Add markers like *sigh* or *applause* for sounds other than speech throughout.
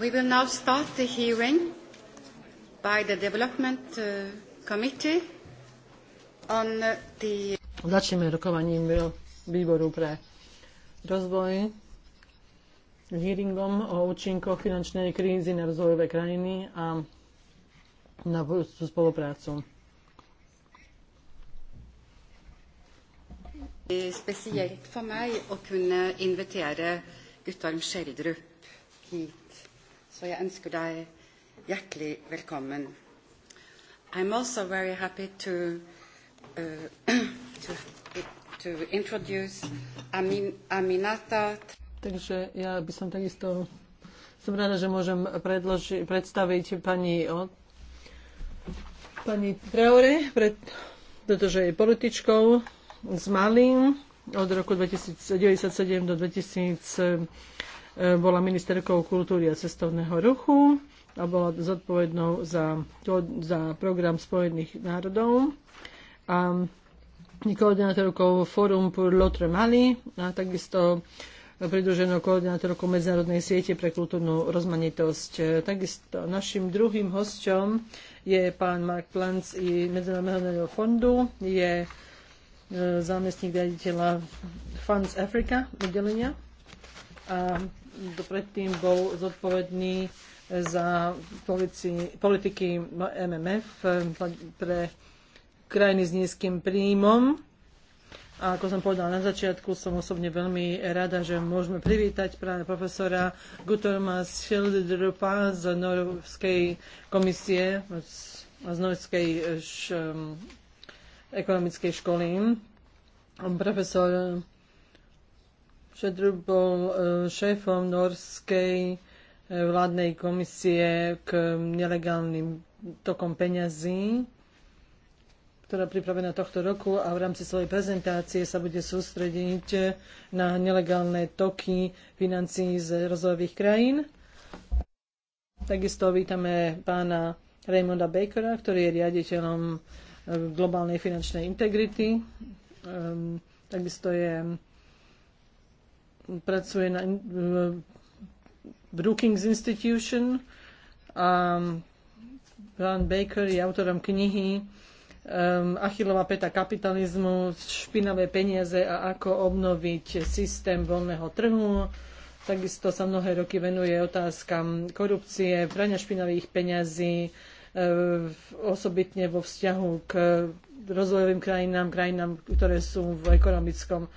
We will now start the hearing by the Development uh, Committee on the... Začneme rokovaním výboru pre rozvoj hearingom o účinkoch finančnej krízy na rozvojové krajiny a na budúcu spoluprácu. Er spesielt for meg å kunne invitere Guttorm Schjelderup hit så jeg ønsker deg hjertelig velkommen. I'm also very happy to, uh, *clears throat* to, to introduce Amin, Aminata. Takže ja by som takisto som rada, že môžem predloži, predstaviť pani, o, pani Traore, pred, pretože je političkou z Malí od roku 1997 do 2000 bola ministerkou kultúry a cestovného ruchu a bola zodpovednou za, to, za program Spojených národov a koordinátorkou Fórum pour l'autre Mali a takisto pridruženou koordinátorkou Medzinárodnej siete pre kultúrnu rozmanitosť. Takisto našim druhým hosťom je pán Mark Planc i Medzinárodného fondu, je e, zámestník riaditeľa Funds Africa oddelenia a predtým bol zodpovedný za politiky MMF ehm, pre krajiny s nízkym príjmom. A ako som povedala na začiatku, som osobne veľmi rada, že môžeme privítať práve profesora Gutorma Schildrupa z Norovskej komisie, z Norovskej š, ehm, ekonomickej školy. Profesor Šedr bol e, šéfom norskej e, vládnej komisie k nelegálnym tokom peňazí, ktorá je pripravená tohto roku a v rámci svojej prezentácie sa bude sústrediť na nelegálne toky financií z rozvojových krajín. Takisto vítame pána Raymonda Bakera, ktorý je riaditeľom e, globálnej finančnej integrity. Ehm, takisto je pracuje na, v Brookings Institution a Ron Baker je autorom knihy um, Achillova peta kapitalizmu, špinavé peniaze a ako obnoviť systém voľného trhu. Takisto sa mnohé roky venuje otázkam korupcie, prania špinavých peňazí, um, osobitne vo vzťahu k rozvojovým krajinám, krajinám, ktoré sú v ekonomickom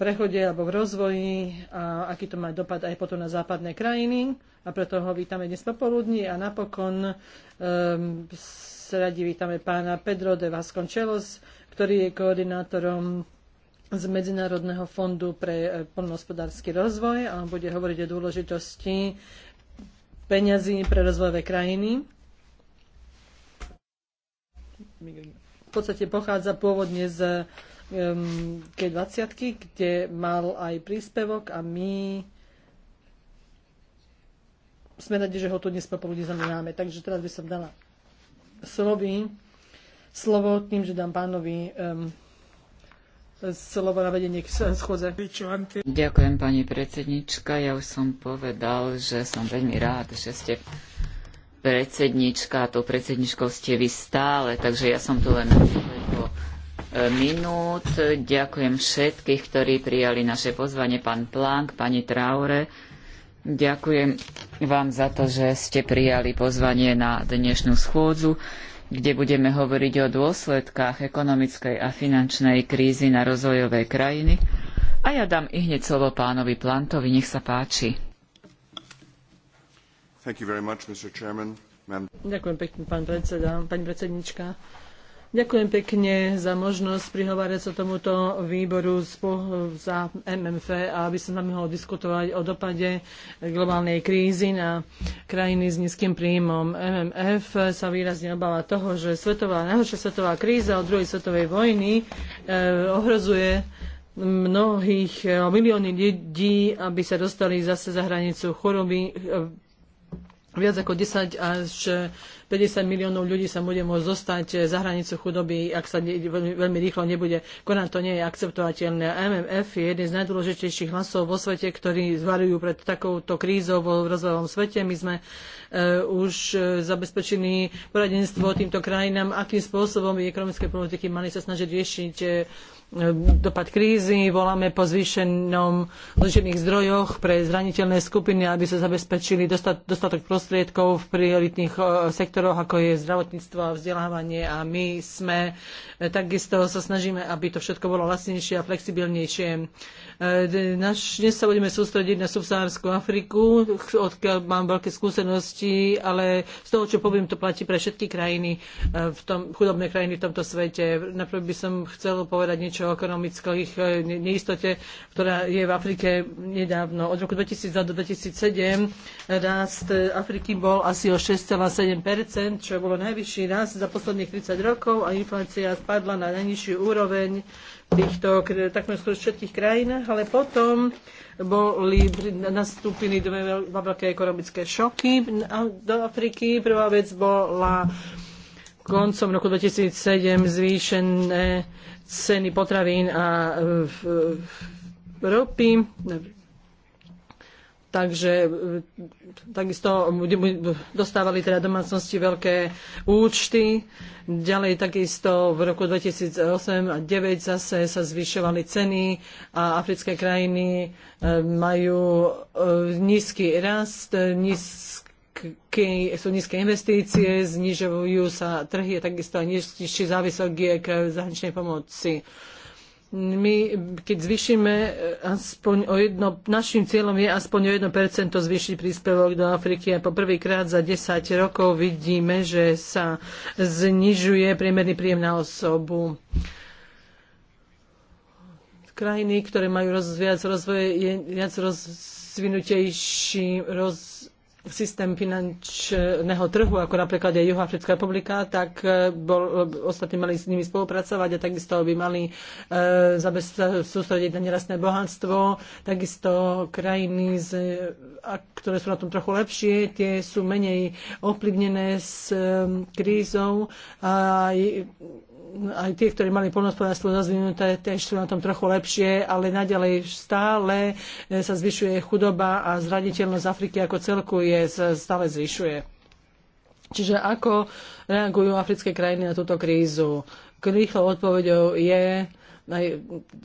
prechode alebo v rozvoji a aký to má dopad aj potom na západné krajiny. A preto ho vítame dnes popoludní a napokon um, radi vítame pána Pedro de Vasconcelos, ktorý je koordinátorom z Medzinárodného fondu pre e, poľnohospodársky rozvoj a bude hovoriť o dôležitosti peňazí pre rozvojové krajiny. V podstate pochádza pôvodne z 20 kde mal aj príspevok a my sme radi, že ho tu dnes popoludne znamenáme. Takže teraz by som dala slovy, slovo tým, že dám pánovi um, slovo na vedenie k Ďakujem, pani predsednička. Ja už som povedal, že som veľmi rád, že ste predsednička a tou predsedničkou ste vy stále, takže ja som tu len minút. Ďakujem všetkých, ktorí prijali naše pozvanie, pán Plank, pani Traure. Ďakujem vám za to, že ste prijali pozvanie na dnešnú schôdzu, kde budeme hovoriť o dôsledkách ekonomickej a finančnej krízy na rozvojové krajiny. A ja dám i hneď slovo pánovi Plantovi, nech sa páči. Much, Ďakujem pekne, pán predseda, pani predsednička. Ďakujem pekne za možnosť prihovárať sa tomuto výboru za MMF a aby som nám mohol diskutovať o dopade globálnej krízy na krajiny s nízkym príjmom. MMF sa výrazne obáva toho, že svetová, najhoršia svetová kríza od druhej svetovej vojny e, ohrozuje mnohých, milióny ľudí, aby sa dostali zase za hranicu choroby, e, viac ako 10 až 50 miliónov ľudí sa bude môcť zostať za hranicu chudoby, ak sa veľmi, veľmi rýchlo nebude konať. To nie je akceptovateľné. MMF je jeden z najdôležitejších hlasov vo svete, ktorí zvarujú pred takouto krízou vo rozvojovom svete. My sme e, už eh, zabezpečili poradenstvo týmto krajinám, akým spôsobom ekonomické politiky mali sa snažiť riešiť e, dopad krízy, voláme po zvýšenom ležených zdrojoch pre zraniteľné skupiny, aby sa zabezpečili dostatok prostriedkov v prioritných e, sektoroch, ako je zdravotníctvo a vzdelávanie. A my sme takisto sa snažíme, aby to všetko bolo lacnejšie a flexibilnejšie. E, naš, dnes sa budeme sústrediť na subsahárskú Afriku, odkiaľ mám veľké skúsenosti, ale z toho, čo poviem, to platí pre všetky krajiny, e, v tom, chudobné krajiny v tomto svete. Napríklad by som chcel povedať niečo o ekonomických e, neistote, ktorá je v Afrike nedávno. Od roku 2002 do 2007 rast Afriky bol asi o 6,7%, čo bolo najvyšší rast za posledných 30 rokov a inflácia spadla na najnižšiu úroveň týchto takmer všetkých krajinách, ale potom boli, nastúpili dve veľké ekonomické šoky do Afriky. Prvá vec bola koncom roku 2007 zvýšené ceny potravín a e, e, ropy Takže e, takisto dostávali teda domácnosti veľké účty. Ďalej takisto v roku 2008 a 2009 zase sa zvyšovali ceny a africké krajiny e, majú e, nízky rast, nízky, sú nízke investície, znižujú sa trhy, takisto aj nižší závisok je k zahraničnej pomoci my, keď zvýšime e, aspoň o jedno, našim cieľom je aspoň o 1% zvýšiť príspevok do Afriky a poprvýkrát za 10 rokov vidíme, že sa znižuje priemerný príjem na osobu krajiny, ktoré majú roz, viac rozvoje, je viac rozvinutejší roz, systém finančného trhu, ako napríklad aj Juhoafrická republika, tak e, bol, ostatní mali s nimi spolupracovať a takisto by mali e, sústrediť na nerastné bohatstvo. Takisto krajiny, z, a, ktoré sú na tom trochu lepšie, tie sú menej ovplyvnené s e, krízou a aj tie, ktorí mali polnospodárstvo rozvinuté, tiež sú na tom trochu lepšie, ale naďalej stále e, sa zvyšuje chudoba a zraditeľnosť Afriky ako celku je, stále zvyšuje. Čiže ako reagujú africké krajiny na túto krízu? Rýchlou odpovedou je, aj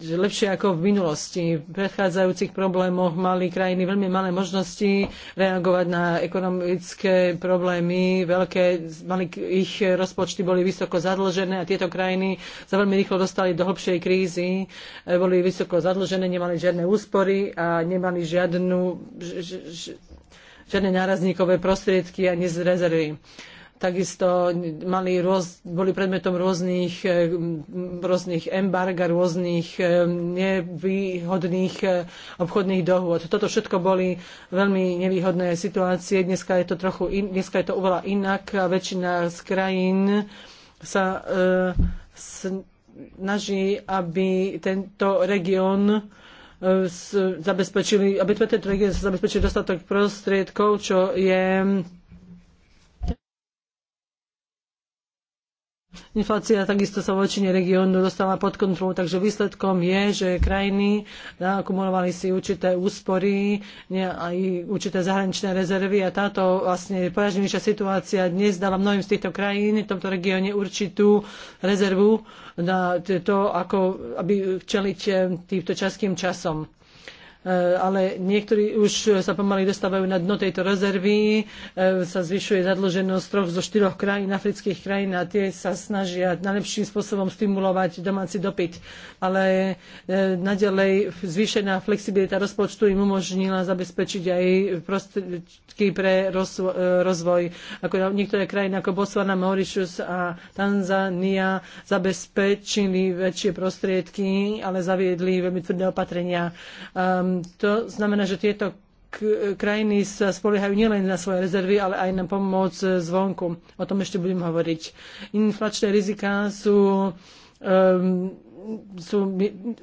lepšie ako v minulosti. V predchádzajúcich problémoch mali krajiny veľmi malé možnosti reagovať na ekonomické problémy. Veľké, mali, ich rozpočty boli vysoko zadlžené a tieto krajiny sa veľmi rýchlo dostali do hlbšej krízy. E, boli vysoko zadlžené, nemali žiadne úspory a nemali žiadnu, ž, ž, ž, žiadne nárazníkové prostriedky a nezrezervy takisto mali rôz, boli predmetom rôznych, eh, rôznych embarg a rôznych eh, nevýhodných eh, obchodných dohôd. Toto všetko boli veľmi nevýhodné situácie. Dneska je to, trochu in, dneska je to oveľa inak a väčšina z krajín sa uh, snaží, aby tento región zabezpečili, aby tento región zabezpečil dostatok prostriedkov, čo je Inflácia takisto sa vočine regiónu dostala pod kontrolu, takže výsledkom je, že krajiny akumulovali si určité úspory aj určité zahraničné rezervy a táto vlastne poražnejšia situácia dnes dáva mnohým z týchto krajín v tomto regióne určitú rezervu na to, ako, aby čeliť eh, týmto čaským časom. Eh, ale niektorí už sa pomaly dostávajú na dno tejto rezervy, eh, sa zvyšuje zadlženosť troch zo štyroch krajín, afrických krajín a tie sa snažia najlepším spôsobom stimulovať domáci dopyt. Ale eh, naďalej zvýšená flexibilita rozpočtu im umožnila zabezpečiť aj prostriedky pre rozvoj. Ako niektoré krajiny ako Botswana, Mauritius a Tanzania zabezpečili väčšie prostriedky, ale zaviedli veľmi tvrdé opatrenia. Um, to znamená, že tieto krajiny sa spoliehajú nielen na svoje rezervy, ale aj na pomoc zvonku. O tom ešte budem hovoriť. Inflačné riziká sú, um, sú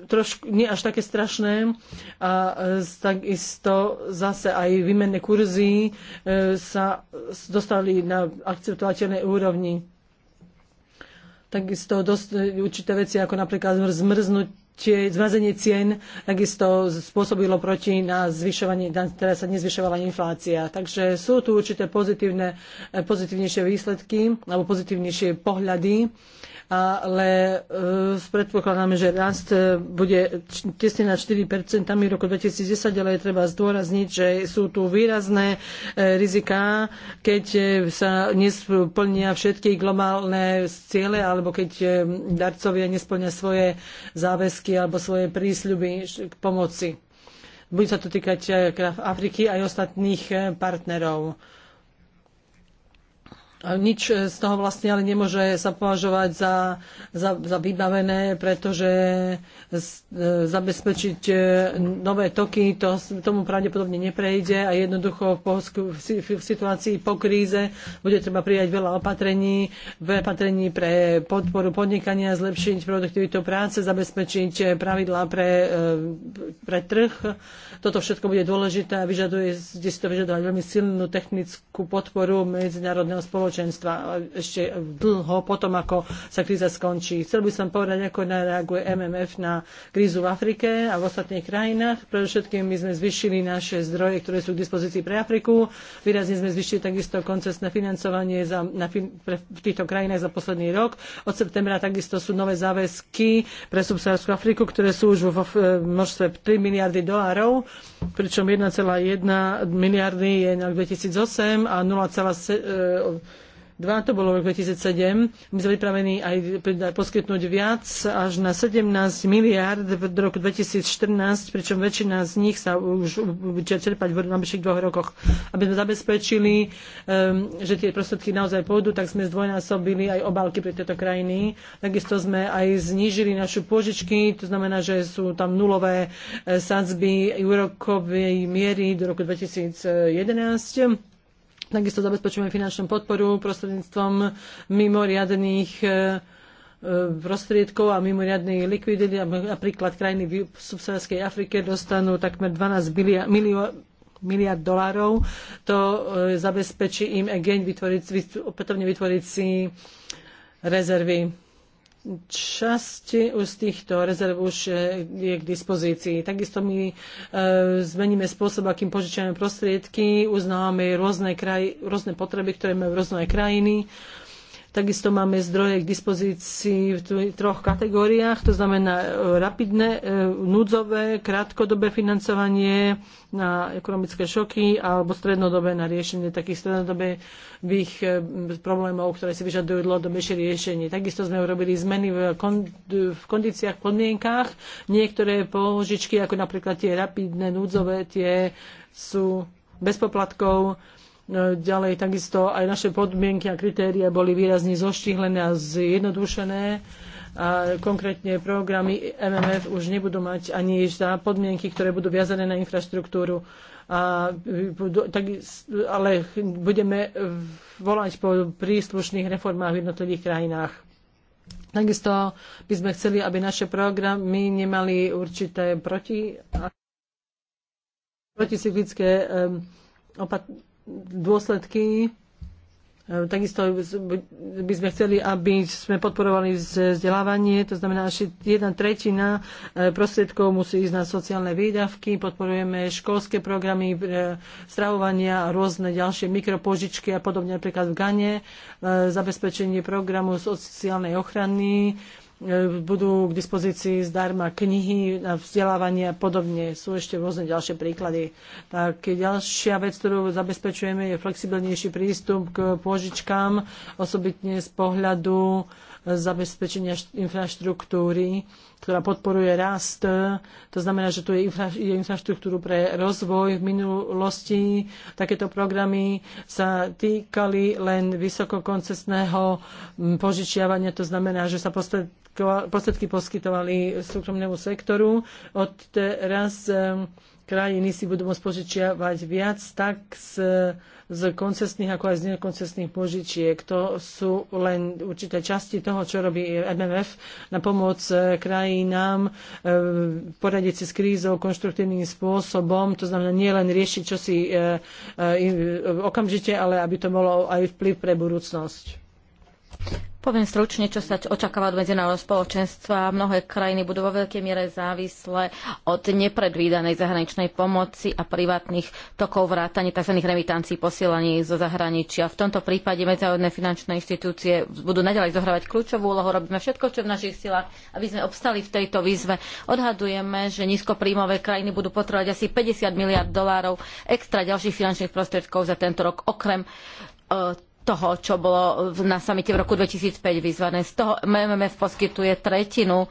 trošku nie až také strašné a e, takisto zase aj výmenné kurzy e, sa dostali na akceptovateľnej úrovni. Takisto dosť, e, určité veci, ako napríklad zmrznúť tie zmrazenie cien takisto spôsobilo proti na zvyšovanie, teraz sa nezvyšovala inflácia. Takže sú tu určité pozitívne, eh, pozitívnejšie výsledky alebo pozitívnejšie pohľady ale e, predpokladáme, že rast e, bude tesne na 4% v roku 2010, ale je treba zdôrazniť, že sú tu výrazné e, riziká, keď sa nesplnia všetky globálne ciele, alebo keď darcovia nesplnia svoje záväzky alebo svoje prísľuby k pomoci. Bude sa to týkať Afriky aj ostatných partnerov nič z toho vlastne ale nemôže sa považovať za, za, za vybavené, pretože z, e, zabezpečiť e, nové toky, to, tomu pravdepodobne neprejde a jednoducho po, v situácii po kríze bude treba prijať veľa opatrení, veľa opatrení pre podporu podnikania, zlepšiť produktivitu práce, zabezpečiť pravidlá pre, e, pre trh. Toto všetko bude dôležité a vyžaduje, kde si to vyžadovať veľmi silnú technickú podporu medzinárodného spoločnosti spoločenstva ešte dlho potom, ako sa kríza skončí. Chcel by som povedať, ako reaguje MMF na krízu v Afrike a v ostatných krajinách. Predovšetkým my sme zvyšili naše zdroje, ktoré sú k dispozícii pre Afriku. Výrazne sme zvyšili takisto koncesné financovanie za, na, pre, v týchto krajinách za posledný rok. Od septembra takisto sú nové záväzky pre subsahárskú Afriku, ktoré sú už v množstve 3 miliardy dolárov, pričom 1,1 miliardy je na 2008 a 0,7 to bolo rok 2007. My sme pripravení aj poskytnúť viac, až na 17 miliárd v roku 2014, pričom väčšina z nich sa už bude čerpať v najbližších dvoch rokoch. Aby sme zabezpečili, ehm, že tie prostriedky naozaj pôjdu, tak sme zdvojnásobili aj obálky pre tieto krajiny. Takisto sme aj znížili našu požičky, to znamená, že sú tam nulové eh, sadzby úrokovej miery do roku 2011 Takisto zabezpečujeme finančnú podporu prostredníctvom mimoriadných e, e, prostriedkov a mimoriadnej likvidity. Napríklad krajiny v subsaharskej Afrike dostanú takmer 12 miliónov miliard dolárov. To e, zabezpečí im again vytvoriť, opätovne vytvoriť si rezervy. Časť z týchto rezerv už eh, je k dispozícii. Takisto my e, zmeníme spôsob, akým požičiame prostriedky, uznávame rôzne, kraj, rôzne potreby, ktoré majú rôzne krajiny. E, Takisto máme zdroje k dispozícii v troch kategóriách, to znamená e, rapidné, e, núdzové, krátkodobé financovanie na ekonomické šoky alebo strednodobé na riešenie takých strednodobých e, problémov, ktoré si vyžadujú dlhodobejšie riešenie. Takisto sme urobili zmeny v, v kondíciách, podmienkách. Niektoré požičky, ako napríklad tie rapidné, núdzové, tie sú bez poplatkov No, ďalej takisto aj naše podmienky a kritéria boli výrazne zoštihlené a zjednodušené a konkrétne programy MMF už nebudú mať ani za podmienky, ktoré budú viazané na infraštruktúru. A, tak, ale budeme volať po príslušných reformách v jednotlivých krajinách. Takisto by sme chceli, aby naše programy nemali určité proti, proticyklické opatrenia dôsledky. E, takisto by sme chceli, aby sme podporovali vzdelávanie, to znamená, že jedna tretina e, prostriedkov musí ísť na sociálne výdavky, podporujeme školské programy e, stravovania a rôzne ďalšie mikropožičky a podobne napríklad v Gane, zabezpečenie programu sociálnej ochrany, E, budú k dispozícii zdarma knihy na vzdelávanie a podobne. Sú ešte rôzne ďalšie príklady. Tak ďalšia vec, ktorú zabezpečujeme, je flexibilnejší prístup k pôžičkám, osobitne z pohľadu zabezpečenia infraštruktúry, ktorá podporuje rast. To znamená, že tu je, infra, je infraštruktúru pre rozvoj v minulosti. Takéto programy sa týkali len vysokokoncesného mm, požičiavania. To znamená, že sa prostriedky poskytovali súkromnému sektoru. Od teraz krajiny si budú môcť požičiavať viac tak z z koncesných ako aj z nekoncesných požičiek. To sú len určité časti toho, čo robí MMF na pomoc eh, krajinám eh, poradiť si s krízou konštruktívnym spôsobom. To znamená nielen riešiť čosi eh, okamžite, ale aby to bolo aj vplyv pre budúcnosť. Poviem stručne, čo sa očakáva od medzinárodného spoločenstva. Mnohé krajiny budú vo veľkej miere závislé od nepredvídanej zahraničnej pomoci a privátnych tokov vrátane tzv. remitancií posielaní zo zahraničia. V tomto prípade medzinárodné finančné inštitúcie budú naďalej zohrávať kľúčovú úlohu. Robíme všetko, čo v našich silách, aby sme obstali v tejto výzve. Odhadujeme, že nízkopríjmové krajiny budú potrebovať asi 50 miliard dolárov extra ďalších finančných prostriedkov za tento rok, okrem e, toho, čo bolo na samite v roku 2005 vyzvané. Z toho MMF poskytuje tretinu e,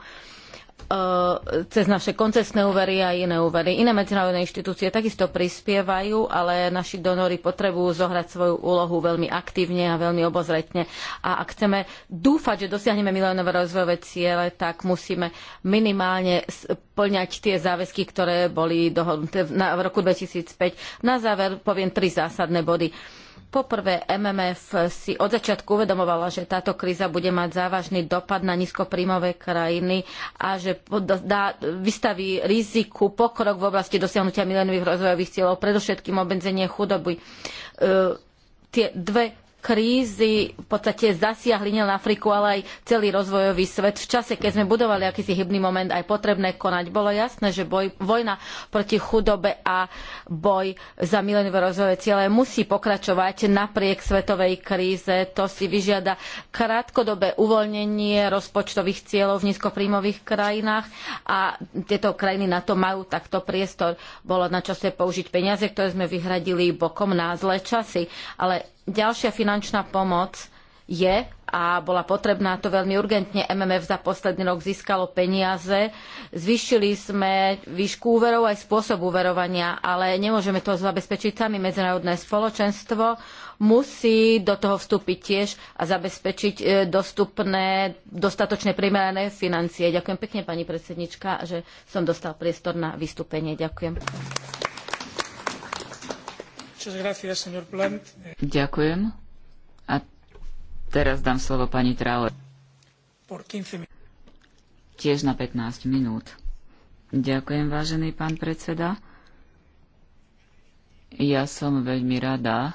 cez naše koncesné úvery a iné úvery. Iné medzinárodné inštitúcie takisto prispievajú, ale naši donory potrebujú zohrať svoju úlohu veľmi aktívne a veľmi obozretne. A ak chceme dúfať, že dosiahneme miliónové rozvojové ciele, tak musíme minimálne plňať tie záväzky, ktoré boli dohodnuté v roku 2005. Na záver poviem tri zásadné body Poprvé, MMF si od začiatku uvedomovala, že táto kríza bude mať závažný dopad na nízkopríjmové krajiny a že dá, vystaví riziku pokrok v oblasti dosiahnutia milenových rozvojových cieľov, predovšetkým obmedzenie chudoby. E, tie dve krízy v podstate zasiahli nielen Afriku, ale aj celý rozvojový svet. V čase, keď sme budovali akýsi hybný moment, aj potrebné konať, bolo jasné, že boj, vojna proti chudobe a boj za milenové rozvojové ciele musí pokračovať napriek svetovej kríze. To si vyžiada krátkodobé uvoľnenie rozpočtových cieľov v nízkopríjmových krajinách a tieto krajiny na to majú takto priestor. Bolo na čase použiť peniaze, ktoré sme vyhradili bokom na zlé časy. Ale ďalšia finančná pomoc je a bola potrebná to veľmi urgentne. MMF za posledný rok získalo peniaze, zvyšili sme výšku úverov aj spôsob úverovania, ale nemôžeme to zabezpečiť sami. Medzinárodné spoločenstvo musí do toho vstúpiť tiež a zabezpečiť e, dostupné, dostatočne primerané financie. Ďakujem pekne, pani predsednička, že som dostal priestor na vystúpenie. Ďakujem. Ďakujem. A teraz dám slovo pani Traore. Tiež na 15 minút. Ďakujem, vážený pán predseda. Ja som veľmi rada,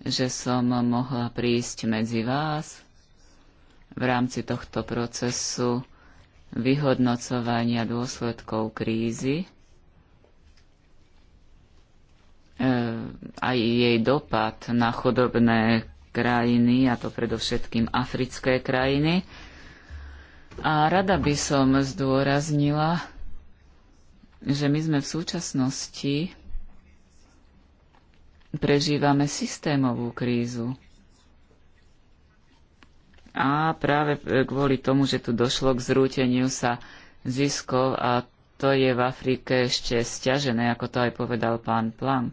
že som mohla prísť medzi vás v rámci tohto procesu vyhodnocovania dôsledkov krízy E, aj jej dopad na chodobné krajiny, a to predovšetkým africké krajiny. A rada by som zdôraznila, že my sme v súčasnosti prežívame systémovú krízu. A práve kvôli tomu, že tu došlo k zrúteniu sa ziskov a to je v Afrike ešte stiažené, ako to aj povedal pán Planck.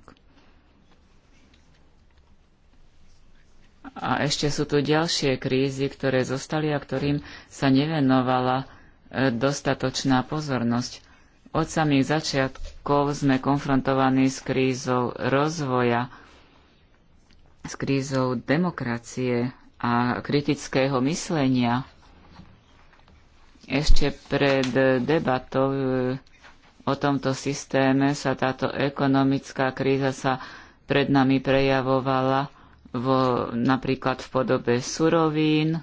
A ešte sú tu ďalšie krízy, ktoré zostali a ktorým sa nevenovala e, dostatočná pozornosť. Od samých začiatkov sme konfrontovaní s krízou rozvoja, s krízou demokracie a kritického myslenia. Ešte pred debatou e, o tomto systéme sa táto ekonomická kríza sa pred nami prejavovala vo, napríklad v podobe surovín,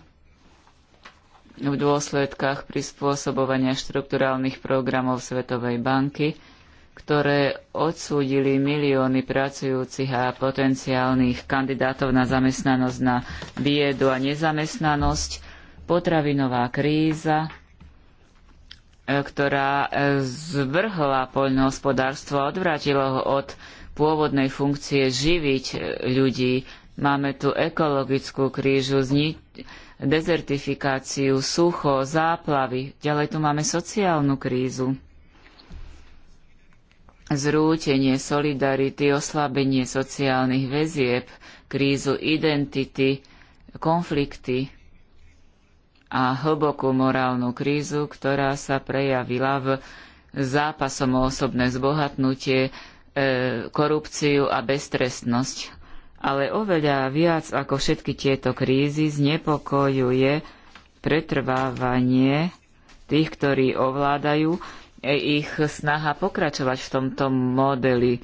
v dôsledkách prispôsobovania štrukturálnych programov Svetovej banky, ktoré odsúdili milióny pracujúcich a potenciálnych kandidátov na zamestnanosť na biedu a nezamestnanosť, potravinová kríza, ktorá e, zvrhla poľnohospodárstvo a odvrátila ho od pôvodnej funkcie živiť e, ľudí. Máme tu ekologickú krížu, zni- dezertifikáciu, sucho, záplavy. Ďalej tu máme sociálnu krízu. Zrútenie solidarity, oslabenie sociálnych väzieb, krízu identity, konflikty a hlbokú morálnu krízu, ktorá sa prejavila v zápasom o osobné zbohatnutie, e, korupciu a beztrestnosť. Ale oveľa viac ako všetky tieto krízy znepokojuje pretrvávanie tých, ktorí ovládajú, e, ich snaha pokračovať v tomto modeli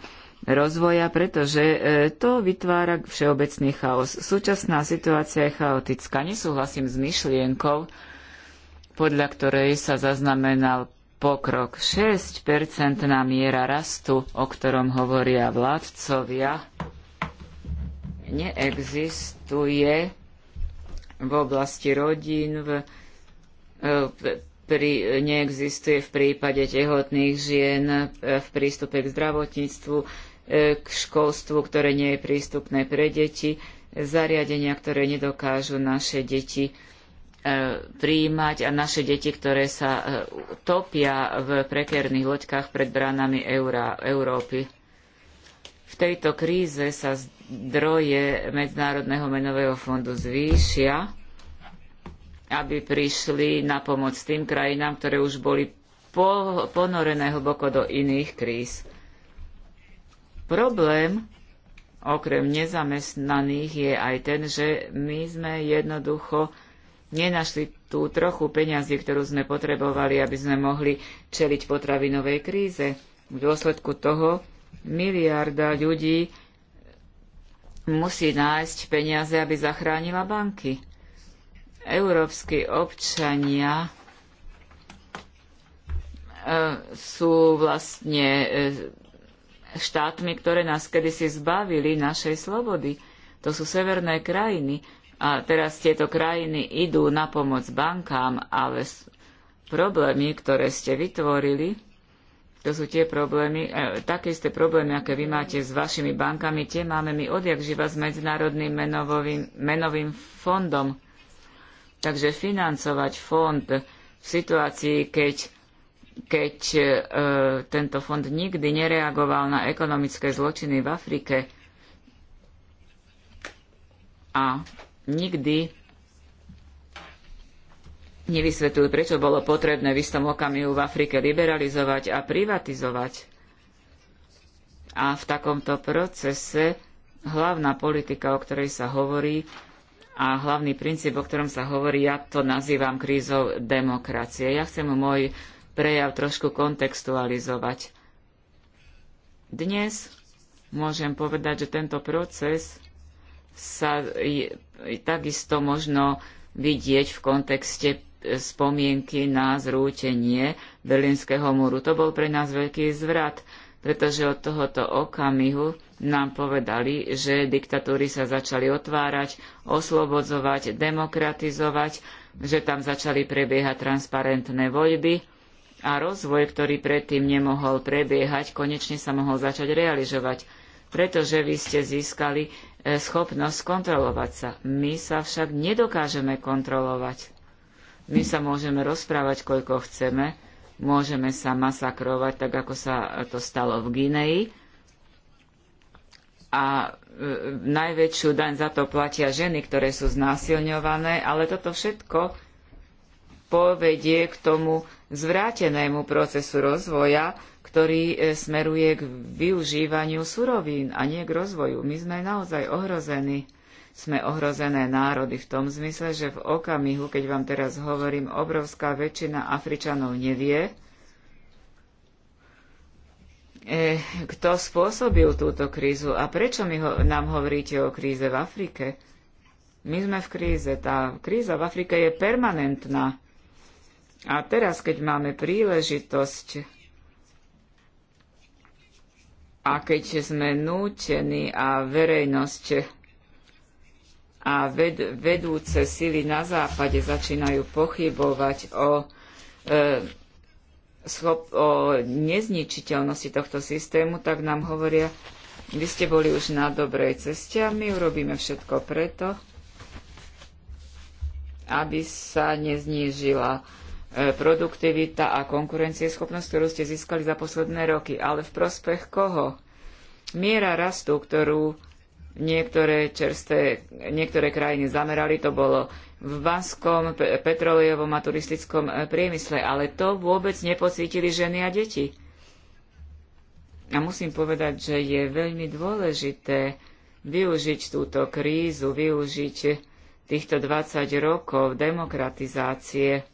rozvoja, pretože e, to vytvára všeobecný chaos. Súčasná situácia je chaotická. Nesúhlasím s myšlienkou, podľa ktorej sa zaznamenal pokrok. 6-percentná miera rastu, o ktorom hovoria vládcovia, neexistuje v oblasti rodín, v, e, pri, neexistuje v prípade tehotných žien e, v prístupe k zdravotníctvu, E, k školstvu, ktoré nie je prístupné pre deti, zariadenia, ktoré nedokážu naše deti e, prijímať a naše deti, ktoré sa e, topia v prekerných loďkách pred bránami Európy. V tejto kríze sa zdroje Medzinárodného menového fondu zvýšia, aby prišli na pomoc tým krajinám, ktoré už boli ponorené hlboko do iných kríz. Problém okrem nezamestnaných je aj ten, že my sme jednoducho nenašli tú trochu peňazí, ktorú sme potrebovali, aby sme mohli čeliť potravinovej kríze. V dôsledku toho miliarda ľudí musí nájsť peniaze, aby zachránila banky. Európsky občania e, sú vlastne e, štátmi, ktoré nás kedysi zbavili našej slobody. To sú severné krajiny. A teraz tieto krajiny idú na pomoc bankám, ale problémy, ktoré ste vytvorili, to sú tie problémy, e, také isté problémy, aké vy máte s vašimi bankami, tie máme my odjak živa s Medzinárodným menovým, menovým fondom. Takže financovať fond v situácii, keď keď e, tento fond nikdy nereagoval na ekonomické zločiny v Afrike a nikdy nevysvetlil, prečo bolo potrebné v istom okamihu v Afrike liberalizovať a privatizovať. A v takomto procese hlavná politika, o ktorej sa hovorí, a hlavný princíp, o ktorom sa hovorí, ja to nazývam krízou demokracie. Ja chcem môj prejav trošku kontextualizovať. Dnes môžem povedať, že tento proces sa je, takisto možno vidieť v kontexte e, spomienky na zrútenie Berlínskeho múru. To bol pre nás veľký zvrat, pretože od tohoto okamihu nám povedali, že diktatúry sa začali otvárať, oslobodzovať, demokratizovať, že tam začali prebiehať transparentné voľby a rozvoj, ktorý predtým nemohol prebiehať, konečne sa mohol začať realizovať, pretože vy ste získali e, schopnosť kontrolovať sa. My sa však nedokážeme kontrolovať. My sa môžeme rozprávať, koľko chceme, môžeme sa masakrovať, tak ako sa to stalo v Gineji, a e, najväčšiu daň za to platia ženy, ktoré sú znásilňované, ale toto všetko povedie k tomu zvrátenému procesu rozvoja, ktorý e, smeruje k využívaniu surovín a nie k rozvoju. My sme naozaj ohrození. Sme ohrozené národy v tom zmysle, že v okamihu, keď vám teraz hovorím, obrovská väčšina Afričanov nevie, e, kto spôsobil túto krízu a prečo mi ho, nám hovoríte o kríze v Afrike. My sme v kríze. Tá kríza v Afrike je permanentná. A teraz, keď máme príležitosť a keď sme nútení a verejnosť a ved, vedúce sily na západe začínajú pochybovať o, e, schop, o nezničiteľnosti tohto systému, tak nám hovoria, vy ste boli už na dobrej ceste a my urobíme všetko preto, aby sa neznížila E, produktivita a konkurencieschopnosť, ktorú ste získali za posledné roky. Ale v prospech koho? Miera rastu, ktorú niektoré, čerstvé, niektoré krajiny zamerali, to bolo v vanskom petrolejovom a turistickom e, priemysle, ale to vôbec nepocítili ženy a deti. A musím povedať, že je veľmi dôležité využiť túto krízu, využiť týchto 20 rokov demokratizácie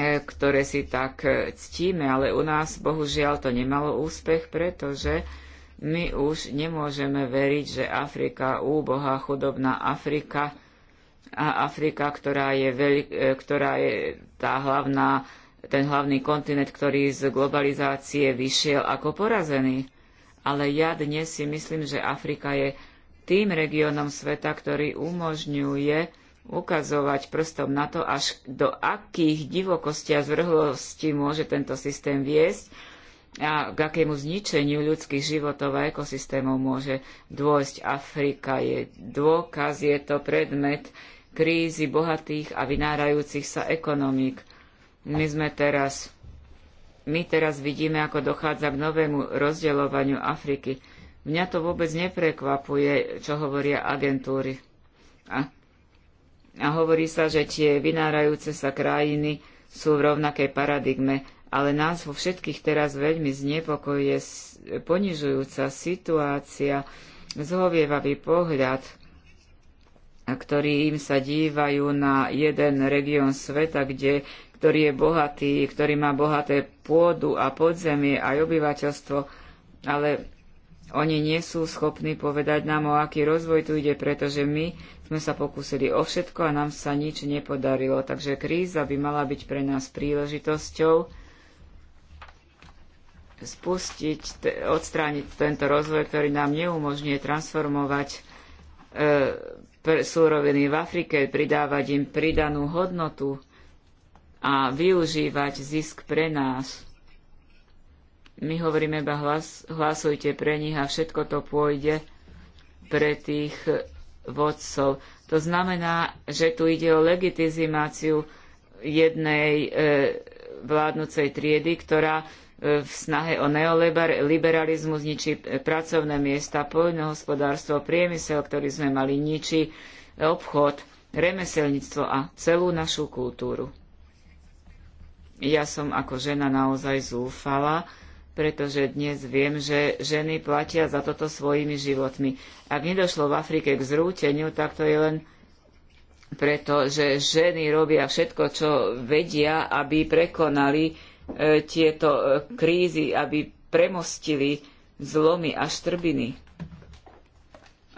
E, ktoré si tak e, ctíme, ale u nás bohužiaľ to nemalo úspech, pretože my už nemôžeme veriť, že Afrika, úbohá, chudobná Afrika a Afrika, ktorá je, veľk, e, ktorá je tá hlavná, ten hlavný kontinent, ktorý z globalizácie vyšiel ako porazený. Ale ja dnes si myslím, že Afrika je tým regiónom sveta, ktorý umožňuje ukazovať prstom na to, až do akých divokostí a zvrhlostí môže tento systém viesť a k akému zničeniu ľudských životov a ekosystémov môže dôjsť. Afrika je dôkaz, je to predmet krízy bohatých a vynárajúcich sa ekonomík. My sme teraz, my teraz vidíme, ako dochádza k novému rozdeľovaniu Afriky. Mňa to vôbec neprekvapuje, čo hovoria agentúry. A a hovorí sa, že tie vynárajúce sa krajiny sú v rovnakej paradigme, ale nás vo všetkých teraz veľmi znepokojuje ponižujúca situácia, zhovievavý pohľad, ktorý im sa dívajú na jeden región sveta, kde, ktorý je bohatý, ktorý má bohaté pôdu a podzemie aj obyvateľstvo, ale oni nie sú schopní povedať nám, o aký rozvoj tu ide, pretože my sme sa pokúsili o všetko a nám sa nič nepodarilo. Takže kríza by mala byť pre nás príležitosťou spustiť, odstrániť tento rozvoj, ktorý nám neumožňuje transformovať e, súroviny v Afrike, pridávať im pridanú hodnotu a využívať zisk pre nás. My hovoríme iba hlas, hlasujte pre nich a všetko to pôjde pre tých vodcov. To znamená, že tu ide o legitizimáciu jednej e, vládnucej triedy, ktorá e, v snahe o neoliberalizmu zničí e, pracovné miesta, poľnohospodárstvo, priemysel, ktorý sme mali, ničí e, obchod, remeselníctvo a celú našu kultúru. Ja som ako žena naozaj zúfala, pretože dnes viem, že ženy platia za toto svojimi životmi. Ak nedošlo v Afrike k zrúteniu, tak to je len preto, že ženy robia všetko, čo vedia, aby prekonali e, tieto e, krízy, aby premostili zlomy a štrbiny.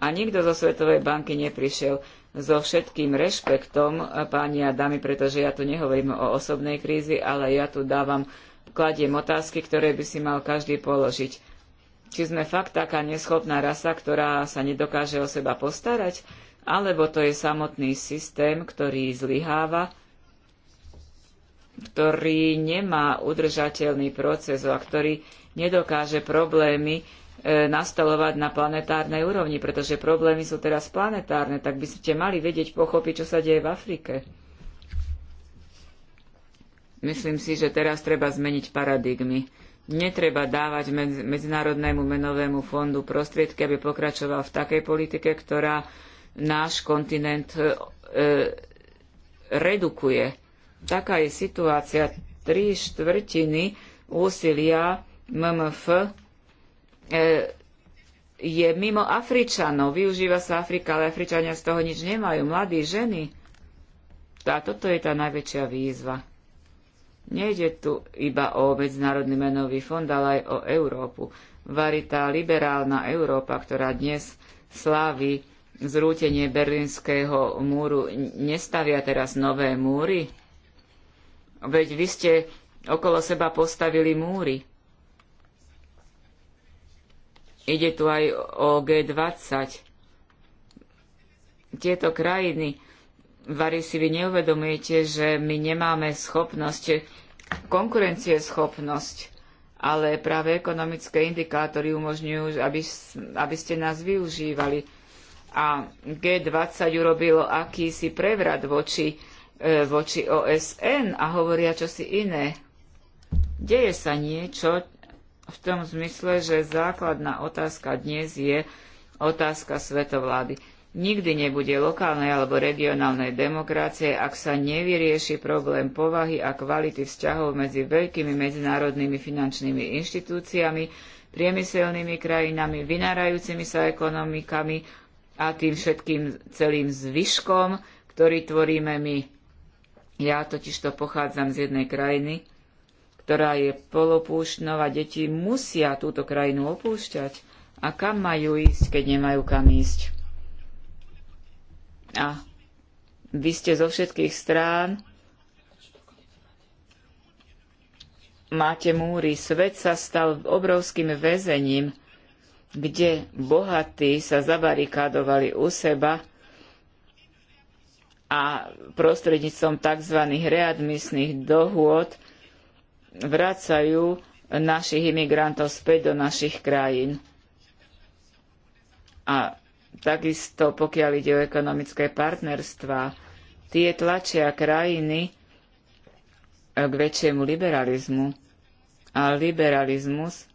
A nikto zo Svetovej banky neprišiel so všetkým rešpektom, e, páni a dámy, pretože ja tu nehovorím o osobnej krízi, ale ja tu dávam kladiem otázky, ktoré by si mal každý položiť. Či sme fakt taká neschopná rasa, ktorá sa nedokáže o seba postarať, alebo to je samotný systém, ktorý zlyháva, ktorý nemá udržateľný proces a ktorý nedokáže problémy e, nastolovať na planetárnej úrovni, pretože problémy sú teraz planetárne, tak by ste mali vedieť pochopiť, čo sa deje v Afrike. Myslím si, že teraz treba zmeniť paradigmy. Netreba dávať Medzinárodnému menovému fondu prostriedky, aby pokračoval v takej politike, ktorá náš kontinent e, e redukuje. Taká je situácia. Tri štvrtiny úsilia MMF e, je mimo Afričanov. Využíva sa Afrika, ale Afričania z toho nič nemajú. Mladí ženy. A toto je tá najväčšia výzva. Nejde tu iba o Medzinárodný menový fond, ale aj o Európu. tá liberálna Európa, ktorá dnes slávi zrútenie berlínskeho múru, nestavia teraz nové múry? Veď vy ste okolo seba postavili múry. Ide tu aj o G20. Tieto krajiny Vary si vy neuvedomujete, že my nemáme schopnosť, schopnosť, ale práve ekonomické indikátory umožňujú, aby, aby ste nás využívali. A G20 urobilo akýsi prevrat voči, e, voči OSN a hovoria čosi iné. Deje sa niečo v tom zmysle, že základná otázka dnes je otázka svetovlády. Nikdy nebude lokálnej alebo regionálnej demokracie, ak sa nevyrieši problém povahy a kvality vzťahov medzi veľkými medzinárodnými finančnými inštitúciami, priemyselnými krajinami, vynárajúcimi sa ekonomikami a tým všetkým celým zvyškom, ktorý tvoríme my. Ja totižto pochádzam z jednej krajiny, ktorá je polopúštnou a deti musia túto krajinu opúšťať. A kam majú ísť, keď nemajú kam ísť? A vy ste zo všetkých strán, máte múry. Svet sa stal obrovským väzením, kde bohatí sa zabarikádovali u seba a prostredníctvom tzv. readmisných dohôd vracajú našich imigrantov späť do našich krajín. A Takisto pokiaľ ide o ekonomické partnerstvá, tie tlačia krajiny eh, k väčšiemu liberalizmu. A liberalizmus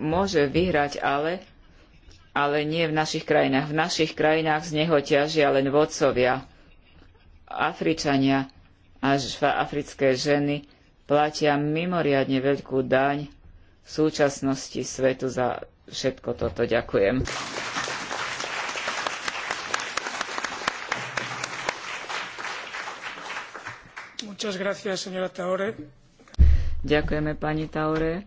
môže vyhrať ale, ale nie v našich krajinách. V našich krajinách z neho ťažia len vodcovia, Afričania a africké ženy platia mimoriadne veľkú daň v súčasnosti svetu za všetko toto. Ďakujem. Gracias, Ďakujeme pani Taure.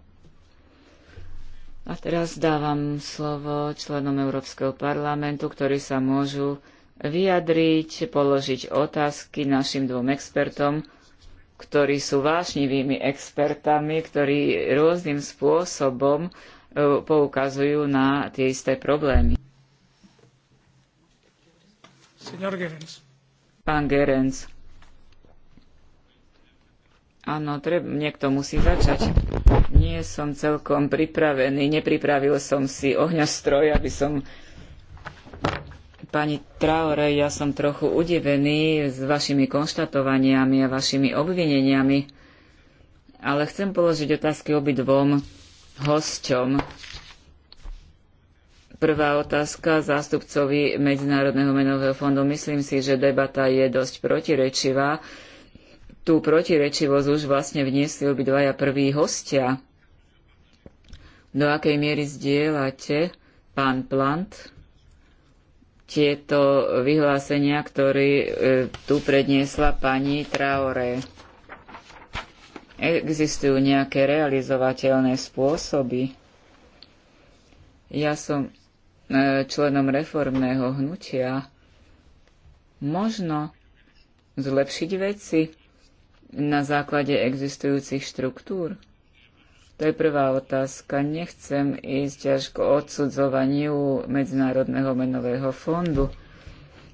A teraz dávam slovo členom Európskeho parlamentu, ktorí sa môžu vyjadriť, položiť otázky našim dvom expertom, ktorí sú vášnivými expertami, ktorí rôznym spôsobom poukazujú na tie isté problémy. Pán Gerenc. Áno, treb, niekto musí začať. Nie som celkom pripravený, nepripravil som si ohňostroj, aby som... Pani Traore, ja som trochu udivený s vašimi konštatovaniami a vašimi obvineniami, ale chcem položiť otázky obidvom. dvom hosťom. Prvá otázka zástupcovi Medzinárodného menového fondu. Myslím si, že debata je dosť protirečivá. Tú protirečivosť už vlastne vniesli obidvaja prví hostia. Do akej miery zdieľate, pán Plant, tieto vyhlásenia, ktoré e, tu predniesla pani Traoré? Existujú nejaké realizovateľné spôsoby? Ja som e, členom reformného hnutia. Možno zlepšiť veci na základe existujúcich štruktúr? To je prvá otázka. Nechcem ísť až k odsudzovaniu Medzinárodného menového fondu.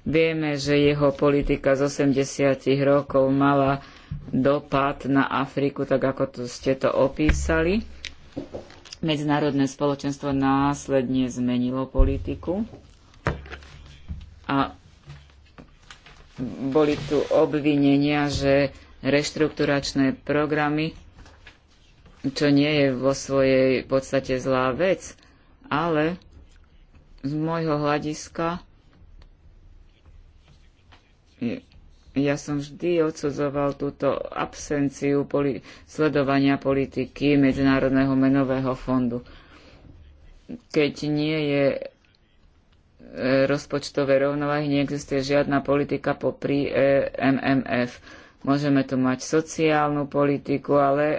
Vieme, že jeho politika z 80. rokov mala dopad na Afriku, tak ako tu ste to opísali. Medzinárodné spoločenstvo následne zmenilo politiku a boli tu obvinenia, že reštrukturačné programy, čo nie je vo svojej podstate zlá vec, ale z môjho hľadiska ja som vždy odsudzoval túto absenciu poli- sledovania politiky Medzinárodného menového fondu. Keď nie je e, rozpočtové rovnováhy, neexistuje žiadna politika popri e, MMF. Môžeme tu mať sociálnu politiku, ale e,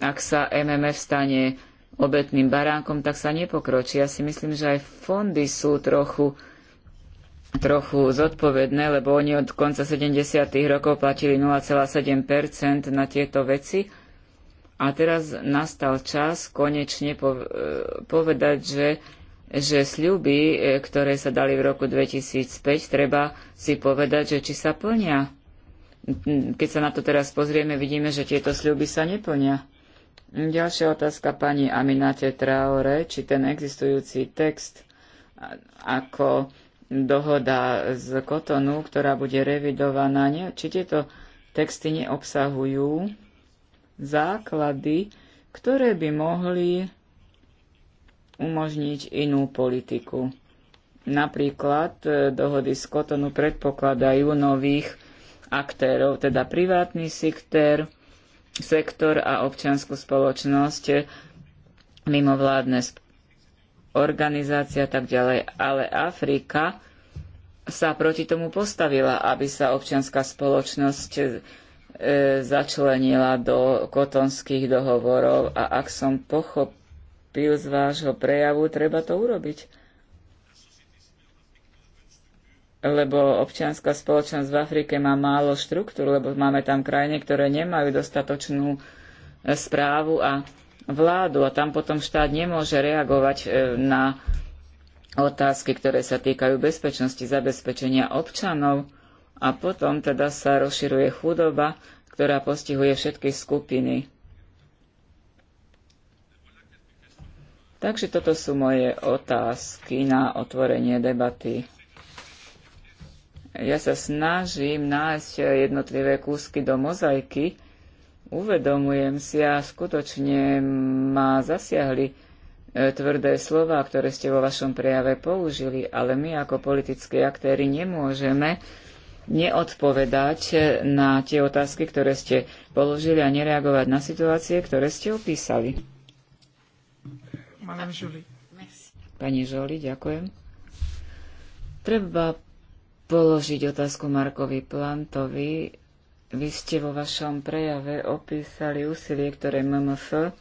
ak sa MMF stane obetným baránkom, tak sa nepokročí. Ja si myslím, že aj fondy sú trochu trochu zodpovedné, lebo oni od konca 70. rokov platili 0,7% na tieto veci. A teraz nastal čas konečne e, povedať, že, že sľuby, e, ktoré sa dali v roku 2005, treba si povedať, že či sa plnia. Keď sa na to teraz pozrieme, vidíme, že tieto sľuby sa neplnia. Ďalšia otázka pani Aminate Traore, či ten existujúci text ako dohoda z Kotonu, ktorá bude revidovaná, nie, či tieto texty neobsahujú základy, ktoré by mohli umožniť inú politiku. Napríklad e, dohody z Kotonu predpokladajú nových aktérov, teda privátny sektor, sektor a občiansku spoločnosť, mimovládne organizácia a tak ďalej. Ale Afrika sa proti tomu postavila, aby sa občianská spoločnosť e, začlenila do kotonských dohovorov a ak som pochopil z vášho prejavu, treba to urobiť. Lebo občianská spoločnosť v Afrike má málo štruktúr, lebo máme tam krajiny, ktoré nemajú dostatočnú e, správu a vládu a tam potom štát nemôže reagovať e, na otázky, ktoré sa týkajú bezpečnosti, zabezpečenia občanov a potom teda sa rozširuje chudoba, ktorá postihuje všetky skupiny. Takže toto sú moje otázky na otvorenie debaty. Ja sa snažím nájsť jednotlivé kúsky do mozaiky, Uvedomujem si a skutočne ma zasiahli e, tvrdé slova, ktoré ste vo vašom prejave použili, ale my ako politickí aktéry nemôžeme neodpovedať e, na tie otázky, ktoré ste položili a nereagovať na situácie, ktoré ste opísali. Pani Žoli, ďakujem. Treba položiť otázku Markovi Plantovi, vy ste vo vašom prejave opísali úsilie, ktoré MMS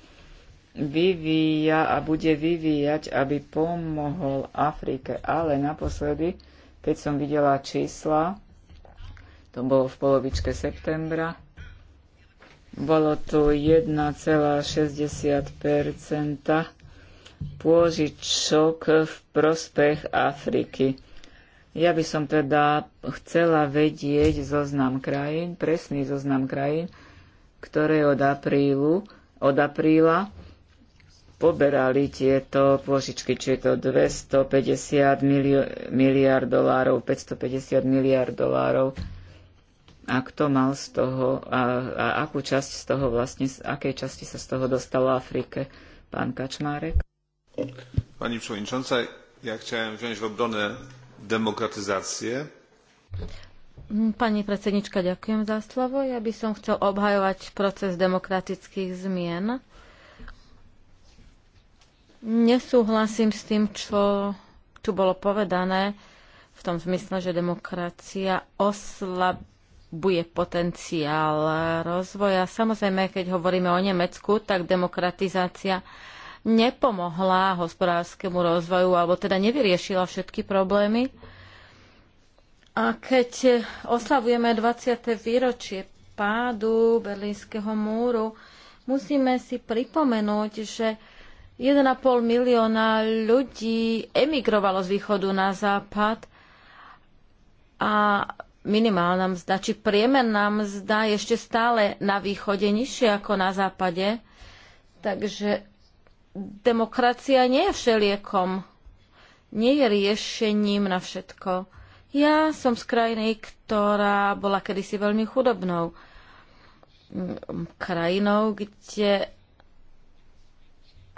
vyvíja a bude vyvíjať, aby pomohol Afrike. Ale naposledy, keď som videla čísla, to bolo v polovičke septembra, bolo tu 1,60 pôžičok v prospech Afriky. Ja by som teda chcela vedieť zoznam krajín, presný zoznam krajín, ktoré od, aprílu, od apríla poberali tieto pôžičky, či je to 250 milio- miliard dolárov, 550 miliard dolárov. A kto mal z toho, a, a akú časť z toho vlastne, z akej časti sa z toho dostalo Afrike? Pán Kačmárek? Pani przewodnicząca, ja chciałem wziąć w obronę Pani predsednička, ďakujem za slovo. Ja by som chcel obhajovať proces demokratických zmien. Nesúhlasím s tým, čo tu bolo povedané, v tom zmysle, že demokracia oslabuje potenciál rozvoja. Samozrejme, keď hovoríme o Nemecku, tak demokratizácia nepomohla hospodárskemu rozvoju alebo teda nevyriešila všetky problémy. A keď oslavujeme 20. výročie pádu Berlínskeho múru, musíme si pripomenúť, že 1,5 milióna ľudí emigrovalo z východu na západ a minimálna mzda, či priemerná mzda ešte stále na východe nižšie ako na západe. Takže demokracia nie je všeliekom. Nie je riešením na všetko. Ja som z krajiny, ktorá bola kedysi veľmi chudobnou mm, krajinou, kde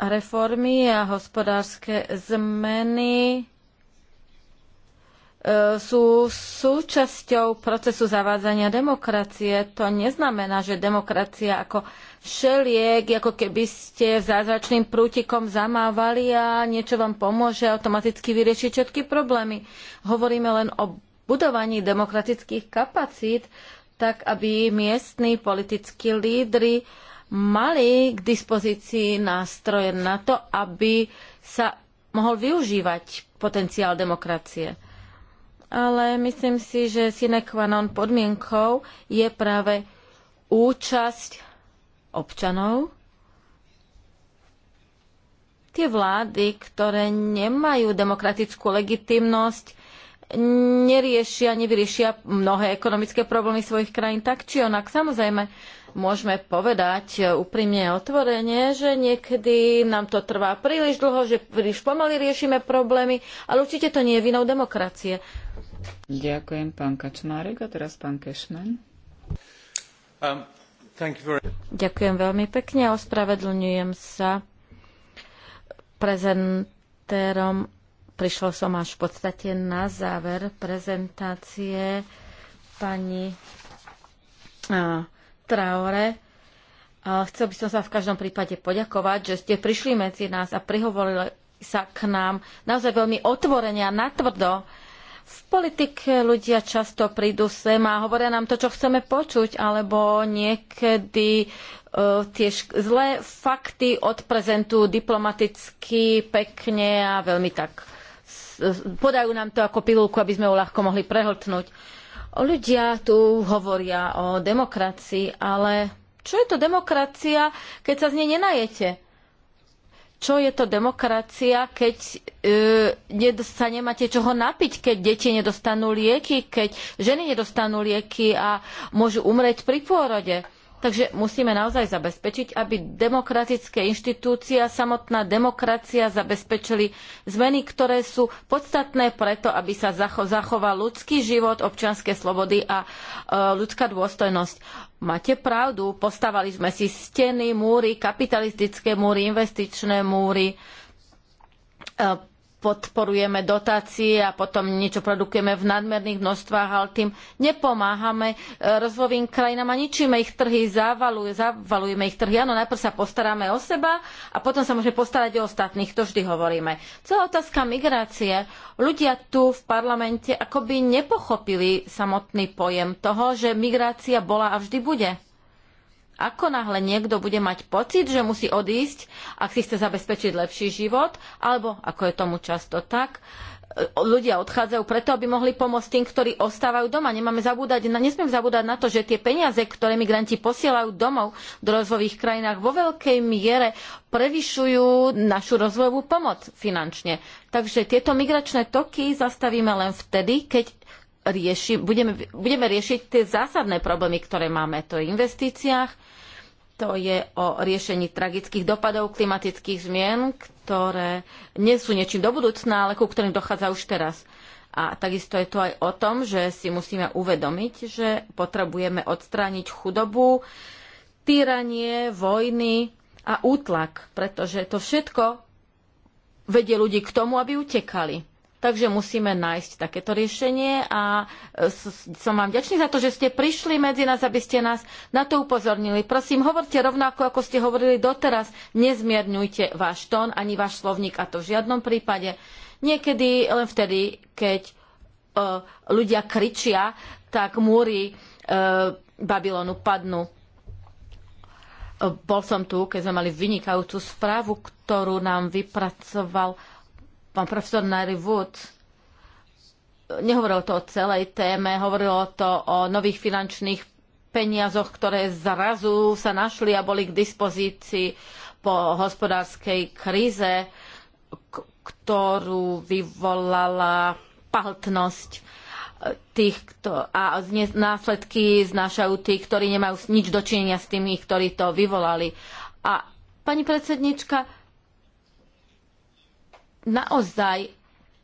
reformy a hospodárske zmeny e, sú súčasťou procesu zavádzania demokracie. To neznamená, že demokracia ako všeliek, ako keby ste zázračným prútikom zamávali a niečo vám pomôže automaticky vyriešiť všetky problémy. Hovoríme len o budovaní demokratických kapacít, tak aby miestni politickí lídry mali k dispozícii nástroje na to, aby sa mohol využívať potenciál demokracie. Ale myslím si, že sine qua non podmienkou je práve účasť občanov, tie vlády, ktoré nemajú demokratickú legitimnosť, neriešia, nevyriešia mnohé ekonomické problémy svojich krajín tak či onak. Samozrejme, môžeme povedať e, úprimne otvorene, že niekedy nám to trvá príliš dlho, že príliš pomaly riešime problémy, ale určite to nie je vinou demokracie. Ďakujem, pán Kačmárek. A teraz pán Kešman. Um. Ďakujem veľmi pekne a ospravedlňujem sa prezentérom. Prišla som až v podstate na záver prezentácie pani Traore. Chcel by som sa v každom prípade poďakovať, že ste prišli medzi nás a prihovorili sa k nám naozaj veľmi otvorene a natvrdo v politike ľudia často prídu sem a hovoria nám to, čo chceme počuť, alebo niekedy e, tie zlé fakty odprezentujú diplomaticky, pekne a veľmi tak podajú nám to ako pilulku, aby sme ju ľahko mohli prehltnúť. Ľudia tu hovoria o demokracii, ale čo je to demokracia, keď sa z nej nenajete? čo je to demokracia, keď e, sa nemáte čoho napiť, keď deti nedostanú lieky, keď ženy nedostanú lieky a môžu umrieť pri pôrode. Takže musíme naozaj zabezpečiť, aby demokratické inštitúcie a samotná demokracia zabezpečili zmeny, ktoré sú podstatné preto, aby sa zachoval ľudský život, občianske slobody a e, ľudská dôstojnosť Máte pravdu, postavali sme si steny, múry, kapitalistické múry, investičné múry, e, podporujeme dotácie a potom niečo produkujeme v nadmerných množstvách, ale tým nepomáhame e, rozvojovým krajinám a ničíme ich trhy, zavaluj, zavalujeme ich trhy. Áno, najprv sa postaráme o seba a potom sa môžeme postarať o ostatných, to vždy hovoríme. Celá otázka migrácie. Ľudia tu v parlamente akoby nepochopili samotný pojem toho, že migrácia bola a vždy bude ako náhle niekto bude mať pocit, že musí odísť, ak si chce zabezpečiť lepší život, alebo, ako je tomu často tak, e, ľudia odchádzajú preto, aby mohli pomôcť tým, ktorí ostávajú doma. Nemáme zabúdať, nesmieme zabúdať na to, že tie peniaze, ktoré migranti posielajú domov do rozvojových krajinách, vo veľkej miere prevyšujú našu rozvojovú pomoc finančne. Takže tieto migračné toky zastavíme len vtedy, keď rieši, budeme, budeme riešiť tie zásadné problémy, ktoré máme. To je investíciách, to je o riešení tragických dopadov klimatických zmien, ktoré nie sú niečím do budúcna, ale ku ktorým dochádza už teraz. A takisto je to aj o tom, že si musíme uvedomiť, že potrebujeme odstrániť chudobu, týranie, vojny a útlak, pretože to všetko vedie ľudí k tomu, aby utekali. Takže musíme nájsť takéto riešenie a e, som vám vďačný za to, že ste prišli medzi nás, aby ste nás na to upozornili. Prosím, hovorte rovnako, ako ste hovorili doteraz. Nezmierňujte váš tón ani váš slovník a to v žiadnom prípade. Niekedy len vtedy, keď e, ľudia kričia, tak múry uh, Babylonu padnú bol som tu, keď sme mali vynikajúcu správu, ktorú nám vypracoval pán profesor Nary Wood nehovoril to o celej téme, hovorilo to o nových finančných peniazoch, ktoré zrazu sa našli a boli k dispozícii po hospodárskej kríze, ktorú vyvolala paltnosť tých, kto, a následky znášajú tí, ktorí nemajú nič dočinenia s tými, ktorí to vyvolali. A pani predsednička, naozaj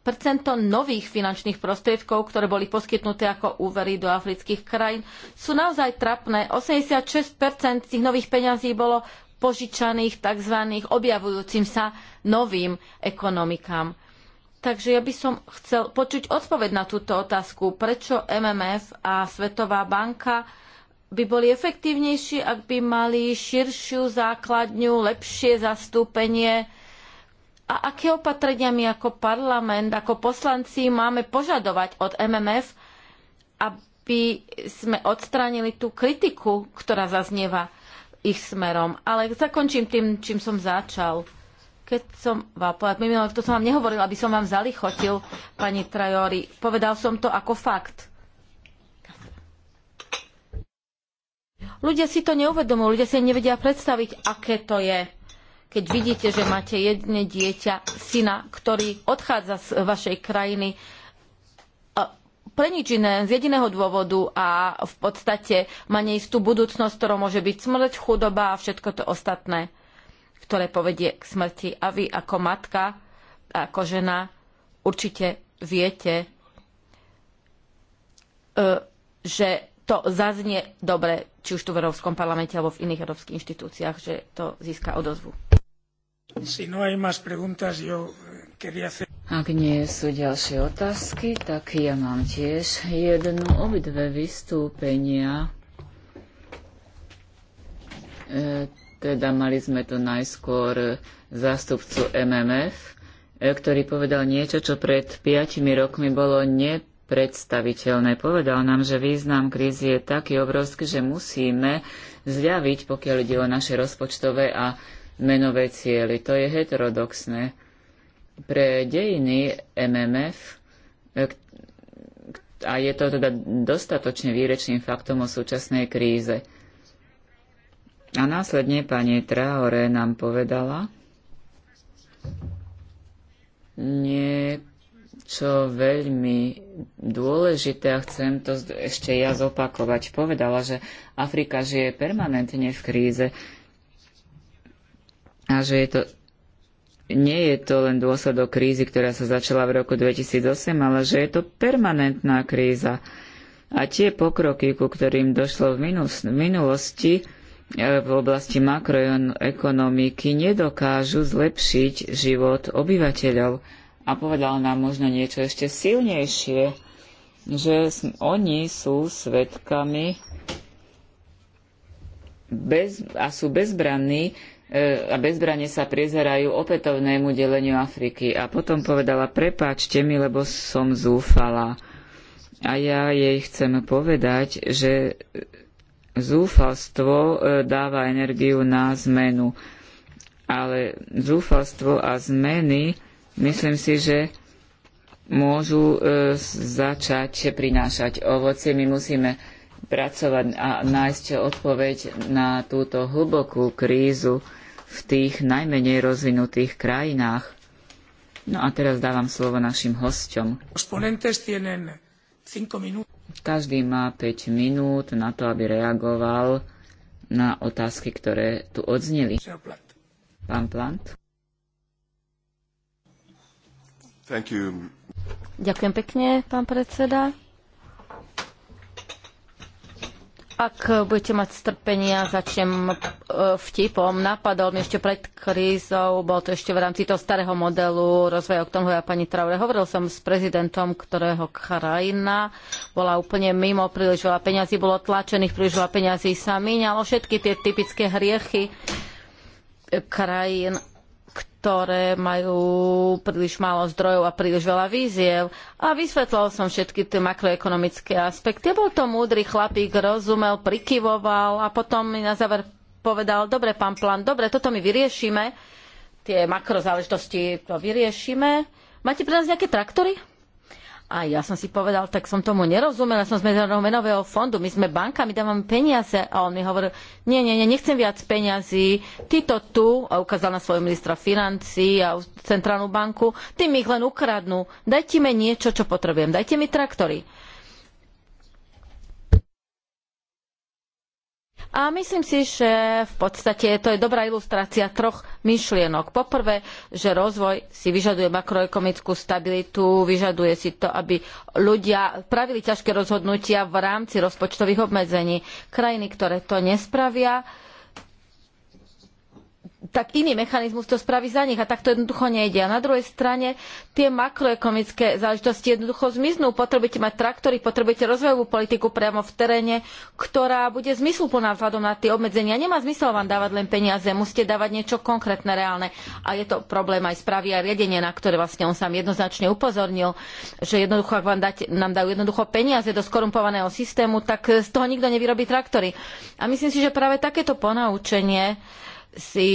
percento nových finančných prostriedkov, ktoré boli poskytnuté ako úvery do afrických krajín, sú naozaj trapné. 86% tých nových peňazí bolo požičaných tzv. objavujúcim sa novým ekonomikám. Takže ja by som chcel počuť odpoveď na túto otázku, prečo MMF a Svetová banka by boli efektívnejší, ak by mali širšiu základňu, lepšie zastúpenie a aké opatrenia my ako parlament, ako poslanci máme požadovať od MMF, aby sme odstránili tú kritiku, ktorá zaznieva ich smerom. Ale zakončím tým, čím som začal keď som vám povedal, minulé, to som vám nehovoril, aby som vám zalichotil, pani Trajori. Povedal som to ako fakt. Ľudia si to neuvedomujú, ľudia si nevedia predstaviť, aké to je keď vidíte, že máte jedne dieťa, syna, ktorý odchádza z vašej krajiny pre nič iné, z jediného dôvodu a v podstate má neistú budúcnosť, ktorou môže byť smrť, chudoba a všetko to ostatné, ktoré povedie k smrti. A vy ako matka, ako žena určite viete, e, že to zaznie dobre, či už tu v Európskom parlamente alebo v iných európskych inštitúciách, že to získa odozvu. No eh, Ak nie sú ďalšie otázky, tak ja mám tiež jednu, obidve vystúpenia. E, teda mali sme tu najskôr zástupcu MMF, e, ktorý povedal niečo, čo pred 5 rokmi bolo nepredstaviteľné. Povedal nám, že význam krízy je taký obrovský, že musíme zľaviť, pokiaľ ide o naše rozpočtové a menové cieľy. To je heterodoxné. Pre dejiny MMF e, a je to teda dostatočne výrečným faktom o súčasnej kríze. A následne pani Traore nám povedala niečo veľmi dôležité a chcem to ešte ja zopakovať. Povedala, že Afrika žije permanentne v kríze a že je to, nie je to len dôsledok krízy, ktorá sa začala v roku 2008, ale že je to permanentná kríza. A tie pokroky, ku ktorým došlo v, minulosti e, v oblasti makroekonomiky, nedokážu zlepšiť život obyvateľov. A povedal nám možno niečo ešte silnejšie, že oni sú svetkami bez, a sú bezbranní E, a bezbranie sa priezerajú opätovnému deleniu Afriky. A potom povedala, prepáčte mi, lebo som zúfala. A ja jej chcem povedať, že zúfalstvo e, dáva energiu na zmenu. Ale zúfalstvo a zmeny, myslím si, že môžu e, začať prinášať ovocie. My musíme pracovať a nájsť odpoveď na túto hlbokú krízu, v tých najmenej rozvinutých krajinách. No a teraz dávam slovo našim hosťom. Každý má 5 minút na to, aby reagoval na otázky, ktoré tu odzneli. Pán Plant. Ďakujem pekne, pán predseda. Ak budete mať strpenia, začnem e, vtipom. Napadol mi ešte pred krízou, bol to ešte v rámci toho starého modelu rozvoja, o ktorom ja pani Traure. Hovoril som s prezidentom, ktorého krajina bola úplne mimo, príliš veľa peňazí, bolo tlačených, príliš veľa peňazí sa míňalo, všetky tie typické hriechy krajín ktoré majú príliš málo zdrojov a príliš veľa víziev. A vysvetlal som všetky tie makroekonomické aspekty. Bol to múdry chlapík, rozumel, prikyvoval a potom mi na záver povedal, dobre, pán Plan, dobre, toto my vyriešime, tie makrozáležitosti to vyriešime. Máte pre nás nejaké traktory? A ja som si povedal, tak som tomu nerozumel, som z Medzinárodného menového fondu, my sme banka, my dávame peniaze. A on mi hovoril, nie, nie, nie, nechcem viac peniazy, ty to tu, a ukázal na svojho ministra financí a centrálnu banku, ty mi ich len ukradnú, dajte mi niečo, čo potrebujem, dajte mi traktory. A myslím si, že v podstate to je dobrá ilustrácia troch myšlienok. Poprvé, že rozvoj si vyžaduje makroekonomickú stabilitu, vyžaduje si to, aby ľudia pravili ťažké rozhodnutia v rámci rozpočtových obmedzení. Krajiny, ktoré to nespravia, tak iný mechanizmus to spraví za nich a tak to jednoducho nejde. A na druhej strane tie makroekonomické záležitosti jednoducho zmiznú. Potrebujete mať traktory, potrebujete rozvojovú politiku priamo v teréne, ktorá bude zmysluplná vzhľadom na tie obmedzenia. Nemá zmysel vám dávať len peniaze, musíte dávať niečo konkrétne, reálne. A je to problém aj správy a riadenie, na ktoré vlastne on sám jednoznačne upozornil, že jednoducho, ak vám dať, nám dajú jednoducho peniaze do skorumpovaného systému, tak z toho nikto nevyrobí traktory. A myslím si, že práve takéto ponaučenie si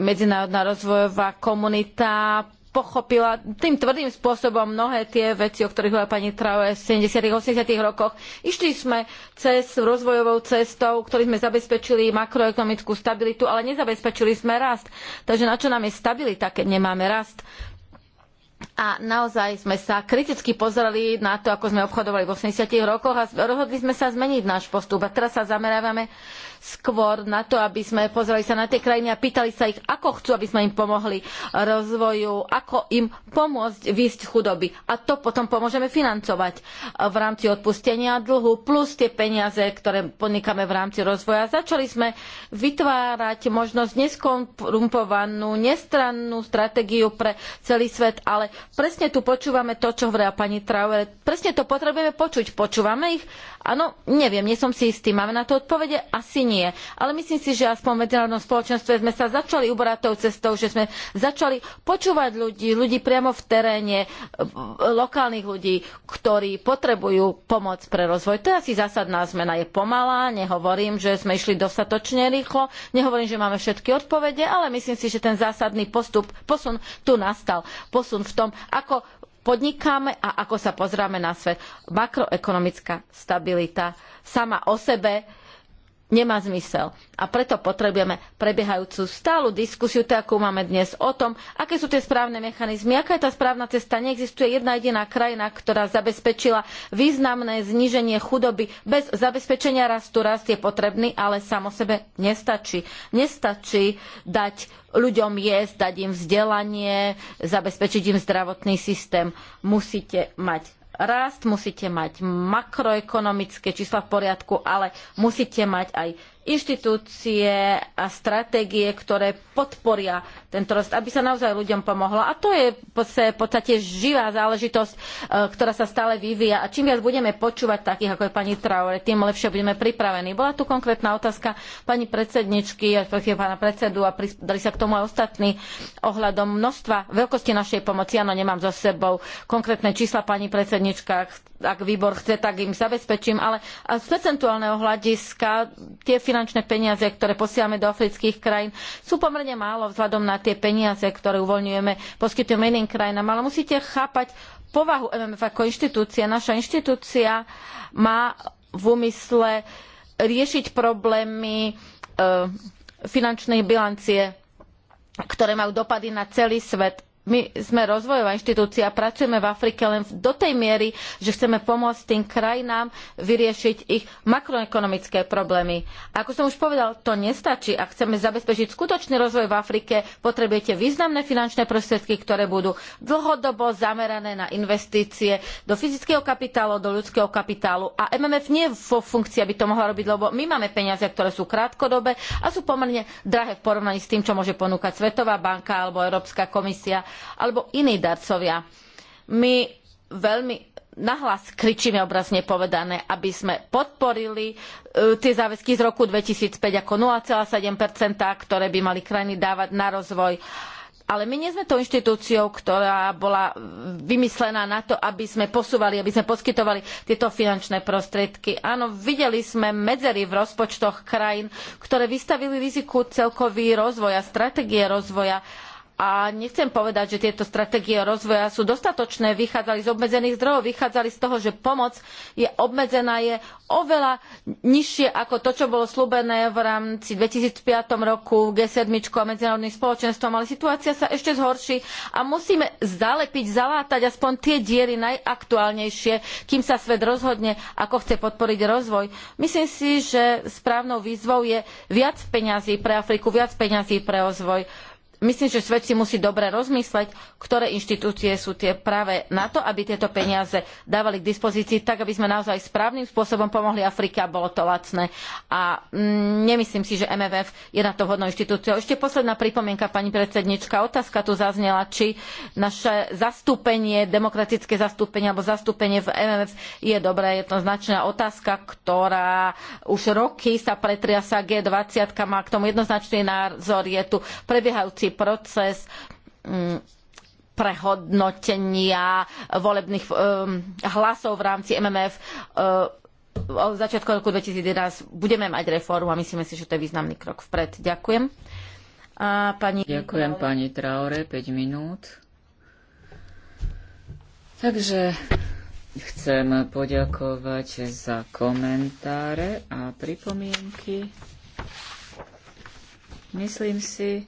medzinárodná rozvojová komunita pochopila tým tvrdým spôsobom mnohé tie veci, o ktorých hovorila pani Traue v 70. -tych, 80. rokoch. Išli sme cez rozvojovou cestou, ktorý sme zabezpečili makroekonomickú stabilitu, ale nezabezpečili sme rast. Takže na čo nám je stabilita, keď nemáme rast? A naozaj sme sa kriticky pozreli na to, ako sme obchodovali v 80. rokoch a rozhodli sme sa zmeniť náš postup. A teraz sa zamerávame skôr na to, aby sme pozreli sa na tie krajiny a pýtali sa ich, ako chcú, aby sme im pomohli rozvoju, ako im pomôcť výjsť chudoby. A to potom pomôžeme financovať v rámci odpustenia dlhu plus tie peniaze, ktoré podnikáme v rámci rozvoja. Začali sme vytvárať možnosť neskorumpovanú, nestrannú stratégiu pre celý svet, ale presne tu počúvame to, čo hovorila pani Trauer. Presne to potrebujeme počuť. Počúvame ich Áno, neviem, nie som si istý. Máme na to odpovede? Asi nie. Ale myslím si, že aspoň v medzinárodnom spoločenstve sme sa začali uberať tou cestou, že sme začali počúvať ľudí, ľudí priamo v teréne, lokálnych ľudí, ktorí potrebujú pomoc pre rozvoj. To je asi zásadná zmena. Je pomalá, nehovorím, že sme išli dostatočne rýchlo, nehovorím, že máme všetky odpovede, ale myslím si, že ten zásadný postup, posun tu nastal. Posun v tom, ako podnikáme a ako sa pozráme na svet. Makroekonomická stabilita sama o sebe nemá zmysel. A preto potrebujeme prebiehajúcu stálu diskusiu, takú máme dnes o tom, aké sú tie správne mechanizmy, aká je tá správna cesta. Neexistuje jedna jediná krajina, ktorá zabezpečila významné zníženie chudoby. Bez zabezpečenia rastu rast je potrebný, ale samo sebe nestačí. Nestačí dať ľuďom jesť, dať im vzdelanie, zabezpečiť im zdravotný systém. Musíte mať rast, musíte mať makroekonomické čísla v poriadku, ale musíte mať aj inštitúcie a stratégie, ktoré podporia tento rost, aby sa naozaj ľuďom pomohlo. A to je v podstate živá záležitosť, e, ktorá sa stále vyvíja. A čím viac budeme počúvať takých, ako je pani Traore, tým lepšie budeme pripravení. Bola tu konkrétna otázka pani predsedničky, pána predsedu a dali sa k tomu aj ostatní ohľadom množstva veľkosti našej pomoci. Áno, nemám so sebou konkrétne čísla pani predsednička ak výbor chce, tak im zabezpečím, ale z percentuálneho hľadiska tie finančné peniaze, ktoré posielame do afrických krajín, sú pomerne málo vzhľadom na tie peniaze, ktoré uvoľňujeme, poskytujeme iným krajinám, ale musíte chápať povahu MMF ako inštitúcia. Naša inštitúcia má v úmysle riešiť problémy e, finančnej bilancie, ktoré majú dopady na celý svet my sme rozvojová inštitúcia, pracujeme v Afrike len do tej miery, že chceme pomôcť tým krajinám vyriešiť ich makroekonomické problémy. A ako som už povedal, to nestačí. Ak chceme zabezpečiť skutočný rozvoj v Afrike, potrebujete významné finančné prostriedky, ktoré budú dlhodobo zamerané na investície do fyzického kapitálu, do ľudského kapitálu. A MMF nie je vo funkcii, aby to mohla robiť, lebo my máme peniaze, ktoré sú krátkodobé a sú pomerne drahé v porovnaní s tým, čo môže ponúkať Svetová banka alebo Európska komisia alebo iní darcovia. My veľmi nahlas kričíme obrazne povedané, aby sme podporili e, tie záväzky z roku 2005 ako 0,7%, ktoré by mali krajiny dávať na rozvoj. Ale my nie sme tou inštitúciou, ktorá bola vymyslená na to, aby sme posúvali, aby sme poskytovali tieto finančné prostriedky. Áno, videli sme medzery v rozpočtoch krajín, ktoré vystavili riziku celkový rozvoj a stratégie rozvoja a nechcem povedať, že tieto stratégie rozvoja sú dostatočné, vychádzali z obmedzených zdrojov, vychádzali z toho, že pomoc je obmedzená, je oveľa nižšie ako to, čo bolo slúbené v rámci 2005 roku G7 a medzinárodným spoločenstvom, ale situácia sa ešte zhorší a musíme zalepiť, zalátať aspoň tie diery najaktuálnejšie, kým sa svet rozhodne, ako chce podporiť rozvoj. Myslím si, že správnou výzvou je viac peňazí pre Afriku, viac peňazí pre rozvoj myslím, že svet si musí dobre rozmysleť, ktoré inštitúcie sú tie práve na to, aby tieto peniaze dávali k dispozícii, tak aby sme naozaj správnym spôsobom pomohli Afrike a bolo to lacné. A mm, nemyslím si, že MFF je na to vhodnou inštitúciou. Ešte posledná pripomienka, pani predsednička. Otázka tu zaznela, či naše zastúpenie, demokratické zastúpenie alebo zastúpenie v MFF je dobré. Jednoznačná otázka, ktorá už roky sa pretriasa G20, má k tomu jednoznačný názor. Je tu prebiehajúci ďalší proces mm, prehodnotenia volebných eh, hlasov v rámci MMF eh, od začiatku roku 2011 budeme mať reformu a myslíme si, že to je významný krok vpred. Ďakujem. A pani Ďakujem Traore. pani Traore, 5 minút. Takže chcem poďakovať za komentáre a pripomienky. Myslím si,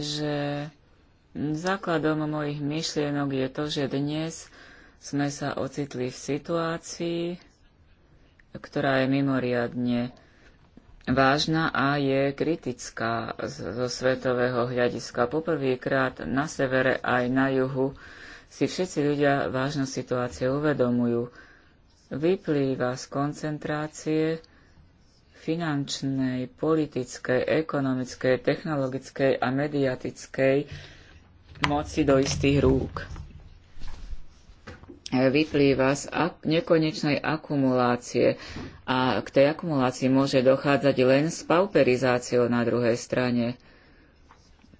že základom mojich myšlienok je to, že dnes sme sa ocitli v situácii, ktorá je mimoriadne vážna a je kritická zo svetového hľadiska. Poprvýkrát na severe aj na juhu si všetci ľudia vážnu situáciu uvedomujú. Vyplýva z koncentrácie finančnej, politickej, ekonomickej, technologickej a mediatickej moci do istých rúk. Vyplýva z nekonečnej akumulácie a k tej akumulácii môže dochádzať len s pauperizáciou na druhej strane.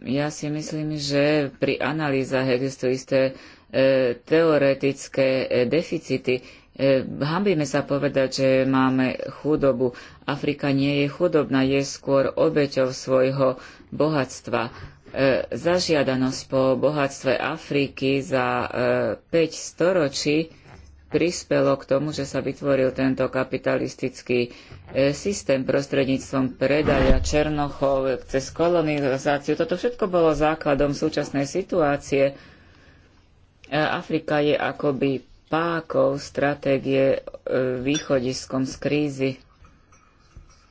Ja si myslím, že pri analýzach existujú isté e, teoretické e, deficity E, hambíme sa povedať, že máme chudobu. Afrika nie je chudobná, je skôr obeťou svojho bohatstva. E, zažiadanosť po bohatstve Afriky za 5 e, storočí prispelo k tomu, že sa vytvoril tento kapitalistický systém prostredníctvom predaja Černochov cez kolonizáciu. Toto všetko bolo základom súčasnej situácie. Afrika je akoby pákov stratégie e, východiskom z krízy.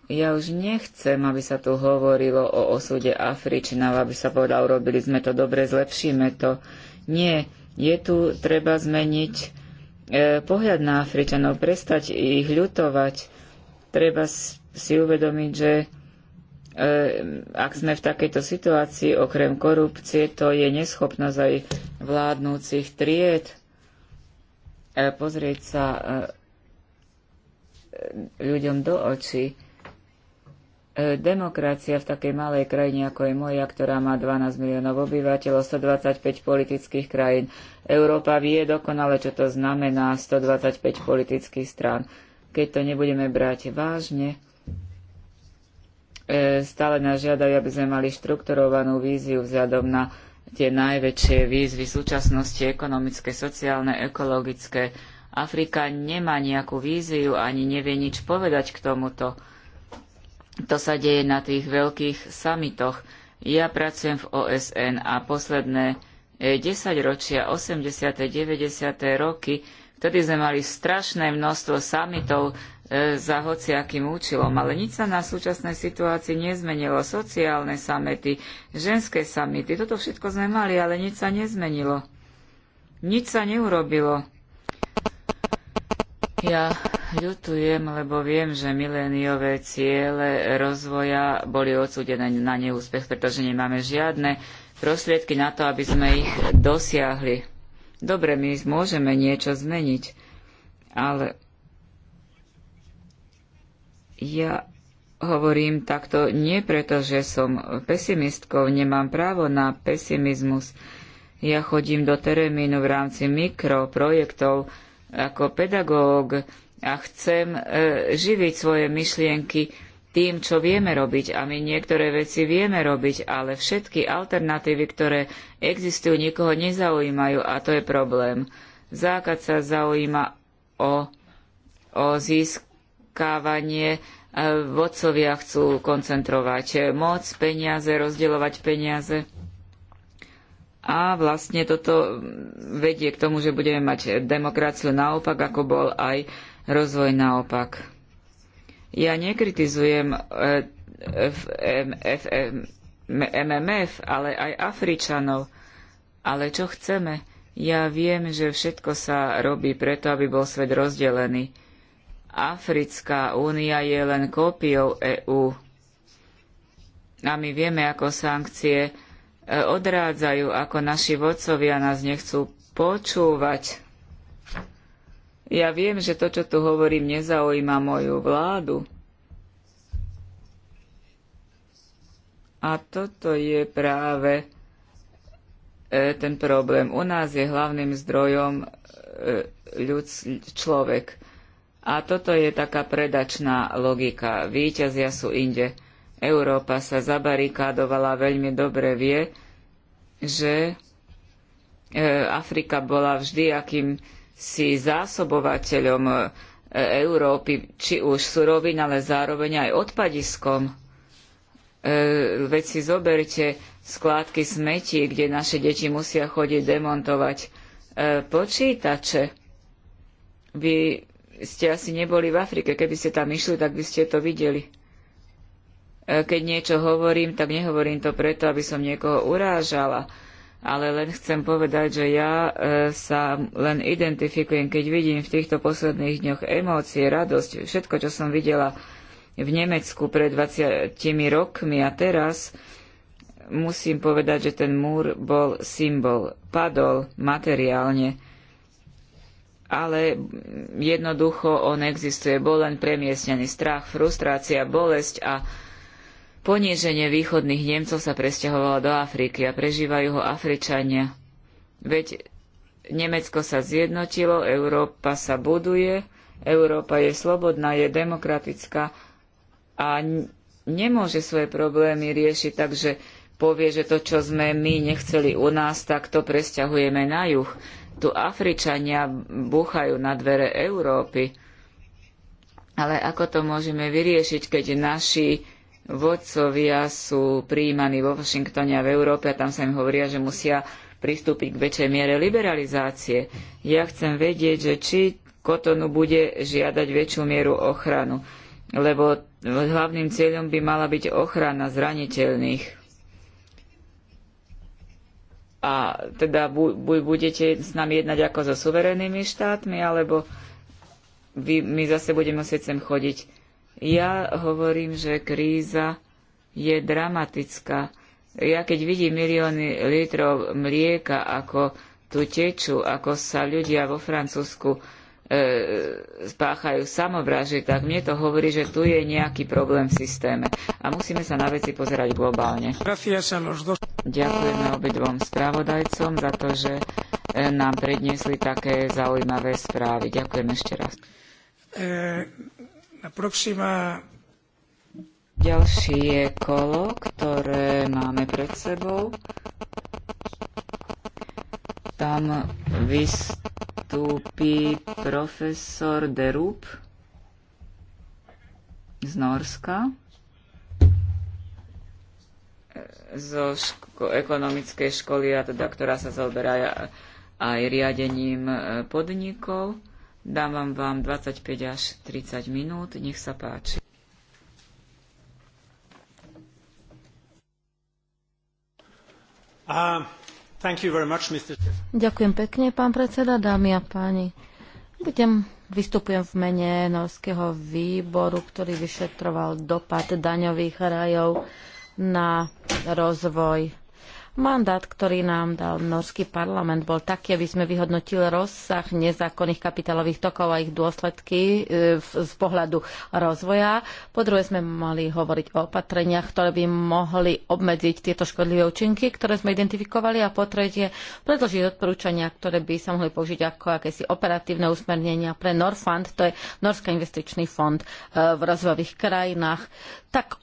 Ja už nechcem, aby sa tu hovorilo o osude Afričinov, aby sa povedal, robili sme to dobre, zlepšíme to. Nie, je tu treba zmeniť e, pohľad na Afričanov, prestať ich ľutovať. Treba si uvedomiť, že e, ak sme v takejto situácii, okrem korupcie, to je neschopnosť aj vládnúcich tried E, pozrieť sa e, ľuďom do očí. E, demokracia v takej malej krajine ako je moja, ktorá má 12 miliónov obyvateľov, 125 politických krajín. Európa vie dokonale, čo to znamená 125 politických strán. Keď to nebudeme brať vážne, stále nás žiadajú, aby sme mali štrukturovanú víziu vzhľadom na tie najväčšie výzvy súčasnosti ekonomické, sociálne, ekologické. Afrika nemá nejakú víziu ani nevie nič povedať k tomuto. To sa deje na tých veľkých samitoch. Ja pracujem v OSN a posledné 10 ročia, 80. 90. roky, vtedy sme mali strašné množstvo samitov E, za hociakým účelom, ale nič sa na súčasnej situácii nezmenilo. Sociálne samety, ženské samity, toto všetko sme mali, ale nič sa nezmenilo. Nič sa neurobilo. Ja ľutujem, lebo viem, že miléniové ciele rozvoja boli odsúdené na neúspech, pretože nemáme žiadne prostriedky na to, aby sme ich dosiahli. Dobre, my môžeme niečo zmeniť, ale ja hovorím takto nie preto, že som pesimistkou, nemám právo na pesimizmus. Ja chodím do terénu v rámci mikroprojektov ako pedagóg a chcem e, živiť svoje myšlienky tým, čo vieme robiť. A my niektoré veci vieme robiť, ale všetky alternatívy, ktoré existujú, nikoho nezaujímajú a to je problém. Zákaz sa zaujíma o, o zisk očakávanie. E, vodcovia chcú koncentrovať moc, peniaze, rozdeľovať peniaze. A vlastne toto vedie k tomu, že budeme mať demokraciu naopak, ako bol aj rozvoj naopak. Ja nekritizujem MMF, e, ale aj Afričanov. Ale čo chceme? Ja viem, že všetko sa robí preto, aby bol svet rozdelený. Africká únia je len kópiou EÚ. A my vieme, ako sankcie e, odrádzajú, ako naši vodcovia nás nechcú počúvať. Ja viem, že to, čo tu hovorím, nezaujíma moju vládu. A toto je práve e, ten problém. U nás je hlavným zdrojom e, ľud, človek. A toto je taká predačná logika. Výťazia sú inde. Európa sa zabarikádovala, veľmi dobre vie, že e, Afrika bola vždy akým si zásobovateľom e, Európy, či už surovin, ale zároveň aj odpadiskom. E, Veď si zoberte skládky smetí, kde naše deti musia chodiť demontovať počítače. Vy ste asi neboli v Afrike. Keby ste tam išli, tak by ste to videli. E, keď niečo hovorím, tak nehovorím to preto, aby som niekoho urážala. Ale len chcem povedať, že ja e, sa len identifikujem, keď vidím v týchto posledných dňoch emócie, radosť, všetko, čo som videla v Nemecku pred 20 rokmi a teraz, musím povedať, že ten múr bol symbol. Padol materiálne ale jednoducho on existuje. Bol len premiestnený strach, frustrácia, bolesť a poníženie východných Nemcov sa presťahovalo do Afriky a prežívajú ho Afričania. Veď Nemecko sa zjednotilo, Európa sa buduje, Európa je slobodná, je demokratická a nemôže svoje problémy riešiť, takže povie, že to, čo sme my nechceli u nás, tak to presťahujeme na juh tu Afričania búchajú na dvere Európy. Ale ako to môžeme vyriešiť, keď naši vodcovia sú prijímaní vo Washingtone a v Európe a tam sa im hovoria, že musia pristúpiť k väčšej miere liberalizácie. Ja chcem vedieť, že či Kotonu bude žiadať väčšiu mieru ochranu, lebo hlavným cieľom by mala byť ochrana zraniteľných a teda buď budete s nami jednať ako so suverénnymi štátmi, alebo vy, my zase budeme musieť sem chodiť. Ja hovorím, že kríza je dramatická. Ja keď vidím milióny litrov mlieka, ako tu tečú, ako sa ľudia vo Francúzsku E, spáchajú samovraždy, tak mne to hovorí, že tu je nejaký problém v systéme a musíme sa na veci pozerať globálne. Ďakujeme obidvom spravodajcom za to, že e, nám predniesli také zaujímavé správy. Ďakujem ešte raz. E, Ďalšie kolo, ktoré máme pred sebou tam vystúpi profesor Derup z Norska e, zo ško- ekonomickej školy, a teda, ktorá sa zaoberá e, aj riadením e, podnikov. Dávam vám 25 až 30 minút, nech sa páči. A Ďakujem pekne, pán predseda, dámy a páni. Budem, vystupujem v mene Norského výboru, ktorý vyšetroval dopad daňových rajov na rozvoj Mandát, ktorý nám dal norský parlament, bol taký, aby sme vyhodnotili rozsah nezákonných kapitálových tokov a ich dôsledky e, z pohľadu rozvoja. Po druhé sme mali hovoriť o opatreniach, ktoré by mohli obmedziť tieto škodlivé účinky, ktoré sme identifikovali a po tretie predložiť odporúčania, ktoré by sa mohli použiť ako akési operatívne usmernenia pre Norfund, to je Norský investičný fond e, v rozvojových krajinách. Tak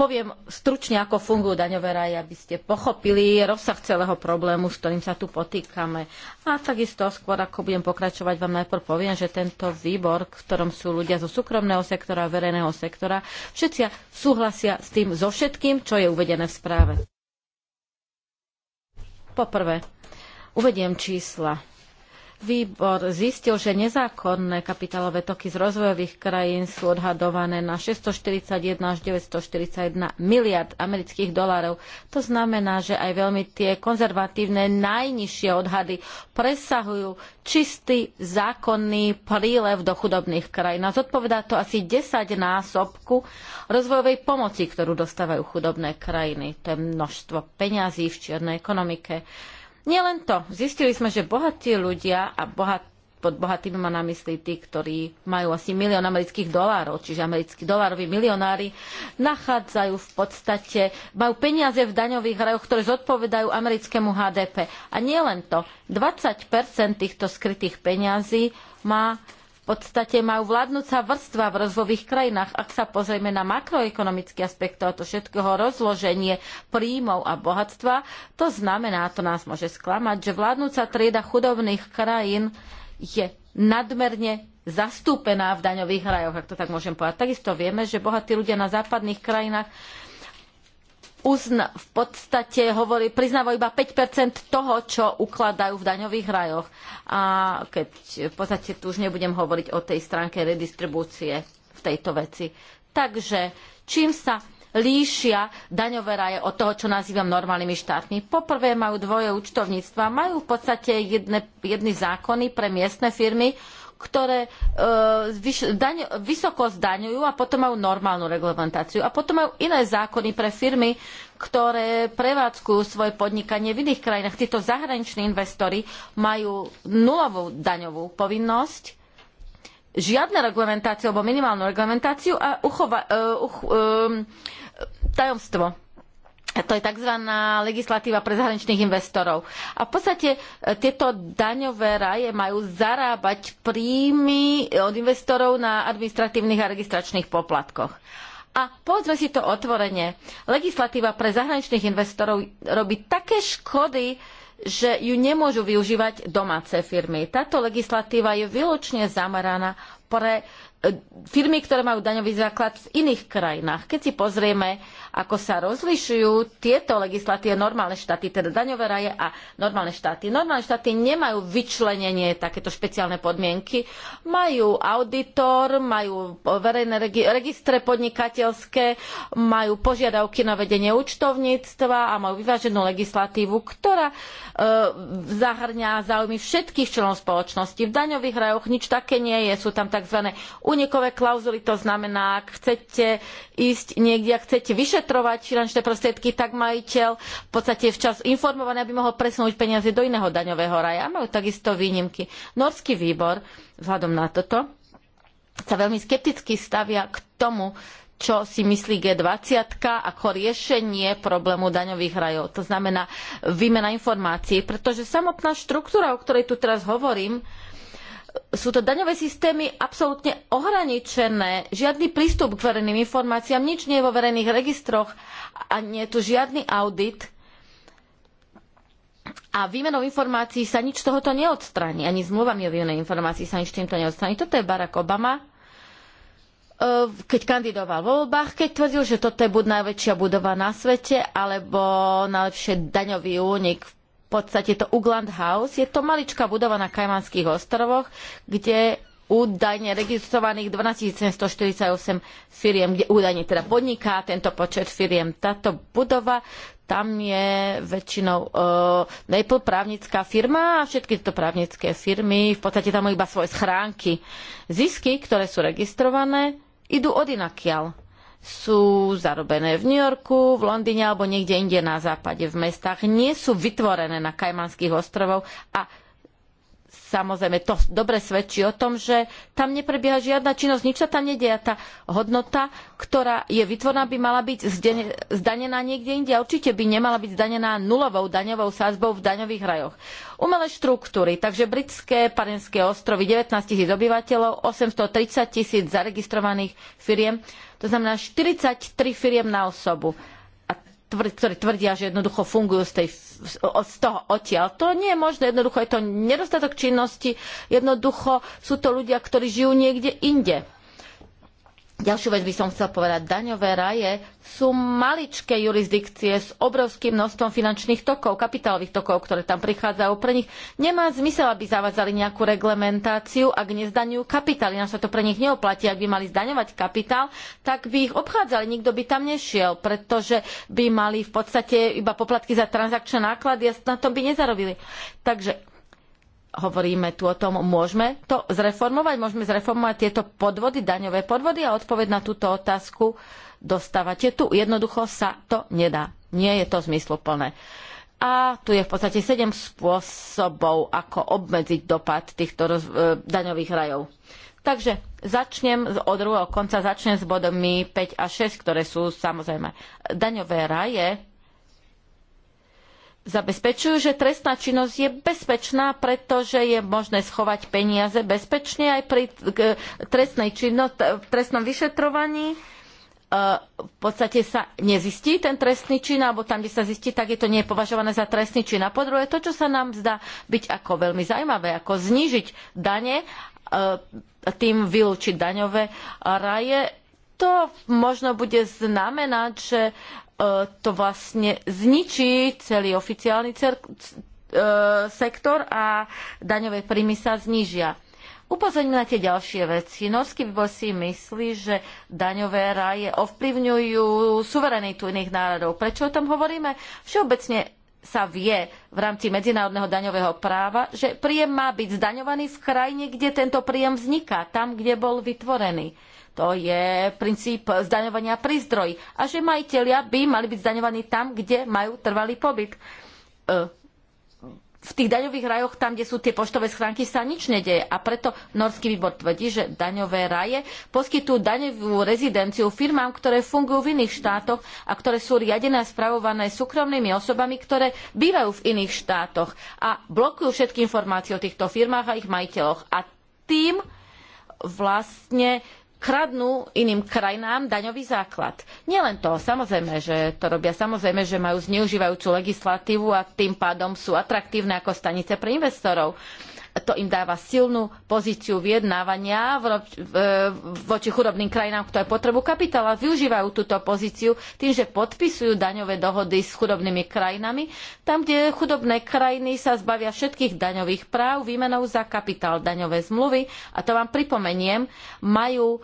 poviem stručne, ako fungujú daňové raje, aby ste pochopili rozsah celého problému, s ktorým sa tu potýkame. A takisto skôr, ako budem pokračovať, vám najprv poviem, že tento výbor, v ktorom sú ľudia zo súkromného sektora a verejného sektora, všetci súhlasia s tým so všetkým, čo je uvedené v správe. Poprvé, uvediem čísla Výbor zistil, že nezákonné kapitálové toky z rozvojových krajín sú odhadované na 641 až 941 miliard amerických dolárov. To znamená, že aj veľmi tie konzervatívne najnižšie odhady presahujú čistý zákonný prílev do chudobných krajín. A zodpovedá to asi 10 násobku rozvojovej pomoci, ktorú dostávajú chudobné krajiny. To je množstvo peňazí v čiernej ekonomike. Nielen to, zistili sme, že bohatí ľudia a bohat, pod bohatými má na mysli tí, ktorí majú asi milión amerických dolárov, čiže americkí dolároví milionári, nachádzajú v podstate, majú peniaze v daňových rajoch, ktoré zodpovedajú americkému HDP. A nie len to, 20% týchto skrytých peňazí má podstate majú vládnúca vrstva v rozvojových krajinách. Ak sa pozrieme na makroekonomický aspekt tohoto všetkého rozloženie príjmov a bohatstva, to znamená, to nás môže sklamať, že vládnúca trieda chudobných krajín je nadmerne zastúpená v daňových rajoch, ak to tak môžem povedať. Takisto vieme, že bohatí ľudia na západných krajinách uzna, v podstate hovorí, priznávajú iba 5 toho, čo ukladajú v daňových rajoch. A keď v podstate tu už nebudem hovoriť o tej stránke redistribúcie v tejto veci. Takže čím sa líšia daňové raje od toho, čo nazývam normálnymi štátmi. Poprvé majú dvoje účtovníctva, majú v podstate jedne, jedny zákony pre miestne firmy, ktoré e, vysoko zdaňujú a potom majú normálnu reglementáciu. A potom majú iné zákony pre firmy, ktoré prevádzkujú svoje podnikanie v iných krajinách. Títo zahraniční investori majú nulovú daňovú povinnosť žiadne reglementáciu alebo minimálnu reglementáciu a uchova, uh, uh, tajomstvo to je tzv. legislatíva pre zahraničných investorov. A v podstate e, tieto daňové raje majú zarábať príjmy od investorov na administratívnych a registračných poplatkoch. A povedzme si to otvorene. Legislatíva pre zahraničných investorov robí také škody, že ju nemôžu využívať domáce firmy. Táto legislatíva je výlučne zameraná pre firmy, ktoré majú daňový základ v iných krajinách. Keď si pozrieme, ako sa rozlišujú tieto legislatívne normálne štáty, teda daňové raje a normálne štáty. Normálne štáty nemajú vyčlenenie takéto špeciálne podmienky. Majú auditor, majú verejné registre podnikateľské, majú požiadavky na vedenie účtovníctva a majú vyváženú legislatívu, ktorá e, zahrňa záujmy všetkých členov spoločnosti. V daňových rajoch nič také nie je. Sú tam tzv únikové klauzuly, to znamená, ak chcete ísť niekde a chcete vyšetrovať finančné prostriedky, tak majiteľ v podstate je včas informovaný, aby mohol presunúť peniaze do iného daňového raja. Majú takisto výnimky. Norský výbor, vzhľadom na toto, sa veľmi skepticky stavia k tomu, čo si myslí G20 ako riešenie problému daňových rajov. To znamená výmena informácií, pretože samotná štruktúra, o ktorej tu teraz hovorím, sú to daňové systémy absolútne ohraničené. Žiadny prístup k verejným informáciám, nič nie je vo verejných registroch a nie je tu žiadny audit. A výmenou informácií sa nič z tohoto neodstráni. Ani zmluvami o výmene informácií sa nič týmto neodstráni. Toto je Barack Obama, e, keď kandidoval vo voľbách, keď tvrdil, že toto je buď najväčšia budova na svete, alebo najlepšie daňový únik v podstate to Ugland House. Je to maličká budova na Kajmanských ostrovoch, kde údajne registrovaných 12 748 firiem, kde údajne teda podniká tento počet firiem. Táto budova, tam je väčšinou uh, e, Apple právnická firma a všetky tieto právnické firmy, v podstate tam iba svoje schránky. Zisky, ktoré sú registrované, idú odinakiaľ sú zarobené v New Yorku, v Londýne alebo niekde inde na západe v mestách, nie sú vytvorené na Kajmanských ostrovov a samozrejme to dobre svedčí o tom, že tam neprebieha žiadna činnosť, nič sa tam nedie tá hodnota, ktorá je vytvorená, by mala byť zdanená niekde inde a určite by nemala byť zdanená nulovou daňovou sázbou v daňových rajoch. Umelé štruktúry, takže britské panenské ostrovy, 19 tisíc obyvateľov, 830 tisíc zaregistrovaných firiem, to znamená 43 firiem na osobu ktorí tvrdia, že jednoducho fungujú z, tej, z toho odtiaľ. To nie je možné, jednoducho je to nedostatok činnosti, jednoducho sú to ľudia, ktorí žijú niekde inde. Ďalšiu vec by som chcel povedať. Daňové raje sú maličké jurisdikcie s obrovským množstvom finančných tokov, kapitálových tokov, ktoré tam prichádzajú. Pre nich nemá zmysel, aby zavádzali nejakú reglementáciu, ak nezdaňujú kapitál. Ináč sa to pre nich neoplatí. Ak by mali zdaňovať kapitál, tak by ich obchádzali. Nikto by tam nešiel, pretože by mali v podstate iba poplatky za transakčné náklady a na tom by nezarobili. Takže hovoríme tu o tom, môžeme to zreformovať, môžeme zreformovať tieto podvody, daňové podvody a odpoveď na túto otázku dostávate tu. Jednoducho sa to nedá. Nie je to zmysluplné. A tu je v podstate sedem spôsobov, ako obmedziť dopad týchto roz, e, daňových rajov. Takže začnem od druhého konca, začnem s bodmi 5 a 6, ktoré sú samozrejme daňové raje, zabezpečujú, že trestná činnosť je bezpečná, pretože je možné schovať peniaze bezpečne aj pri trestnej činnosti, v trestnom vyšetrovaní. E, v podstate sa nezistí ten trestný čin, alebo tam, kde sa zistí, tak je to nie považované za trestný čin. A po druhé, to, čo sa nám zdá byť ako veľmi zaujímavé, ako znížiť dane, e, tým vylúčiť daňové raje, to možno bude znamenať, že E, to vlastne zničí celý oficiálny e, sektor a daňové príjmy sa znížia. Upozorňujem na tie ďalšie veci. Norský výbor si myslí, že daňové raje ovplyvňujú suverenitu iných národov. Prečo o tom hovoríme? Všeobecne sa vie v rámci medzinárodného daňového práva, že príjem má byť zdaňovaný v krajine, kde tento príjem vzniká, tam, kde bol vytvorený. To je princíp zdaňovania pri zdroji. A že majiteľia by mali byť zdaňovaní tam, kde majú trvalý pobyt. E, v tých daňových rajoch, tam, kde sú tie poštové schránky, sa nič nedeje. A preto Norský výbor tvrdí, že daňové raje poskytujú daňovú rezidenciu firmám, ktoré fungujú v iných štátoch a ktoré sú riadené a spravované súkromnými osobami, ktoré bývajú v iných štátoch a blokujú všetky informácie o týchto firmách a ich majiteľoch. A tým vlastne kradnú iným krajinám daňový základ. Nielen to, samozrejme, že to robia, samozrejme, že majú zneužívajúcu legislatívu a tým pádom sú atraktívne ako stanice pre investorov to im dáva silnú pozíciu vyjednávania e, voči chudobným krajinám, ktoré potrebujú kapitál a využívajú túto pozíciu tým, že podpisujú daňové dohody s chudobnými krajinami. Tam, kde chudobné krajiny sa zbavia všetkých daňových práv výmenou za kapitál daňové zmluvy, a to vám pripomeniem, majú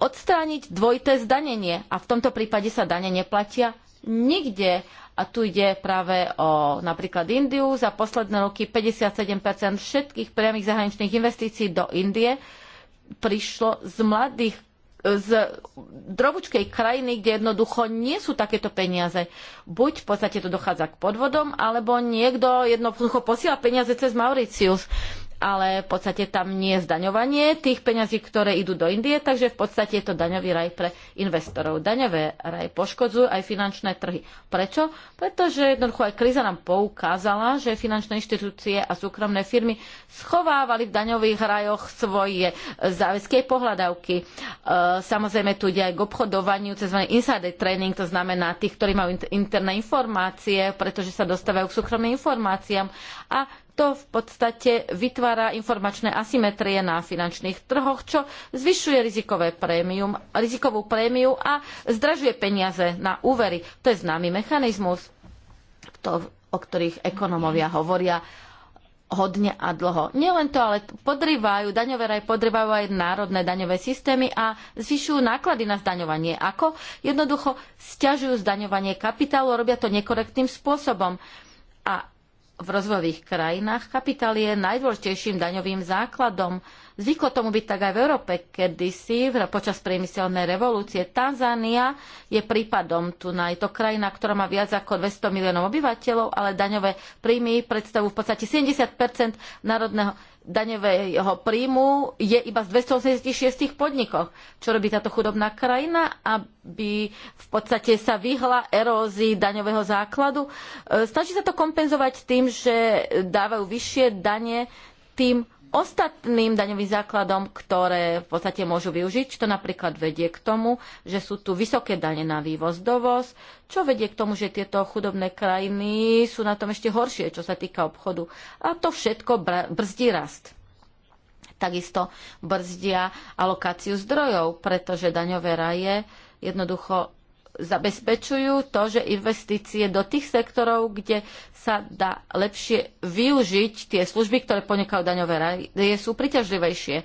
odstrániť dvojité zdanenie a v tomto prípade sa dane neplatia nikde a tu ide práve o napríklad Indiu. Za posledné roky 57 všetkých priamých zahraničných investícií do Indie prišlo z mladých z drobučkej krajiny, kde jednoducho nie sú takéto peniaze. Buď v podstate to dochádza k podvodom, alebo niekto jednoducho posiela peniaze cez Mauricius ale v podstate tam nie je zdaňovanie tých peňazí, ktoré idú do Indie, takže v podstate je to daňový raj pre investorov. Daňové raj poškodzujú aj finančné trhy. Prečo? Pretože jednoducho aj kríza nám poukázala, že finančné inštitúcie a súkromné firmy schovávali v daňových rajoch svoje e, záväzky pohľadavky. E, samozrejme tu ide aj k obchodovaniu cez insider training, to znamená tých, ktorí majú interné informácie, pretože sa dostávajú k súkromným informáciám a to v podstate vytvára informačné asymetrie na finančných trhoch, čo zvyšuje rizikové prémium, rizikovú prémiu a zdražuje peniaze na úvery. To je známy mechanizmus, to, o ktorých ekonomovia hovoria hodne a dlho. Nielen to, ale podrývajú, daňové raj podrývajú aj národné daňové systémy a zvyšujú náklady na zdaňovanie. Ako? Jednoducho stiažujú zdaňovanie kapitálu, robia to nekorektným spôsobom. A v rozvojových krajinách kapitál je najdôležitejším daňovým základom. Zvyklo tomu byť tak aj v Európe, kedysi počas priemyselnej revolúcie. Tanzánia je prípadom tu na. to krajina, ktorá má viac ako 200 miliónov obyvateľov, ale daňové príjmy predstavujú v podstate 70 národného daňového príjmu je iba z 286 podnikoch. Čo robí táto chudobná krajina, aby v podstate sa vyhla erózii daňového základu? E, Stačí sa to kompenzovať tým, že dávajú vyššie dane tým ostatným daňovým základom, ktoré v podstate môžu využiť, čo napríklad vedie k tomu, že sú tu vysoké dane na vývoz, dovoz, čo vedie k tomu, že tieto chudobné krajiny sú na tom ešte horšie, čo sa týka obchodu. A to všetko brzdí rast. Takisto brzdia alokáciu zdrojov, pretože daňové raje jednoducho zabezpečujú to, že investície do tých sektorov, kde sa dá lepšie využiť tie služby, ktoré ponekajú daňové raje, sú priťažlivejšie. E,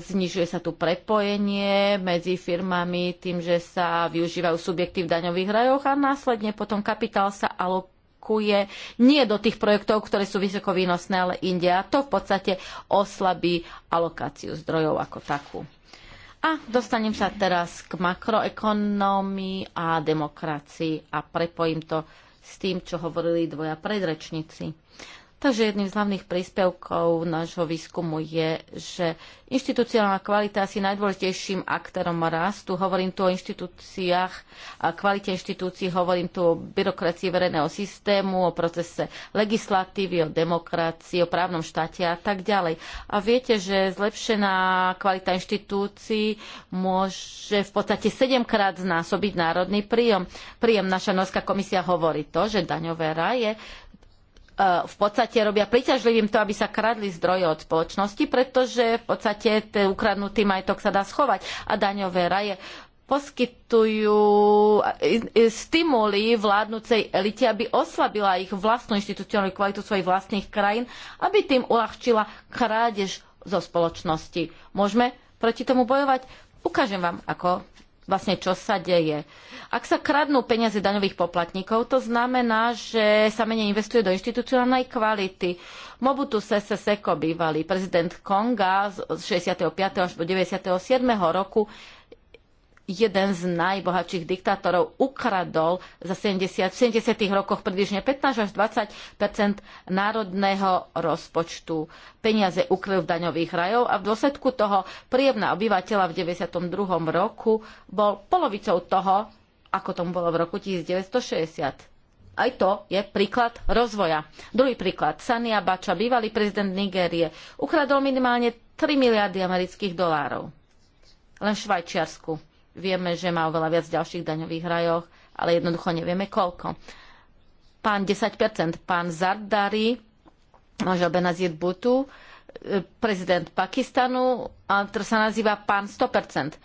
znižuje sa tu prepojenie medzi firmami tým, že sa využívajú subjekty v daňových rajoch a následne potom kapitál sa alokuje nie do tých projektov, ktoré sú vysoko výnosné, ale inde. A to v podstate oslabí alokáciu zdrojov ako takú. A dostanem sa teraz k makroekonomii a demokracii a prepojím to s tým, čo hovorili dvoja predrečníci. Takže jedným z hlavných príspevkov nášho výskumu je, že inštitucionálna kvalita asi najdôležitejším aktérom rastu. Hovorím tu o inštitúciách a kvalite inštitúcií, hovorím tu o byrokracii verejného systému, o procese legislatívy, o demokracii, o právnom štáte a tak ďalej. A viete, že zlepšená kvalita inštitúcií môže v podstate sedemkrát znásobiť národný príjem. Príjem naša Norská komisia hovorí to, že daňové raje Eh, v podstate robia príťažlivým to, aby sa kradli zdroje od spoločnosti, pretože v podstate ten ukradnutý majetok sa dá schovať a daňové raje poskytujú eh, eh, stimuly vládnucej elite, aby oslabila ich vlastnú inštitucionálnu kvalitu svojich vlastných krajín, aby tým uľahčila krádež zo spoločnosti. Môžeme proti tomu bojovať? Ukážem vám, ako vlastne čo sa deje. Ak sa kradnú peniaze daňových poplatníkov, to znamená, že sa menej investuje do inštitucionálnej kvality. Mobutu Sese Seko, bývalý prezident Konga z 65. až do 97. roku, jeden z najbohatších diktátorov ukradol za 70, v 70. rokoch približne 15 až 20 národného rozpočtu. Peniaze ukryl v daňových rajov a v dôsledku toho príjemná obyvateľa v 92. roku bol polovicou toho, ako tomu bolo v roku 1960. Aj to je príklad rozvoja. Druhý príklad. Sania Bača, bývalý prezident Nigérie, ukradol minimálne 3 miliardy amerických dolárov. Len v Švajčiarsku Vieme, že má oveľa viac ďalších daňových rajoch, ale jednoducho nevieme koľko. Pán 10%, pán Zardari, manžel Benazir Butu, e, prezident Pakistanu, a to sa nazýva pán 100%.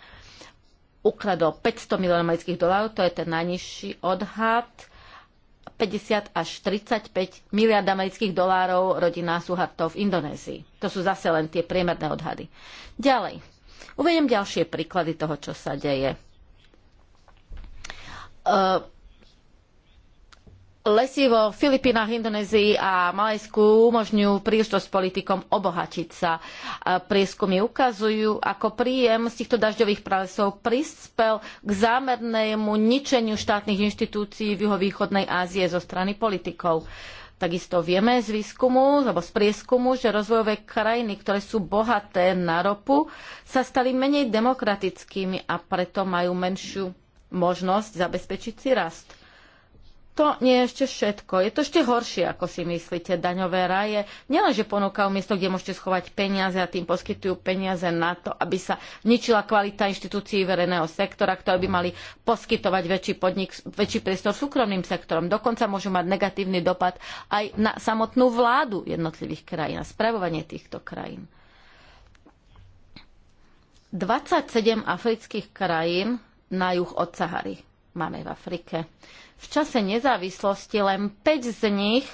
Ukradol 500 miliónov amerických dolárov, to je ten najnižší odhad. 50 až 35 miliard amerických dolárov rodina Suhartov v Indonézii. To sú zase len tie priemerné odhady. Ďalej, Uvediem ďalšie príklady toho, čo sa deje. E, lesy vo Filipínach, Indonézii a Malajsku umožňujú príležitosť politikom obohatiť sa. E, prieskumy ukazujú, ako príjem z týchto dažďových pralesov prispel k zámernému ničeniu štátnych inštitúcií v juhovýchodnej Ázie zo strany politikov. Takisto vieme z výskumu, alebo z prieskumu, že rozvojové krajiny, ktoré sú bohaté na ropu, sa stali menej demokratickými a preto majú menšiu možnosť zabezpečiť si rast to nie je ešte všetko. Je to ešte horšie, ako si myslíte. Daňové raje nielenže ponúkajú miesto, kde môžete schovať peniaze a tým poskytujú peniaze na to, aby sa ničila kvalita inštitúcií verejného sektora, ktoré by mali poskytovať väčší, podnik, väčší priestor súkromným sektorom. Dokonca môžu mať negatívny dopad aj na samotnú vládu jednotlivých krajín a spravovanie týchto krajín. 27 afrických krajín na juh od Sahary máme v Afrike. V čase nezávislosti len 5 z nich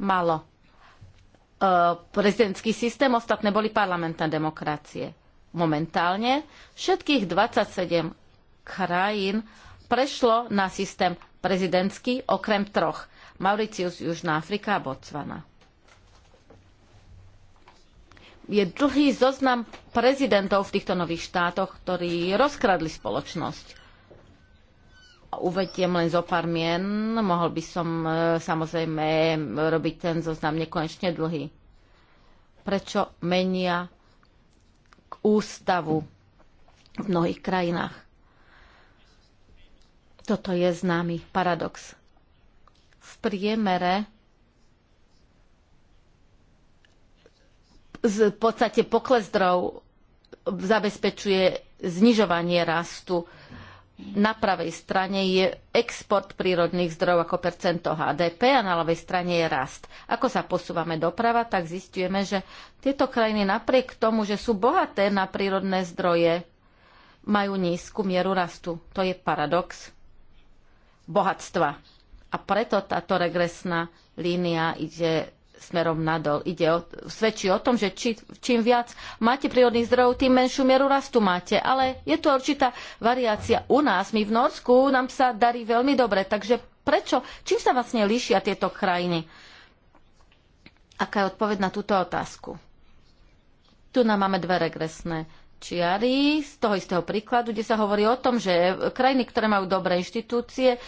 malo e, prezidentský systém, ostatné boli parlamentné demokracie. Momentálne všetkých 27 krajín prešlo na systém prezidentský, okrem troch. Mauricius, Južná Afrika a Botswana. Je dlhý zoznam prezidentov v týchto nových štátoch, ktorí rozkradli spoločnosť uvediem len zo pár mien. Mohol by som e, samozrejme robiť ten zoznam nekonečne dlhý. Prečo menia k ústavu v mnohých krajinách? Toto je známy paradox. V priemere v podstate pokles zdrov zabezpečuje znižovanie rastu na pravej strane je export prírodných zdrojov ako percento HDP a na ľavej strane je rast. Ako sa posúvame doprava, tak zistujeme, že tieto krajiny napriek tomu, že sú bohaté na prírodné zdroje, majú nízku mieru rastu. To je paradox bohatstva. A preto táto regresná línia ide smerom nadol. Ide o, svedčí o tom, že či, čím viac máte prírodných zdrojov, tým menšiu mieru rastu máte. Ale je to určitá variácia u nás. My v Norsku nám sa darí veľmi dobre. Takže prečo? Čím sa vlastne líšia tieto krajiny? Aká je odpoveď na túto otázku? Tu nám máme dve regresné čiary z toho istého príkladu, kde sa hovorí o tom, že krajiny, ktoré majú dobré inštitúcie, e,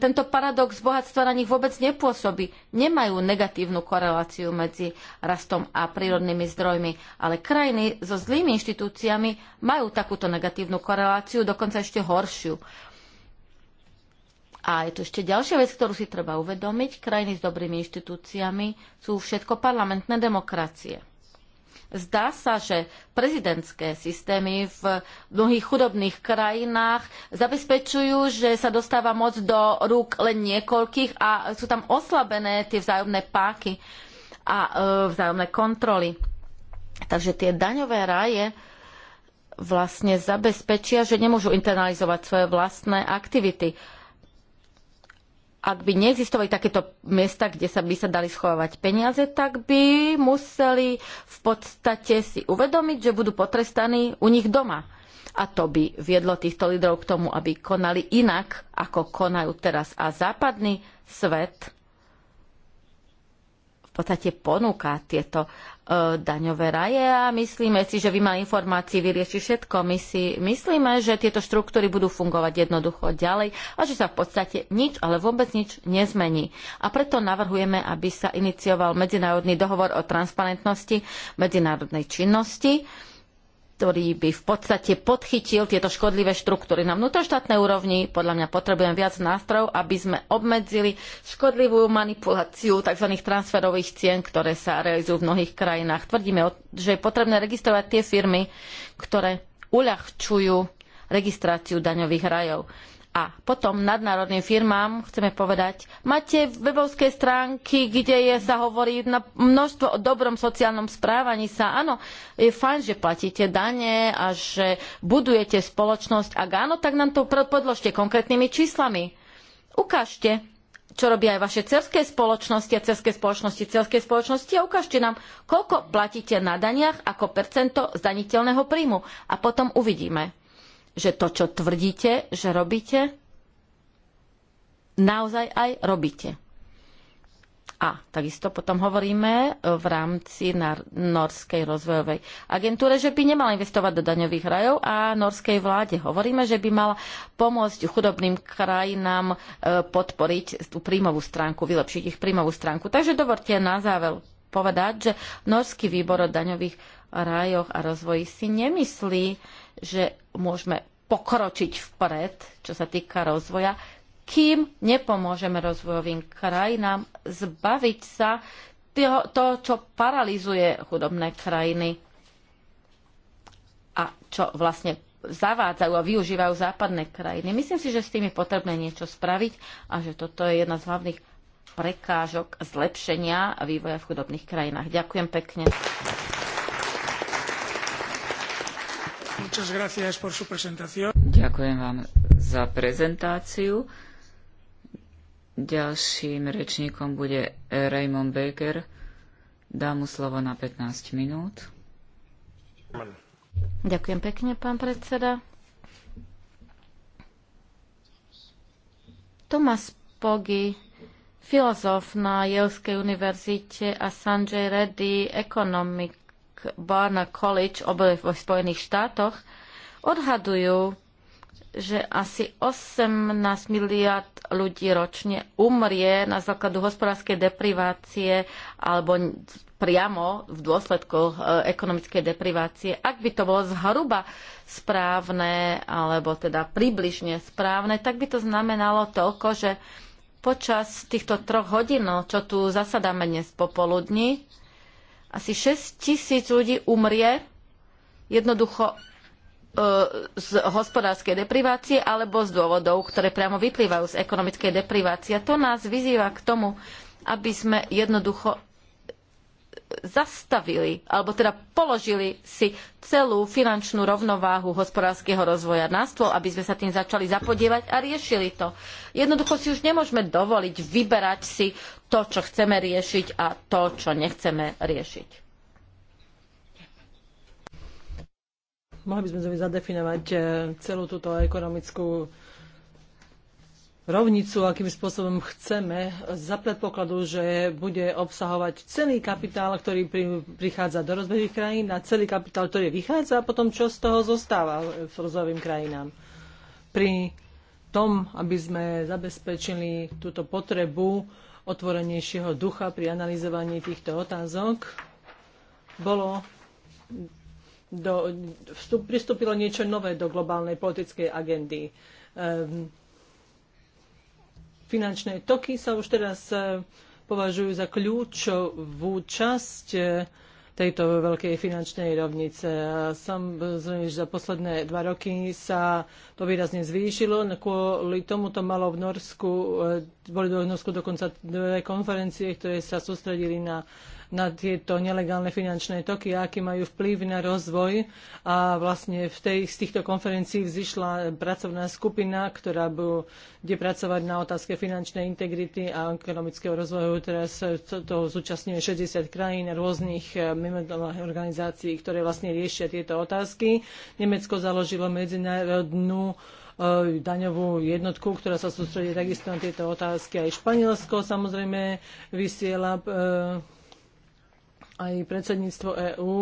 tento paradox bohatstva na nich vôbec nepôsobí. Nemajú negatívnu koreláciu medzi rastom a prírodnými zdrojmi, ale krajiny so zlými inštitúciami majú takúto negatívnu koreláciu, dokonca ešte horšiu. A je tu ešte ďalšia vec, ktorú si treba uvedomiť. Krajiny s dobrými inštitúciami sú všetko parlamentné demokracie. Zdá sa, že prezidentské systémy v mnohých chudobných krajinách zabezpečujú, že sa dostáva moc do rúk len niekoľkých a sú tam oslabené tie vzájomné páky a e, vzájomné kontroly. Takže tie daňové raje vlastne zabezpečia, že nemôžu internalizovať svoje vlastné aktivity ak by neexistovali takéto miesta, kde sa by sa dali schovávať peniaze, tak by museli v podstate si uvedomiť, že budú potrestaní u nich doma. A to by viedlo týchto lídrov k tomu, aby konali inak, ako konajú teraz. A západný svet v podstate ponúka tieto E, daňové raje a myslíme si, že vy má informácií vyrieši všetko. My si myslíme, že tieto štruktúry budú fungovať jednoducho ďalej a že sa v podstate nič, ale vôbec nič nezmení. A preto navrhujeme, aby sa inicioval medzinárodný dohovor o transparentnosti medzinárodnej činnosti ktorý by v podstate podchytil tieto škodlivé štruktúry. Na vnútroštátnej úrovni podľa mňa potrebujem viac nástrojov, aby sme obmedzili škodlivú manipuláciu tzv. transferových cien, ktoré sa realizujú v mnohých krajinách. Tvrdíme, že je potrebné registrovať tie firmy, ktoré uľahčujú registráciu daňových rajov. A potom nadnárodným firmám chceme povedať, máte webovské stránky, kde je, sa hovorí na množstvo o dobrom sociálnom správaní sa. Áno, je fajn, že platíte dane a že budujete spoločnosť. Ak áno, tak nám to podložte konkrétnymi číslami. Ukážte, čo robia aj vaše cerské spoločnosti a cerské spoločnosti, cerské spoločnosti a ukážte nám, koľko platíte na daniach ako percento zdaniteľného príjmu. A potom uvidíme že to, čo tvrdíte, že robíte, naozaj aj robíte. A takisto potom hovoríme v rámci Norskej rozvojovej agentúre, že by nemala investovať do daňových rajov a norskej vláde hovoríme, že by mala pomôcť chudobným krajinám e, podporiť tú príjmovú stránku, vylepšiť ich príjmovú stránku. Takže dovolte na záver povedať, že Norský výbor o daňových rajoch a rozvoji si nemyslí, že môžeme pokročiť vpred, čo sa týka rozvoja, kým nepomôžeme rozvojovým krajinám zbaviť sa toho, to, čo paralizuje chudobné krajiny a čo vlastne zavádzajú a využívajú západné krajiny. Myslím si, že s tým je potrebné niečo spraviť a že toto je jedna z hlavných prekážok zlepšenia a vývoja v chudobných krajinách. Ďakujem pekne. Ďakujem vám za prezentáciu. Ďalším rečníkom bude Raymond Baker. Dám mu slovo na 15 minút. Ďakujem pekne, pán predseda. Thomas Poggi, filozof na Jelskej univerzite a Sanjay Reddy, ekonomik Barna College obe vo Spojených štátoch odhadujú, že asi 18 miliard ľudí ročne umrie na základu hospodárskej deprivácie alebo priamo v dôsledku e, ekonomickej deprivácie. Ak by to bolo zhruba správne, alebo teda približne správne, tak by to znamenalo toľko, že počas týchto troch hodín, no, čo tu zasadáme dnes popoludní, asi 6 tisíc ľudí umrie jednoducho e, z hospodárskej deprivácie alebo z dôvodov, ktoré priamo vyplývajú z ekonomickej deprivácie. A to nás vyzýva k tomu, aby sme jednoducho zastavili, alebo teda položili si celú finančnú rovnováhu hospodárskeho rozvoja na stôl, aby sme sa tým začali zapodievať a riešili to. Jednoducho si už nemôžeme dovoliť vyberať si to, čo chceme riešiť a to, čo nechceme riešiť. Mohli by sme zadefinovať eh, celú túto ekonomickú rovnicu, akým spôsobom chceme, za predpokladu, že bude obsahovať celý kapitál, ktorý pri, prichádza do rozvojových krajín a celý kapitál, ktorý vychádza a potom čo z toho zostáva v rozvojovým krajinám. Pri tom, aby sme zabezpečili túto potrebu otvorenejšieho ducha pri analyzovaní týchto otázok, bolo do, vstup, pristúpilo niečo nové do globálnej politickej agendy. Um, Finančné toky sa už teraz e, považujú za kľúčovú časť e, tejto veľkej finančnej rovnice. A zrejme, že za posledné dva roky sa to výrazne zvýšilo. No, kvôli tomu to malo v Norsku, e, boli do Norsku dokonca dve konferencie, ktoré sa sústredili na na tieto nelegálne finančné toky a aký majú vplyv na rozvoj. A vlastne v tej, z týchto konferencií vzýšla pracovná skupina, ktorá bude pracovať na otázke finančnej integrity a ekonomického rozvoju. Teraz to, to zúčastňuje 60 krajín rôznych eh, mimovládnych organizácií, ktoré vlastne riešia tieto otázky. Nemecko založilo medzinárodnú eh, daňovú jednotku, ktorá sa sústredí takisto na tieto otázky. Aj Španielsko samozrejme vysiela e aj predsedníctvo EÚ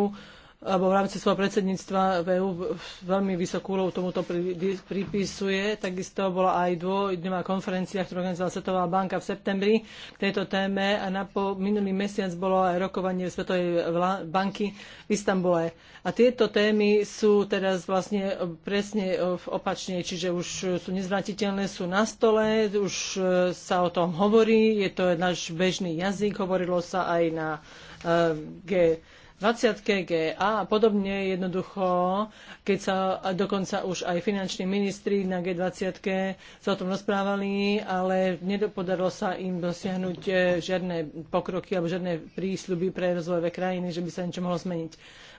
alebo v rámci svojho predsedníctva v EU veľmi vysokú úlohu tomuto pripisuje. Takisto bola aj dvojdňová konferencia, ktorú organizovala Svetová banka v septembri k tejto téme a na po, minulý mesiac bolo aj rokovanie Svetovej banky v Istambule. A tieto témy sú teraz vlastne presne opačne, čiže už sú nezvratiteľné, sú na stole, už sa o tom hovorí, je to náš bežný jazyk, hovorilo sa aj na G 20 GA a podobne jednoducho, keď sa dokonca už aj finanční ministri na G20 sa o tom rozprávali, ale nedopodarilo sa im dosiahnuť eh, žiadne pokroky alebo žiadne prísľuby pre rozvojové krajiny, že by sa niečo mohlo zmeniť.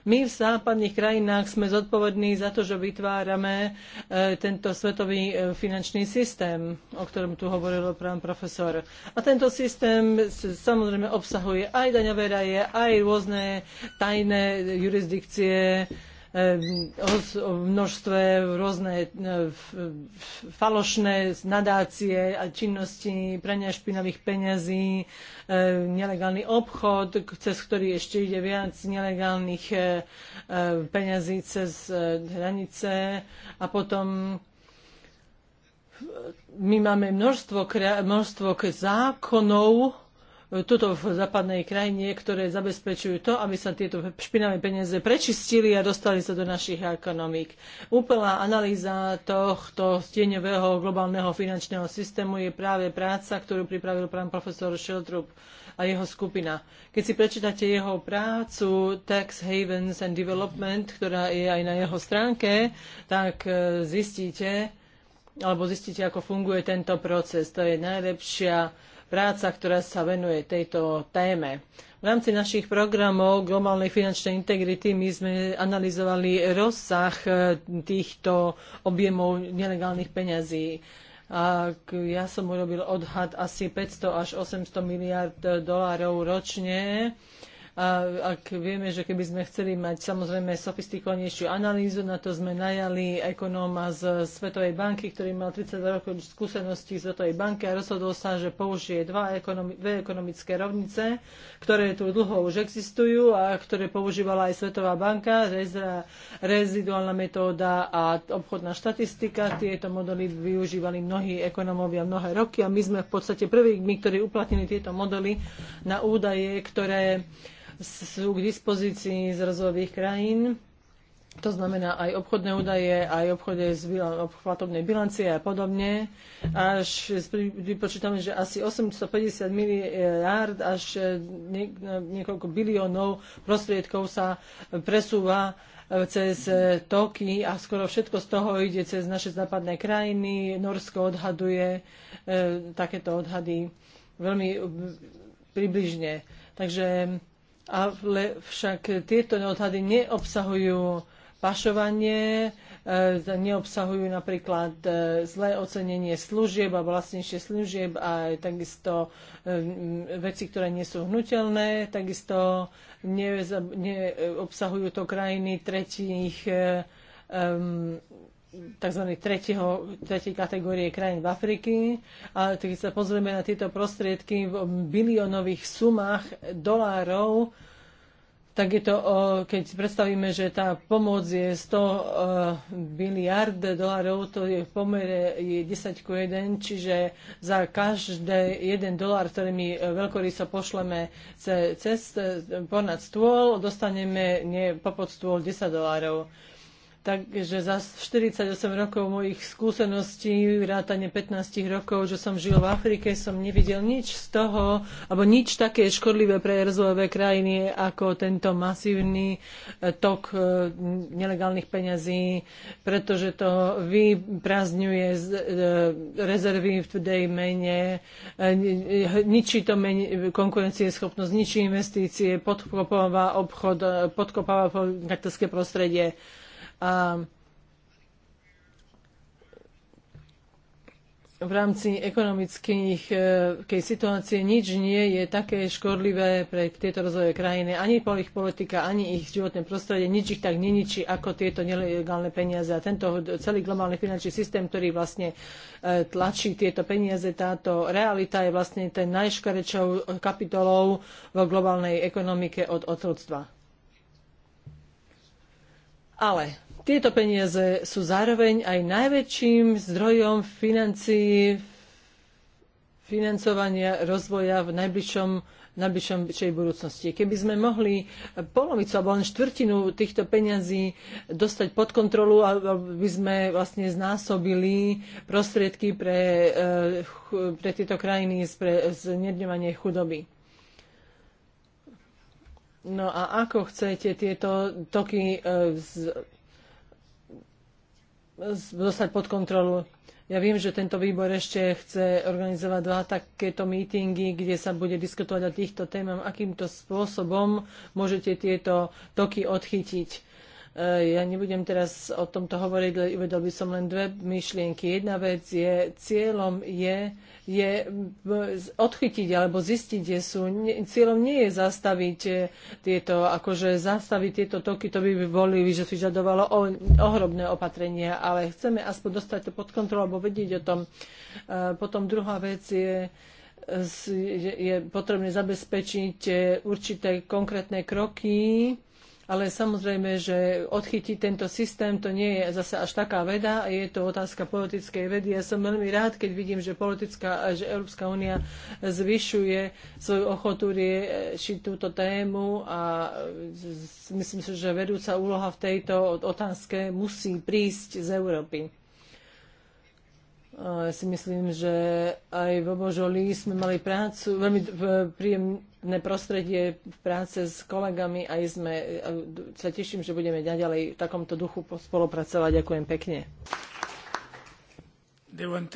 My v západných krajinách sme zodpovední za to, že vytvárame e, tento svetový e, finančný systém, o ktorom tu hovoril pán profesor. A tento systém samozrejme obsahuje aj daňové raje, aj rôzne tajné jurisdikcie, Ehm, o množstve rôzne e, falošné nadácie a činnosti, prania špinavých peňazí, e, nelegálny obchod, cez ktorý ešte ide viac nelegálnych e, peňazí cez hranice a potom my máme množstvo, množstvo zákonov, tuto v západnej krajine, ktoré zabezpečujú to, aby sa tieto špinavé peniaze prečistili a dostali sa do našich ekonomík. Úplná analýza tohto stieňového globálneho finančného systému je práve práca, ktorú pripravil pán profesor Šeltrup a jeho skupina. Keď si prečítate jeho prácu Tax Havens and Development, ktorá je aj na jeho stránke, tak e, zistíte, alebo zistíte, ako funguje tento proces. To je najlepšia práca, ktorá sa venuje tejto téme. V rámci našich programov globálnej finančnej integrity my sme analyzovali rozsah e, týchto objemov nelegálnych peňazí. A ja som urobil odhad asi 500 až 800 miliard dolárov ročne a ak vieme, že keby sme chceli mať samozrejme sofistikovanejšiu analýzu, na to sme najali ekonóma z Svetovej banky, ktorý mal 30 rokov skúseností z Svetovej banky a rozhodol sa, že použije dva ekonomi- dve ekonomické rovnice, ktoré tu dlho už existujú a ktoré používala aj Svetová banka, reziduálna metóda a obchodná štatistika. Tieto modely využívali mnohí ekonómovia mnohé roky a my sme v podstate prví, my, ktorí uplatnili tieto modely na údaje, ktoré sú k dispozícii z rozvojových krajín. To znamená aj obchodné údaje, aj obchode z platobnej bilancie a podobne. Až vypočítame, že asi 850 miliárd až e, niekoľko biliónov prostriedkov sa presúva e, cez e, toky a skoro všetko z toho ide cez naše západné krajiny. Norsko odhaduje takéto odhady veľmi približne. Takže ale však tieto odhady neobsahujú pašovanie, e, neobsahujú napríklad e, zlé ocenenie služieb a vlastnejšie služieb a takisto e, veci, ktoré nie sú hnutelné, takisto neobsahujú to krajiny tretích um, tzv. Tretieho, tretej kategórie krajín v Afriky. Ale keď sa pozrieme na tieto prostriedky v biliónových sumách dolárov, tak je to, keď predstavíme, že tá pomoc je 100 biliard dolárov, to je v pomere 10 ku 1, čiže za každý jeden dolár, ktorý my e, veľkoryso pošleme cez e, ponad stôl, dostaneme nie, popod stôl 10 dolárov. Takže za 48 rokov mojich skúseností, vrátane 15 rokov, že som žil v Afrike, som nevidel nič z toho, alebo nič také škodlivé pre rozvojové krajiny, ako tento masívny e, tok e, nelegálnych peňazí, pretože to vyprázdňuje e, rezervy v tej mene, ničí to konkurencie schopnosť, ničí investície, podkopáva obchod, podkopáva podnikateľské prostredie. Um, v rámci ekonomických e, situácie nič nie je také škodlivé pre tieto rozvoje krajiny. Ani ich politika, ani ich životné prostredie, nič ich tak neničí ako tieto nelegálne peniaze. A tento celý globálny finančný systém, ktorý vlastne e, tlačí tieto peniaze, táto realita je vlastne ten najškarečou kapitolou v globálnej ekonomike od otroctva. Ale tieto peniaze sú zároveň aj najväčším zdrojom financií financovania rozvoja v najbližšom najbližšej budúcnosti. Keby sme mohli polovicu alebo len štvrtinu týchto peňazí dostať pod kontrolu, aby sme vlastne znásobili prostriedky pre, eh, pre tieto krajiny pre znedňovanie chudoby. No a ako chcete tieto toky eh, dostať pod kontrolu. Ja viem, že tento výbor ešte chce organizovať dva takéto mítingy, kde sa bude diskutovať o týchto témach, akýmto spôsobom môžete tieto toky odchytiť. Eh, ja nebudem teraz o tomto hovoriť, uvedol by som len dve myšlienky. Jedna vec je, cieľom je, je odchytiť alebo zistiť, kde sú. Cieľom nie je zastaviť eh, tieto, akože zastaviť tieto toky, to by boli, že si žadovalo ohrobné opatrenia, ale chceme aspoň dostať to pod kontrolu alebo vedieť o tom. Eh, potom druhá vec je, je potrebné zabezpečiť určité konkrétne kroky, ale samozrejme, že odchytiť tento systém to nie je zase až taká veda a je to otázka politickej vedy. Ja som veľmi rád, keď vidím, že, politická, že Európska únia zvyšuje svoju ochotu riešiť túto tému a myslím si, že vedúca úloha v tejto otázke musí prísť z Európy. Ja si myslím, že aj vo Božolí sme mali prácu, veľmi príjemné prostredie v práce s kolegami a sme, sa teším, že budeme ďalej v takomto duchu spolupracovať. Ďakujem pekne. Mm,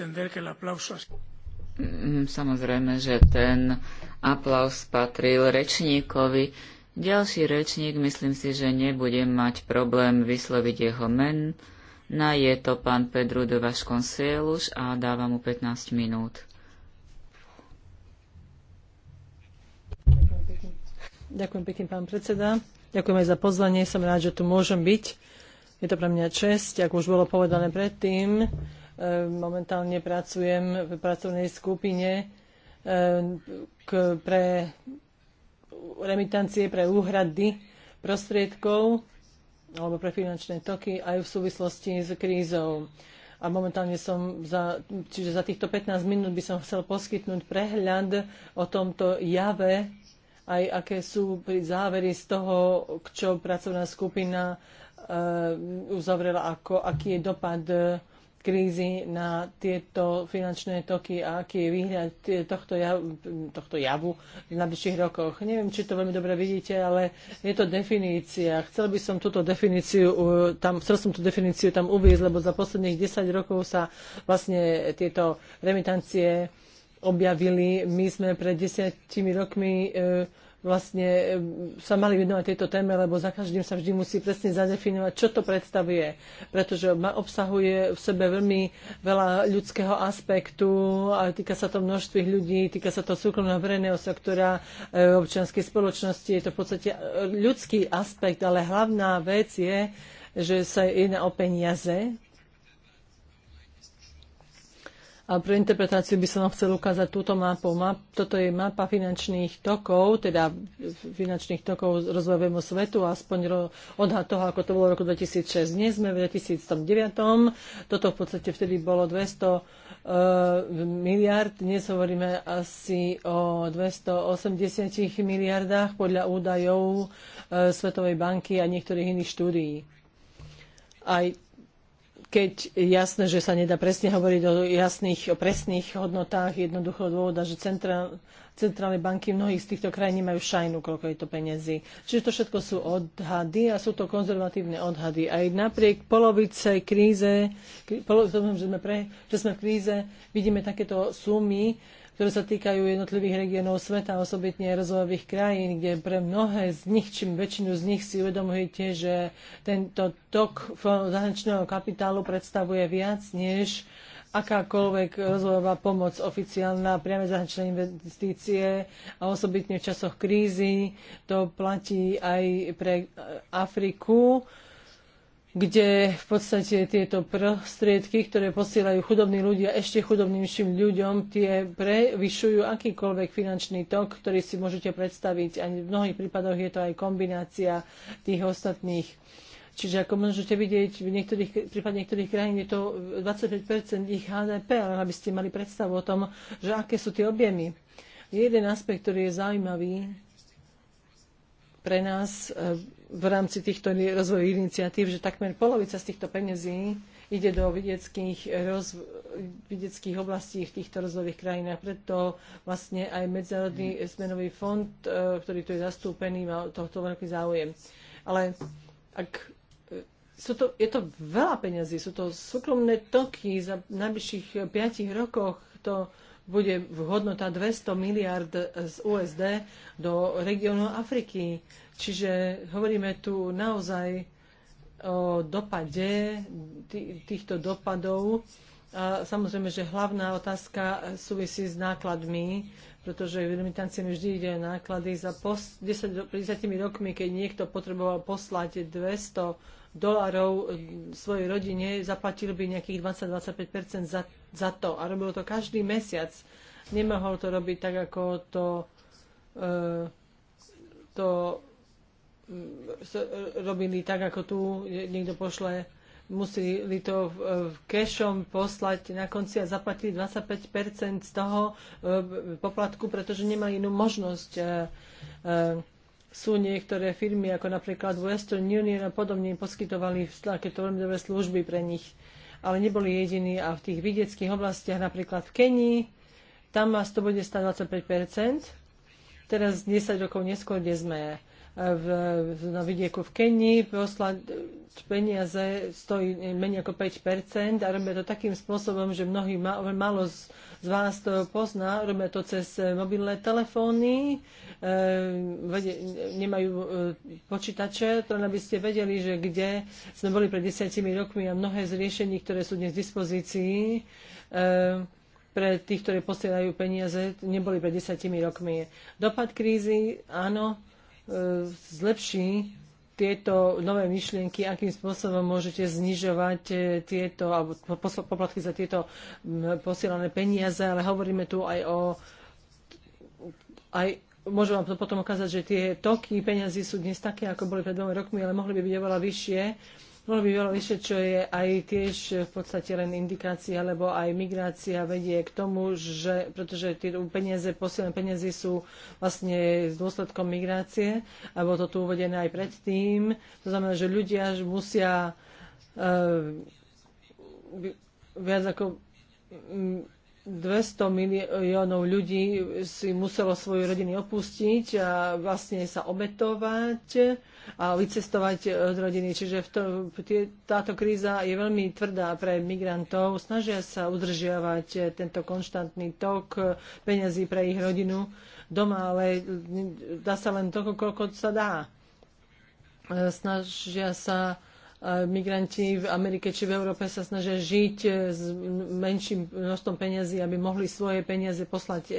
samozrejme, že ten aplaus patril rečníkovi. Ďalší rečník, myslím si, že nebudem mať problém vysloviť jeho men na je to pán Pedro de Vasconcelos a dávam mu 15 minút. Ďakujem pekne, pán predseda. Ďakujem aj za pozvanie. Som rád, že tu môžem byť. Je to pre mňa čest, ako už bolo povedané predtým. E, momentálne pracujem v pracovnej skupine e, pre remitancie pre úhrady prostriedkov alebo pre finančné toky aj v súvislosti s krízou. A momentálne som za, čiže za týchto 15 minút by som chcel poskytnúť prehľad o tomto jave, aj aké sú závery z toho, čo pracovná skupina uh, uzavrela, ako, aký je dopad eh, krízy na tieto finančné toky a aký je výhľad tohto javu, tohto javu v najbližších rokoch. Neviem, či to veľmi dobre vidíte, ale je to definícia. Chcel by som túto definíciu tam, chcel som tú definíciu tam uviezť, lebo za posledných 10 rokov sa vlastne tieto remitancie objavili. My sme pred desiatimi rokmi e, vlastne sa mali venovať tejto téme, lebo za každým sa vždy musí presne zadefinovať, čo to predstavuje. Pretože obsahuje v sebe veľmi veľa ľudského aspektu, a týka sa to množstvých ľudí, týka sa to súkromného verejného sektora, e, občianskej spoločnosti. Je to v podstate e, ľudský aspekt, ale hlavná vec je, že sa jedná o peniaze, a pre interpretáciu by som vám chcel ukázať túto mapu. Map, toto je mapa finančných tokov, teda finančných tokov rozvojovému svetu, aspoň ro, odhad toho, ako to bolo v roku 2006. Dnes sme v 2009. Toto v podstate vtedy bolo 200 uh, e, miliard. Dnes hovoríme asi o 280 miliardách podľa údajov uh, Svetovej banky a niektorých iných štúdií. Aj keď jasné, že sa nedá presne hovoriť o jasných, o presných hodnotách, jednoducho dôvoda, že centrál, centrálne banky mnohých z týchto krajín nemajú šajnu, koľko je to peniazy. Čiže to všetko sú odhady a sú to konzervatívne odhady. Aj napriek polovice kríze, polo, že, sme pre, že sme v kríze, vidíme takéto sumy, ktoré sa týkajú jednotlivých regiónov sveta, osobitne rozvojových krajín, kde pre mnohé z nich, čím väčšinu z nich si uvedomujete, že tento tok zahraničného kapitálu predstavuje viac než akákoľvek rozvojová pomoc oficiálna, priame zahraničné investície a osobitne v časoch krízy. To platí aj pre Afriku kde v podstate tieto prostriedky, ktoré posielajú chudobní ľudia ešte chudobnejším ľuďom, tie prevyšujú akýkoľvek finančný tok, ktorý si môžete predstaviť. A v mnohých prípadoch je to aj kombinácia tých ostatných. Čiže ako môžete vidieť, v niektorých, prípade niektorých krajín je to 25 ich HDP, ale aby ste mali predstavu o tom, že aké sú tie objemy. Jeden aspekt, ktorý je zaujímavý pre nás, e, v rámci týchto rozvojových iniciatív, že takmer polovica z týchto peniazí ide do vidieckých, roz, vidieckých oblastí v týchto rozvojových krajinách. Preto vlastne aj Medzinárodný mm. zmenový fond, e, ktorý tu je zastúpený, má tohto veľký záujem. Ale ak e, sú to, je to veľa peňazí, sú to súkromné toky za najbližších 5 rokoch, to bude hodnota 200 miliard z USD do regiónu Afriky. Čiže hovoríme tu naozaj o dopade týchto dopadov. A samozrejme, že hlavná otázka súvisí s nákladmi, pretože v remittancie vždy ide o náklady. Za 10, 10 rokmi, keď niekto potreboval poslať 200 dolarov svojej rodine, zaplatil by nejakých 20-25 za, za to. A robil to každý mesiac. Nemohol to robiť tak, ako to, e, to robili tak, ako tu niekto pošle museli to v cashom poslať na konci a zaplatili 25% z toho e, poplatku, pretože nemali inú možnosť. E, e, sú niektoré firmy, ako napríklad Western Union a podobne, poskytovali takéto veľmi dobré služby pre nich, ale neboli jediní a v tých vidieckých oblastiach, napríklad v Kenii, tam vás to bude stať 25%. Teraz 10 rokov neskôr, kde sme v, na vidieku v Kenii poslať peniaze stojí menej ako 5% a robia to takým spôsobom, že mnohí ma, málo z, z vás to pozná, robia to cez eh, mobilné telefóny, e, nemajú e, počítače, to aby ste vedeli, že kde sme boli pred desiatimi rokmi a mnohé z riešení, ktoré sú dnes v dispozícii, e, pre tých, ktorí posielajú peniaze, neboli pred desiatimi rokmi. Dopad krízy, áno, zlepší tieto nové myšlienky, akým spôsobom môžete znižovať e, tieto alebo poplatky za tieto posielané peniaze, ale hovoríme tu aj o aj môžem vám to potom ukázať, že tie toky peňazí sú dnes také, ako boli pred dvoma rokmi, ale mohli by byť oveľa vyššie bolo by veľa vyššie, čo je aj tiež v podstate len indikácia, lebo aj migrácia vedie k tomu, že pretože tie peniaze, posilné peniaze sú vlastne s dôsledkom migrácie, a bolo to tu uvedené aj predtým. To znamená, že ľudia musia uh, viac ako 200 mm, miliónov ľudí si muselo svoje rodiny opustiť a vlastne sa obetovať a vycestovať e, od rodiny. Čiže v to, tie, táto kríza je veľmi tvrdá pre migrantov. Snažia sa udržiavať e, tento konštantný tok e, peňazí pre ich rodinu doma, ale dá sa len toľko, koľko sa dá. Snažia sa migranti v Amerike či v Európe sa snažia žiť s menším množstvom peniazy, aby mohli svoje peniaze poslať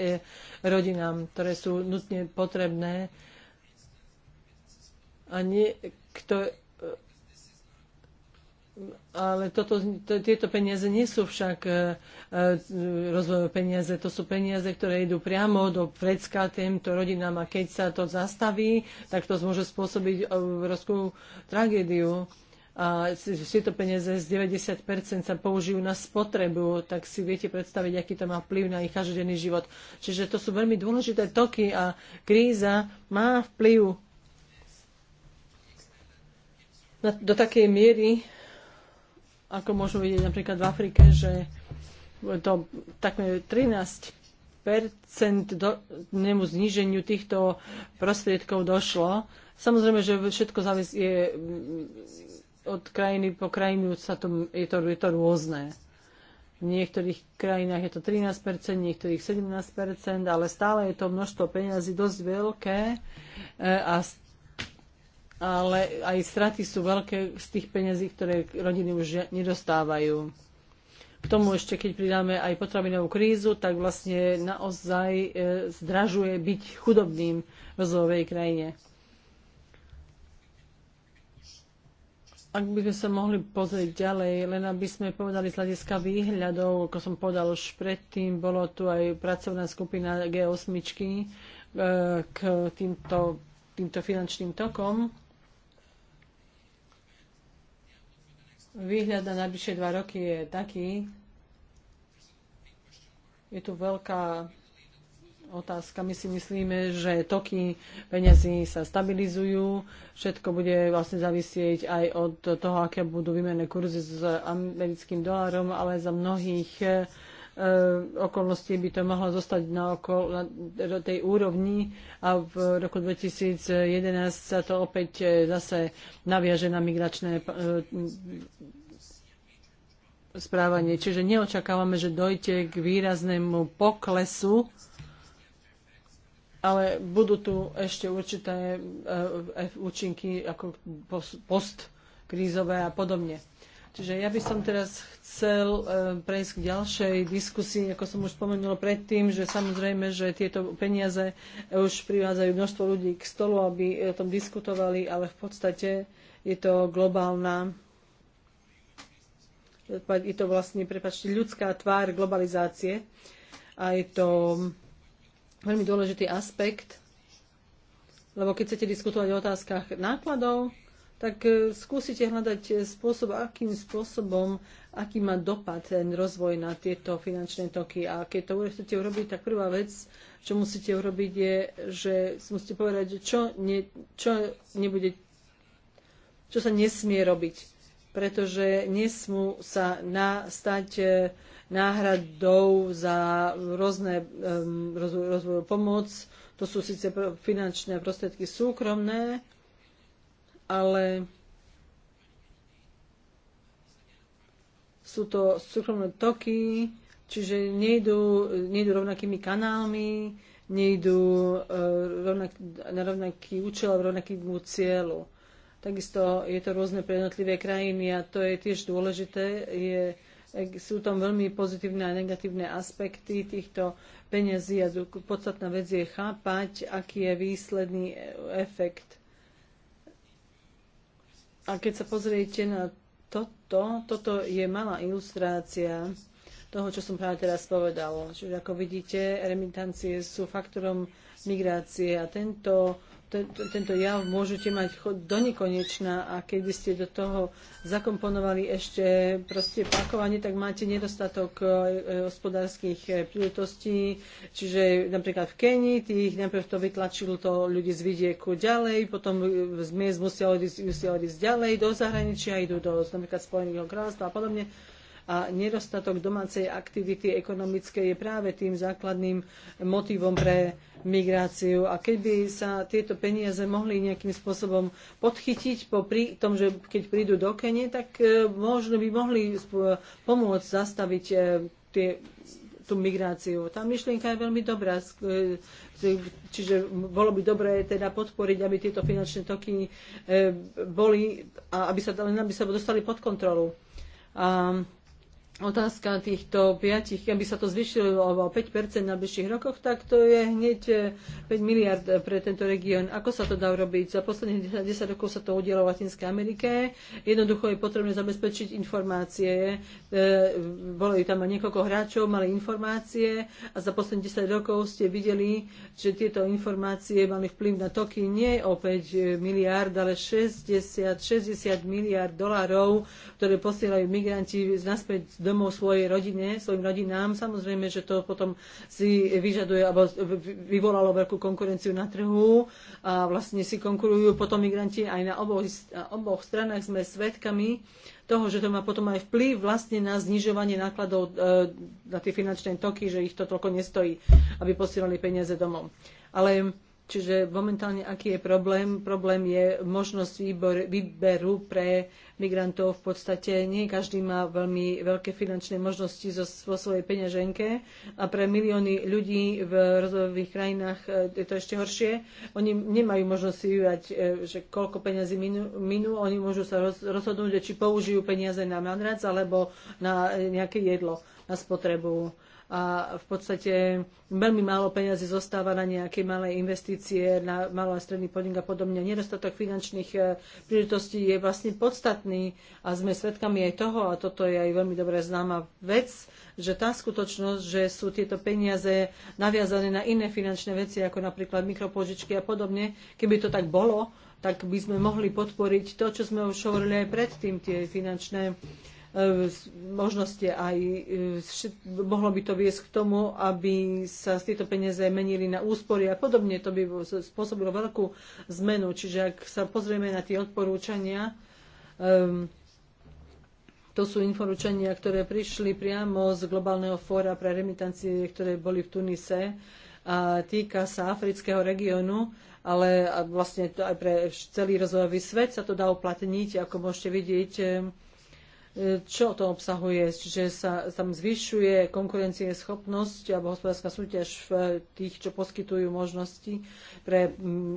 rodinám, ktoré sú nutne potrebné a nie, kto, ale toto, to, tieto peniaze nie sú však e, e, rozvojové peniaze, to sú peniaze, ktoré idú priamo do predska týmto rodinám a keď sa to zastaví, tak to môže spôsobiť obrovskú tragédiu. A tieto peniaze z 90% sa použijú na spotrebu, tak si viete predstaviť, aký to má vplyv na ich každodenný život. Čiže to sú veľmi dôležité toky a kríza má vplyv do takej miery, ako môžu vidieť napríklad v Afrike, že to takmer 13 percentnému zníženiu týchto prostriedkov došlo. Samozrejme, že všetko závisí od krajiny po krajinu, sa to, je, to, je to rôzne. V niektorých krajinách je to 13%, v niektorých 17%, ale stále je to množstvo peňazí dosť veľké e, a ale aj straty sú veľké z tých peniazí, ktoré rodiny už nedostávajú. K tomu ešte, keď pridáme aj potravinovú krízu, tak vlastne naozaj e, zdražuje byť chudobným v rozvojovej krajine. Ak by sme sa mohli pozrieť ďalej, len aby sme povedali z hľadiska výhľadov, ako som povedal už predtým, bolo tu aj pracovná skupina G8 e, k týmto, týmto finančným tokom. Výhľad na najbližšie dva roky je taký, je tu veľká otázka. My si myslíme, že toky peňazí sa stabilizujú. Všetko bude vlastne závisieť aj od toho, aké budú výmenné kurzy s americkým dolárom, ale za mnohých E, okolnosti by to mohlo zostať na, okol, na tej úrovni a v roku 2011 sa to opäť e, zase naviaže na migračné e, správanie. Čiže neočakávame, že dojde k výraznému poklesu, ale budú tu ešte určité účinky ako postkrízové a podobne. Čiže ja by som teraz chcel e, prejsť k ďalšej diskusii, ako som už spomenula predtým, že samozrejme, že tieto peniaze už privádzajú množstvo ľudí k stolu, aby o tom diskutovali, ale v podstate je to globálna e, je to vlastne, prepačte, ľudská tvár globalizácie a je to veľmi dôležitý aspekt, lebo keď chcete diskutovať o otázkach nákladov, tak e, skúsite hľadať e, spôsob, akým spôsobom, aký má dopad ten rozvoj na tieto finančné toky. A keď to chcete urobiť, tak prvá vec, čo musíte urobiť, je, že musíte povedať, čo, ne, čo, nebude, čo sa nesmie robiť pretože nesmú sa stať e, náhradou za rôzne um, rozvojovú pomoc. To sú síce finančné prostriedky súkromné, ale sú to súkromné toky, čiže nejdú, nejdú rovnakými kanálmi, nejdú e, rovnak, na rovnaký účel a rovnakému cieľu. Takisto je to rôzne pre jednotlivé krajiny a to je tiež dôležité. Je, e, sú tam veľmi pozitívne a negatívne aspekty týchto peniazí a podstatná vec je chápať, aký je výsledný e, efekt a keď sa pozriete na toto, toto je malá ilustrácia toho, čo som práve teraz povedal. Čiže ako vidíte, remitancie sú faktorom migrácie a tento tento jav môžete mať do nekonečna a keby ste do toho zakomponovali ešte proste pakovanie, tak máte nedostatok e, e, hospodárskych e, príležitostí. Čiže napríklad v Kenii tých najprv to vytlačilo to ľudí z vidieku ďalej, potom z miest musia odísť, musia odísť ďalej do zahraničia, idú do napríklad Spojeného kráľovstva a podobne. A nedostatok domácej aktivity ekonomickej je práve tým základným motivom pre migráciu. A keby sa tieto peniaze mohli nejakým spôsobom podchytiť po pri tom, že keď prídu do Kene, tak e, možno by mohli pomôcť zastaviť e, tie tú migráciu. Tá myšlienka je veľmi dobrá, e, čiže bolo by dobré teda podporiť, aby tieto finančné toky boli a aby sa, aby sa dostali pod kontrolu. A otázka týchto 5, aby sa to zvyšilo o 5 na bližších rokoch, tak to je hneď 5 eh, miliard eh, pre tento región. Ako sa to dá urobiť? Za posledných 10 rokov sa to udialo v Latinskej Amerike. Jednoducho je potrebné zabezpečiť informácie. Eh, Boli tam aj niekoľko hráčov, mali informácie a za posledných 10 rokov ste videli, že tieto informácie mali vplyv na toky nie o 5 miliard, ale 60, 60 miliard dolárov, ktoré posielajú migranti naspäť do domov svojej rodine, svojim rodinám. Samozrejme, že to potom si vyžaduje, alebo vyvolalo veľkú konkurenciu na trhu a vlastne si konkurujú potom migranti aj na oboch, na oboch stranách sme svedkami toho, že to má potom aj vplyv vlastne na znižovanie nákladov e, na tie finančné toky, že ich to toľko nestojí, aby posielali peniaze domov. Ale Čiže momentálne aký je problém? Problém je možnosť výbor, výberu pre migrantov v podstate. Nie každý má veľmi veľké finančné možnosti zo, vo svojej peňaženke a pre milióny ľudí v rozvojových krajinách e, je to ešte horšie. Oni nemajú možnosť si vybrať, e, že koľko peňazí minú, minú. Oni môžu sa roz, rozhodnúť, či použijú peniaze na manrac alebo na e, nejaké jedlo, na spotrebu a v podstate veľmi málo peniazy zostáva na nejaké malé investície, na malé a stredný podnik a podobne. Nedostatok finančných e, príležitostí je vlastne podstatný a sme svedkami aj toho, a toto je aj veľmi dobre známa vec, že tá skutočnosť, že sú tieto peniaze naviazané na iné finančné veci, ako napríklad mikropožičky a podobne, keby to tak bolo, tak by sme mohli podporiť to, čo sme už hovorili aj predtým, tie finančné E, možnosti aj e, mohlo by to viesť k tomu, aby sa tieto peniaze menili na úspory a podobne. To by spôsobilo veľkú zmenu. Čiže ak sa pozrieme na tie odporúčania, ehm, to sú informúčania, ktoré prišli priamo z Globálneho fóra pre remitancie, ktoré boli v Tunise a týka sa afrického regiónu, ale vlastne to aj pre celý rozvojový svet sa to dá uplatniť, ako môžete vidieť ehm, čo to obsahuje, že sa tam zvyšuje schopnosť alebo hospodárska súťaž v eh, tých, čo poskytujú možnosti pre, mm,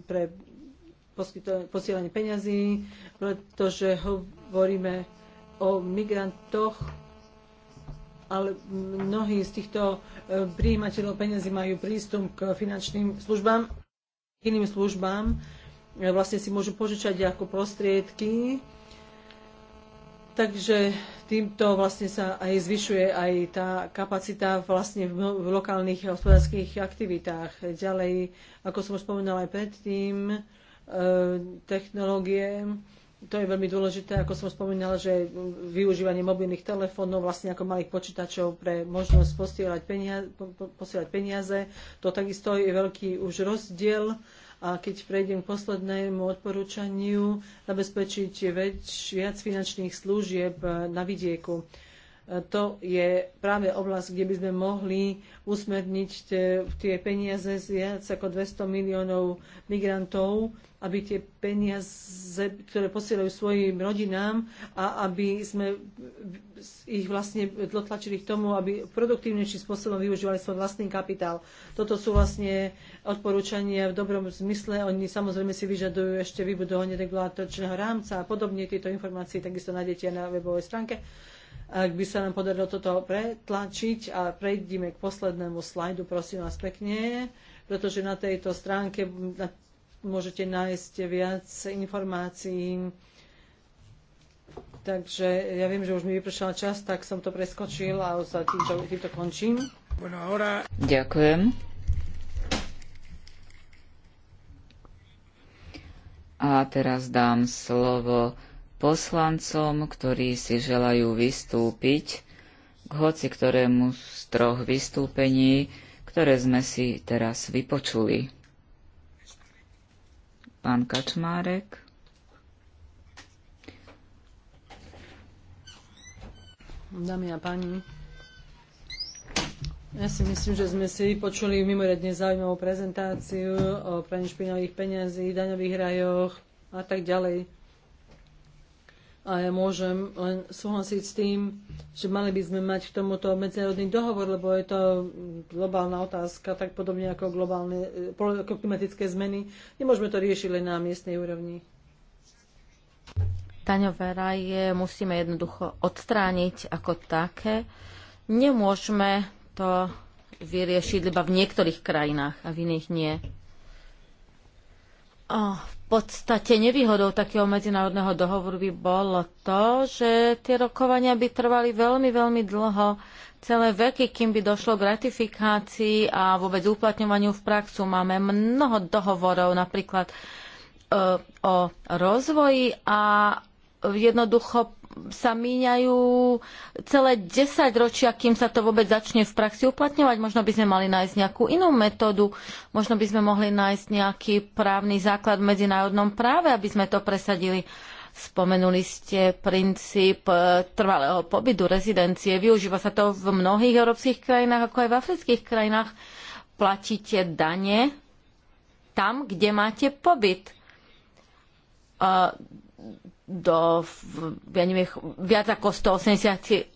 eh, pre posielanie peňazí, pretože hovoríme o migrantoch, ale mnohí z týchto eh, príjimateľov peňazí majú prístup k finančným službám, k iným službám, vlastne si môžu požičať ako prostriedky, Takže týmto vlastne sa aj zvyšuje aj tá kapacita vlastne v, lokálnych hospodárskych aktivitách. Ďalej, ako som už spomínala aj predtým, e, technológie, to je veľmi dôležité, ako som spomínala, že využívanie mobilných telefónov, vlastne ako malých počítačov pre možnosť posielať peniaze, posielať peniaze to takisto je veľký už rozdiel a keď prejdem k poslednému odporúčaniu, zabezpečiť viac finančných služieb na vidieku to je práve oblasť, kde by sme mohli usmerniť e, tie peniaze z viac ako 200 miliónov migrantov, aby tie peniaze, ktoré posielajú svojim rodinám a aby sme ich vlastne dotlačili k tomu, aby produktívnejším spôsobom využívali svoj vlastný kapitál. Toto sú vlastne odporúčania v dobrom zmysle. Oni samozrejme si vyžadujú ešte vybudovanie regulátorčného rámca a podobne. Tieto informácie takisto nájdete na webovej stránke ak by sa nám podarilo toto pretlačiť a prejdime k poslednému slajdu, prosím vás pekne, pretože na tejto stránke môžete nájsť viac informácií. Takže ja viem, že už mi vypršal čas, tak som to preskočil a sa týmto, týmto končím. Ďakujem. A teraz dám slovo poslancom, ktorí si želajú vystúpiť k hoci ktorému z troch vystúpení, ktoré sme si teraz vypočuli. Pán Kačmárek. Dámy a páni, ja si myslím, že sme si počuli mimoriadne zaujímavú prezentáciu o praní špinavých peniazí, daňových rajoch a tak ďalej. A ja môžem len súhlasiť s tým, že mali by sme mať k tomuto medzinárodný dohovor, lebo je to globálna otázka, tak podobne ako, globálne, e, ako klimatické zmeny. Nemôžeme to riešiť len na miestnej úrovni. Daňové raje musíme jednoducho odstrániť ako také. Nemôžeme to vyriešiť iba v niektorých krajinách a v iných nie. Oh, v podstate nevýhodou takého medzinárodného dohovoru by bolo to, že tie rokovania by trvali veľmi, veľmi dlho, celé veky, kým by došlo k ratifikácii a vôbec uplatňovaniu v praxu. Máme mnoho dohovorov, napríklad e, o rozvoji a jednoducho sa míňajú celé 10 ročia, kým sa to vôbec začne v praxi uplatňovať. Možno by sme mali nájsť nejakú inú metódu, možno by sme mohli nájsť nejaký právny základ v medzinárodnom práve, aby sme to presadili. Spomenuli ste princíp e, trvalého pobytu, rezidencie. Využíva sa to v mnohých európskych krajinách, ako aj v afrických krajinách. Platíte dane tam, kde máte pobyt e, do ja neviem, viac ako 183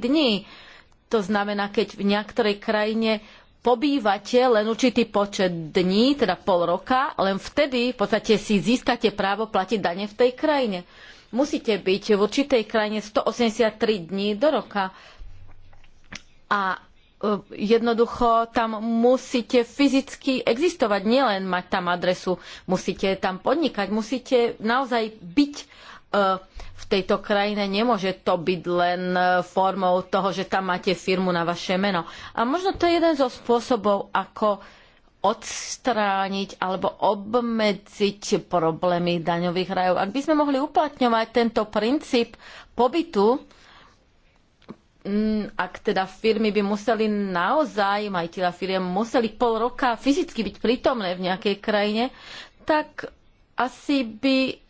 dní. To znamená, keď v niektorej krajine pobývate len určitý počet dní, teda pol roka, len vtedy v podstate si získate právo platiť dane v tej krajine. Musíte byť v určitej krajine 183 dní do roka. A E, jednoducho tam musíte fyzicky existovať, nielen mať tam adresu, musíte tam podnikať, musíte naozaj byť e, v tejto krajine nemôže to byť len e, formou toho, že tam máte firmu na vaše meno. A možno to je jeden zo spôsobov, ako odstrániť alebo obmedziť problémy daňových rajov. Ak by sme mohli uplatňovať tento princíp pobytu, Mm, ak teda firmy by museli naozaj, majiteľa firiem museli pol roka fyzicky byť prítomné v nejakej krajine, tak asi by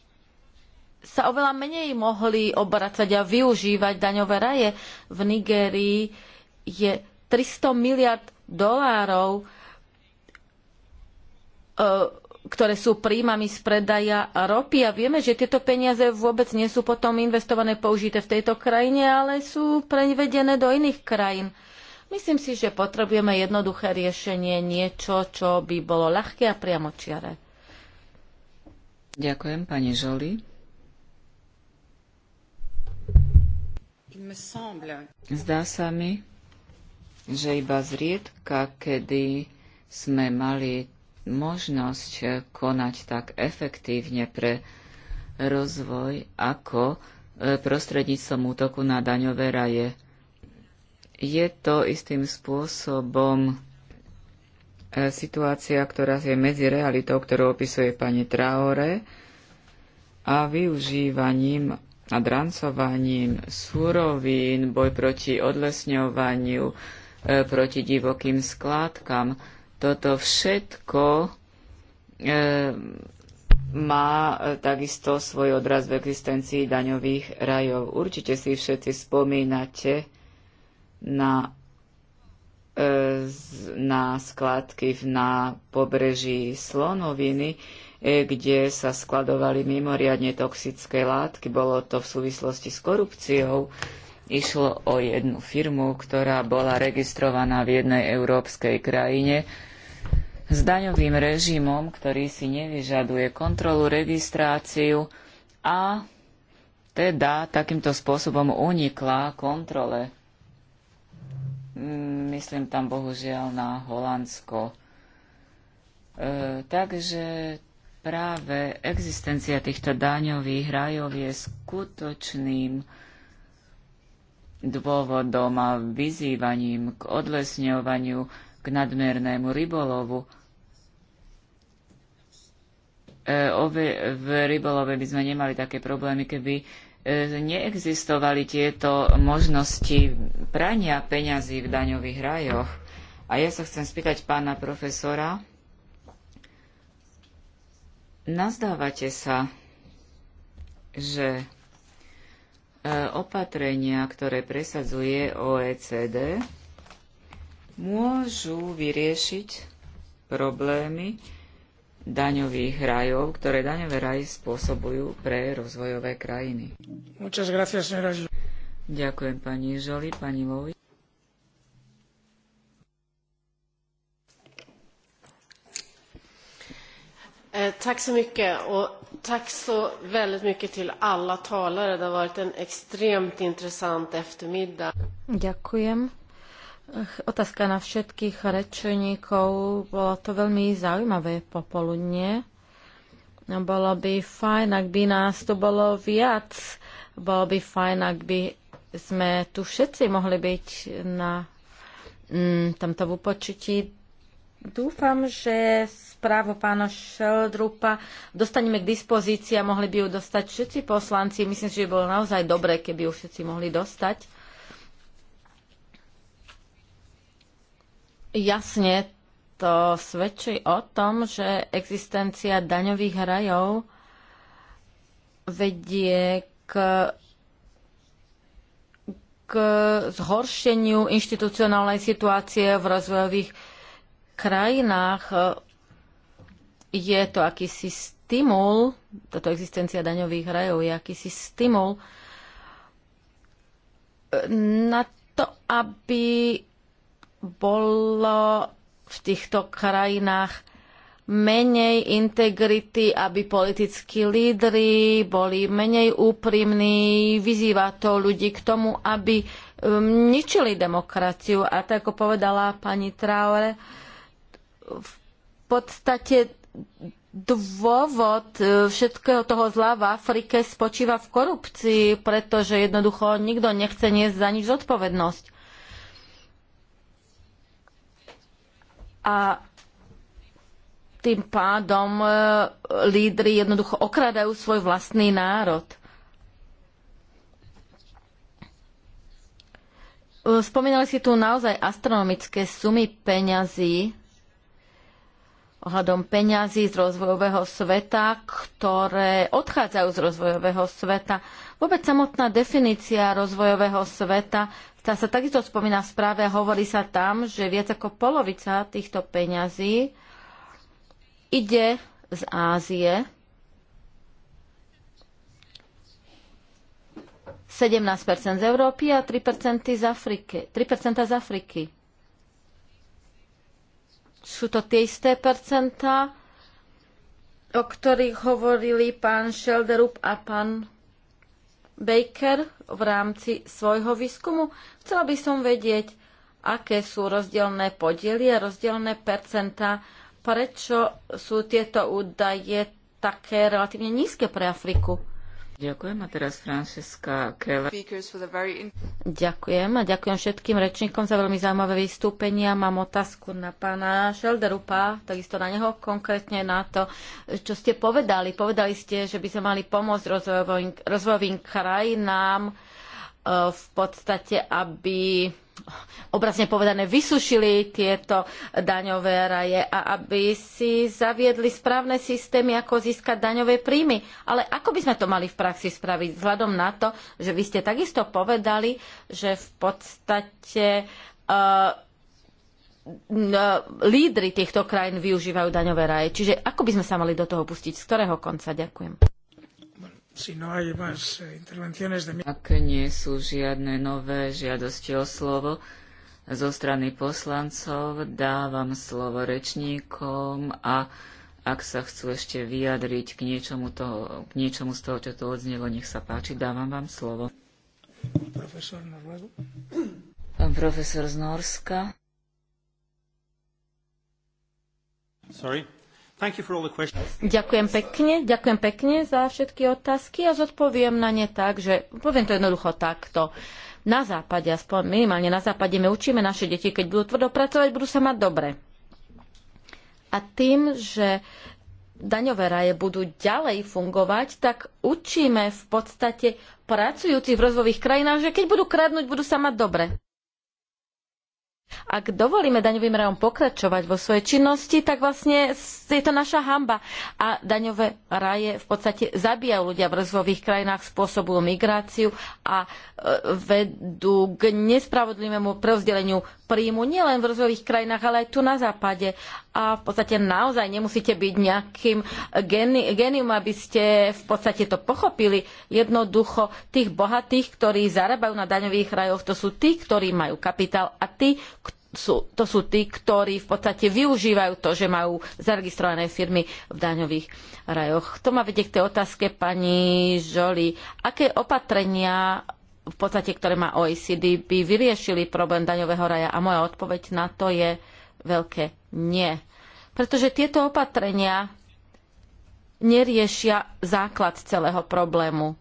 sa oveľa menej mohli obracať a využívať daňové raje. V Nigérii je 300 miliard dolárov e, ktoré sú príjmami z predaja ropy a vieme, že tieto peniaze vôbec nie sú potom investované, použité v tejto krajine, ale sú prevedené do iných krajín. Myslím si, že potrebujeme jednoduché riešenie, niečo, čo by bolo ľahké a priamočiare. Ďakujem, pani Žoli. Zdá sa mi, že iba zriedka, kedy sme mali možnosť eh, konať tak efektívne pre rozvoj ako eh, prostredníctvom útoku na daňové raje. Je to istým spôsobom eh, situácia, ktorá je medzi realitou, ktorú opisuje pani Traore, a využívaním a drancovaním súrovín, boj proti odlesňovaniu, proti divokým skládkam. Toto všetko e, má e, takisto svoj odraz v existencii daňových rajov. Určite si všetci spomínate na, e, na skladky na pobreží Slonoviny, e, kde sa skladovali mimoriadne toxické látky. Bolo to v súvislosti s korupciou. Išlo o jednu firmu, ktorá bola registrovaná v jednej európskej krajine, s daňovým režimom, ktorý si nevyžaduje kontrolu, registráciu a teda takýmto spôsobom unikla kontrole. Mm, myslím tam bohužiaľ na Holandsko. E, takže práve existencia týchto daňových rajov je skutočným dôvodom a vyzývaním k odlesňovaniu, k nadmernému rybolovu E, ove, v rybolove by sme nemali také problémy, keby e, neexistovali tieto možnosti prania peňazí v daňových rajoch. A ja sa chcem spýtať pána profesora, nazdávate sa, že e, opatrenia, ktoré presadzuje OECD, môžu vyriešiť problémy, daňových rajov, ktoré daňové raje spôsobujú pre rozvojové krajiny. Gracias, Ďakujem pani Žoli, pani Lovi. Eh, tack så mycket och tack så väldigt mycket till alla talare. Det har varit en extremt intressant eftermiddag. Ďakujem. Otázka na všetkých rečeníkov. Bolo to veľmi zaujímavé popoludne. Bolo by fajn, ak by nás tu bolo viac. Bolo by fajn, ak by sme tu všetci mohli byť na mm, tomto vypočutí. Dúfam, že správu pána Šeldrupa dostaneme k dispozícii a mohli by ju dostať všetci poslanci. Myslím, že by bolo naozaj dobré, keby ju všetci mohli dostať jasne to svedčí o tom, že existencia daňových rajov vedie k, k zhoršeniu inštitucionálnej situácie v rozvojových krajinách. Je to akýsi stimul, toto existencia daňových rajov je akýsi stimul na to, aby bolo v týchto krajinách menej integrity, aby politickí lídry boli menej úprimní, vyzýva to ľudí k tomu, aby um, ničili demokraciu. A tak ako povedala pani Traore, v podstate dôvod uh, všetkého toho zla v Afrike spočíva v korupcii, pretože jednoducho nikto nechce niesť za nič zodpovednosť. a tým pádom e, lídry jednoducho okradajú svoj vlastný národ. E, spomínali si tu naozaj astronomické sumy peňazí ohľadom peňazí z rozvojového sveta, ktoré odchádzajú z rozvojového sveta. Vôbec samotná definícia rozvojového sveta tá sa takisto spomína v správe a hovorí sa tam, že viac ako polovica týchto peňazí ide z Ázie. 17% z Európy a 3% z Afriky. 3% z Afriky. Sú to tie isté percentá, o ktorých hovorili pán Šelderup a pán Baker v rámci svojho výskumu. Chcela by som vedieť, aké sú rozdielne podiely a rozdielne percentá, prečo sú tieto údaje také relatívne nízke pre Afriku. Ďakujem a teraz Francesca Keller. Ďakujem a ďakujem všetkým rečníkom za veľmi zaujímavé vystúpenia. Mám otázku na pána Šelderupa, takisto na neho konkrétne na to, čo ste povedali. Povedali ste, že by sme mali pomôcť rozvojovým, rozvojovým krajinám E, v podstate, aby obrazne povedané vysušili tieto daňové raje a aby si zaviedli správne systémy, ako získať daňové príjmy. Ale ako by sme to mali v praxi spraviť? Vzhľadom na to, že vy ste takisto povedali, že v podstate uh, lídry týchto krajín využívajú daňové raje. Čiže ako by sme sa mali do toho pustiť? Z ktorého konca? Ďakujem. No eh, ak nie sú žiadne nové žiadosti o slovo zo strany poslancov, dávam slovo rečníkom a ak sa chcú ešte vyjadriť k niečomu, toho, k niečomu z toho, čo tu odznelo, nech sa páči, dávam vám slovo. Profesor Pán profesor z Norska. Sorry. Ďakujem pekne, ďakujem pekne za všetky otázky a zodpoviem na ne tak, že poviem to jednoducho takto. Na západe, aspoň minimálne na západe, my učíme naše deti, keď budú tvrdo pracovať, budú sa mať dobre. A tým, že daňové raje budú ďalej fungovať, tak učíme v podstate pracujúcich v rozvojových krajinách, že keď budú kradnúť, budú sa mať dobre. Ak dovolíme daňovým rajom pokračovať vo svojej činnosti, tak vlastne je to naša hamba. A daňové raje v podstate zabíjajú ľudia v rozvojových krajinách, spôsobujú migráciu a e, vedú k nespravodlivému prevzdeleniu príjmu nielen v rozvojových krajinách, ale aj tu na západe. A v podstate naozaj nemusíte byť nejakým genium, aby ste v podstate to pochopili. Jednoducho tých bohatých, ktorí zarábajú na daňových rajoch, to sú tí, ktorí majú kapitál a tí, sú, to sú tí, ktorí v podstate využívajú to, že majú zaregistrované firmy v daňových rajoch. To ma vedie k tej otázke pani Žoli. Aké opatrenia v podstate, ktoré má OECD, by vyriešili problém daňového raja? A moja odpoveď na to je veľké nie. Pretože tieto opatrenia neriešia základ celého problému.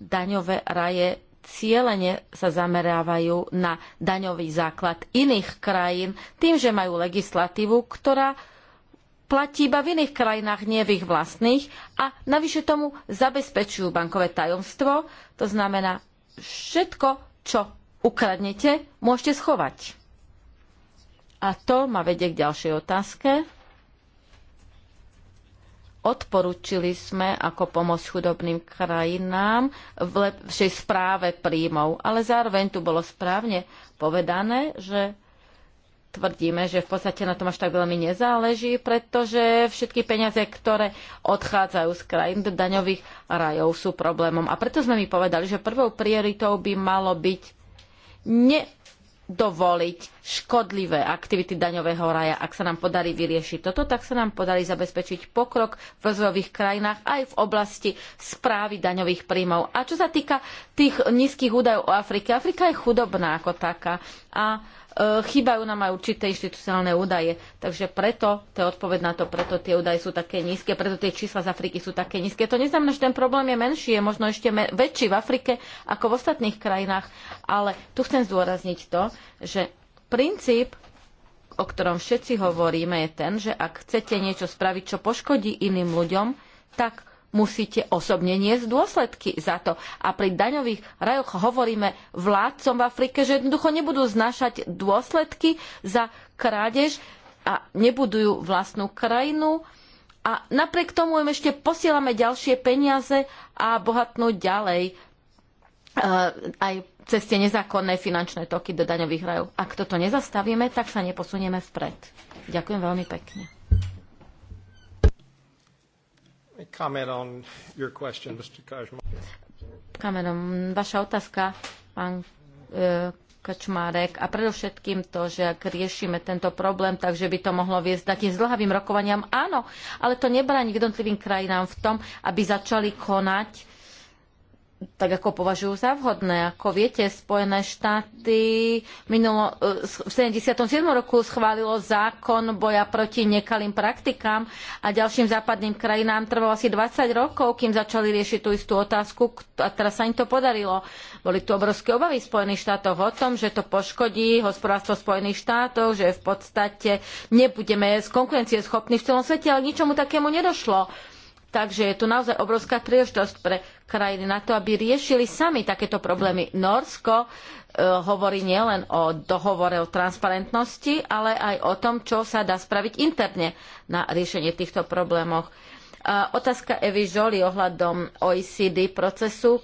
Daňové raje cieľene sa zamerávajú na daňový základ iných krajín tým, že majú legislatívu, ktorá platí iba v iných krajinách, nie v ich vlastných a navyše tomu zabezpečujú bankové tajomstvo, to znamená všetko, čo ukradnete, môžete schovať. A to ma vedie k ďalšej otázke. Odporúčili sme ako pomoc chudobným krajinám v lepšej správe príjmov, ale zároveň tu bolo správne povedané, že tvrdíme, že v podstate na tom až tak veľmi nezáleží, pretože všetky peniaze, ktoré odchádzajú z krajín do daňových rajov, sú problémom. A preto sme mi povedali, že prvou prioritou by malo byť nedovoliť škodlivé aktivity daňového raja. Ak sa nám podarí vyriešiť toto, tak sa nám podarí zabezpečiť pokrok v rozvojových krajinách aj v oblasti správy daňových príjmov. A čo sa týka tých nízkych údajov o Afrike, Afrika je chudobná ako taká. A E, chýbajú nám aj určité inštitucionálne údaje. Takže preto, to je odpoveď na to, preto tie údaje sú také nízke, preto tie čísla z Afriky sú také nízke. To neznamená, že ten problém je menší, je možno ešte väčší v Afrike ako v ostatných krajinách. Ale tu chcem zdôrazniť to, že princíp o ktorom všetci hovoríme, je ten, že ak chcete niečo spraviť, čo poškodí iným ľuďom, tak musíte osobne niesť dôsledky za to. A pri daňových rajoch hovoríme vládcom v Afrike, že jednoducho nebudú znašať dôsledky za krádež a nebudujú vlastnú krajinu. A napriek tomu im ešte posielame ďalšie peniaze a bohatnú ďalej uh, aj cez tie nezákonné finančné toky do daňových rajov. Ak toto nezastavíme, tak sa neposunieme vpred. Ďakujem veľmi pekne comment on your question, Mr. Kaczmarek. vaša otázka, pán e, Kačmárek, a predovšetkým to, že ak riešime tento problém, takže by to mohlo viesť takým zdlhavým rokovaniam. Áno, ale to nebráni jednotlivým krajinám v tom, aby začali konať tak ako považujú za vhodné. Ako viete, Spojené štáty minulo, eh, v 77. roku schválilo zákon boja proti nekalým praktikám a ďalším západným krajinám trvalo asi 20 rokov, kým začali riešiť tú istú otázku a teraz sa im to podarilo. Boli tu obrovské obavy v Spojených štátov o tom, že to poškodí hospodárstvo Spojených štátov, že v podstate nebudeme z konkurencie schopní v celom svete, ale ničomu takému nedošlo Takže je tu naozaj obrovská príležitosť pre krajiny na to, aby riešili sami takéto problémy. Norsko e, hovorí nielen o dohovore o transparentnosti, ale aj o tom, čo sa dá spraviť interne na riešenie týchto problémov. otázka Evy Žoli ohľadom OECD procesu.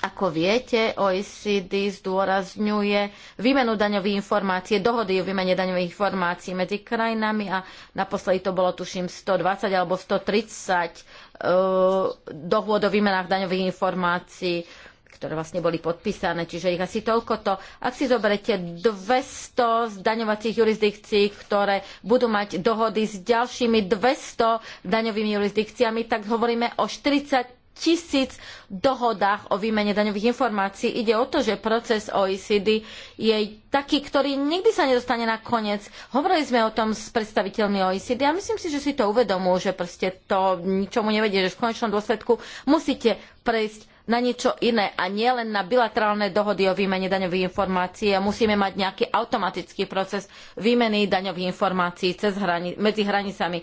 Ako viete, OECD zdôrazňuje výmenu daňových informácií, dohody o výmene daňových informácií medzi krajinami a naposledy to bolo tuším 120 alebo 130 uh, e, dohôd o výmenách daňových informácií ktoré vlastne boli podpísané, čiže ich asi toľkoto. Ak si zoberete 200 zdaňovacích jurisdikcií, ktoré budú mať dohody s ďalšími 200 daňovými jurisdikciami, tak hovoríme o 40 tisíc dohodách o výmene daňových informácií. Ide o to, že proces OECD je taký, ktorý nikdy sa nedostane na koniec. Hovorili sme o tom s predstaviteľmi OECD a myslím si, že si to uvedomujú, že proste to ničomu nevedie, že v konečnom dôsledku musíte prejsť na niečo iné a nie len na bilaterálne dohody o výmene daňových informácií. A musíme mať nejaký automatický proces výmeny daňových informácií cez hrani- medzi hranicami.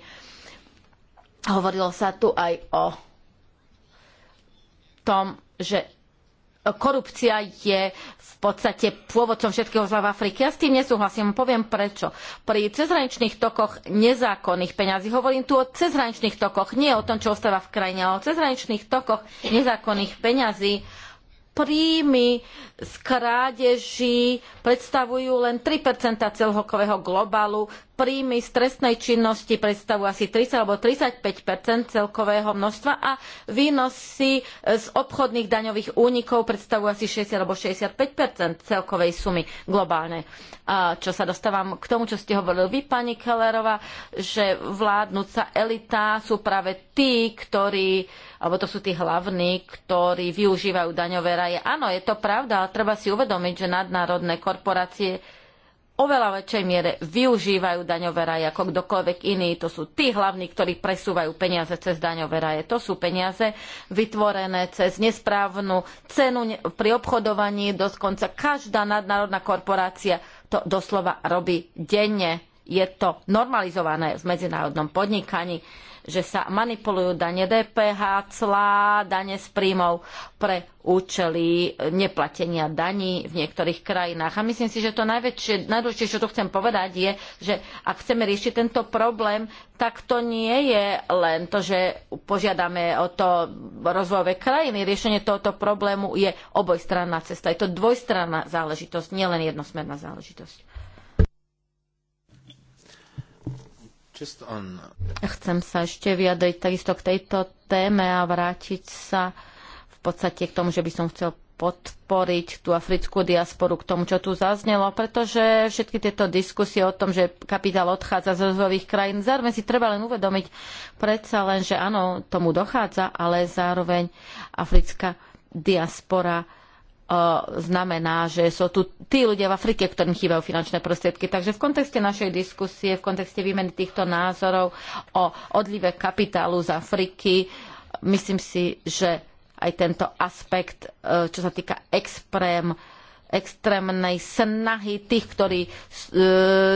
Hovorilo sa tu aj o tom, že korupcia je v podstate pôvodcom všetkého zla v Afrike. Ja s tým nesúhlasím, poviem prečo. Pri cezhraničných tokoch nezákonných peňazí, hovorím tu o cezhraničných tokoch, nie o tom, čo ostáva v krajine, ale o cezhraničných tokoch nezákonných peňazí, príjmy z krádeží predstavujú len 3 celhokového globálu príjmy z trestnej činnosti predstavujú asi 30 alebo 35 celkového množstva a výnosy e, z obchodných daňových únikov predstavujú asi 60 alebo 65 celkovej sumy globálne. A čo sa dostávam k tomu, čo ste hovorili vy, pani Kellerová, že vládnúca elita sú práve tí, ktorí alebo to sú tí hlavní, ktorí využívajú daňové raje. Áno, je to pravda, ale treba si uvedomiť, že nadnárodné korporácie oveľa väčšej miere využívajú daňové raje ako kdokoľvek iný. To sú tí hlavní, ktorí presúvajú peniaze cez daňové raje. To sú peniaze vytvorené cez nesprávnu cenu pri obchodovaní. Doskonca každá nadnárodná korporácia to doslova robí denne. Je to normalizované v medzinárodnom podnikaní že sa manipulujú dane DPH, clá, dane z príjmov pre účely neplatenia daní v niektorých krajinách. A myslím si, že to najväčšie, najdôležitejšie, čo tu chcem povedať, je, že ak chceme riešiť tento problém, tak to nie je len to, že požiadame o to rozvojové krajiny. Riešenie tohoto problému je obojstranná cesta. Je to dvojstranná záležitosť, nielen jednosmerná záležitosť. Chcem sa ešte vyjadriť takisto k tejto téme a vrátiť sa v podstate k tomu, že by som chcel podporiť tú africkú diasporu k tomu, čo tu zaznelo, pretože všetky tieto diskusie o tom, že kapitál odchádza z rozvojových krajín, zároveň si treba len uvedomiť predsa len, že áno, tomu dochádza, ale zároveň africká diaspora E, znamená, že sú tu tí ľudia v Afrike, ktorým chýbajú finančné prostriedky. Takže v kontexte našej diskusie, v kontexte výmeny týchto názorov o odlive kapitálu z Afriky, myslím si, že aj tento aspekt, e, čo sa týka exprém, extrémnej snahy tých, ktorí e,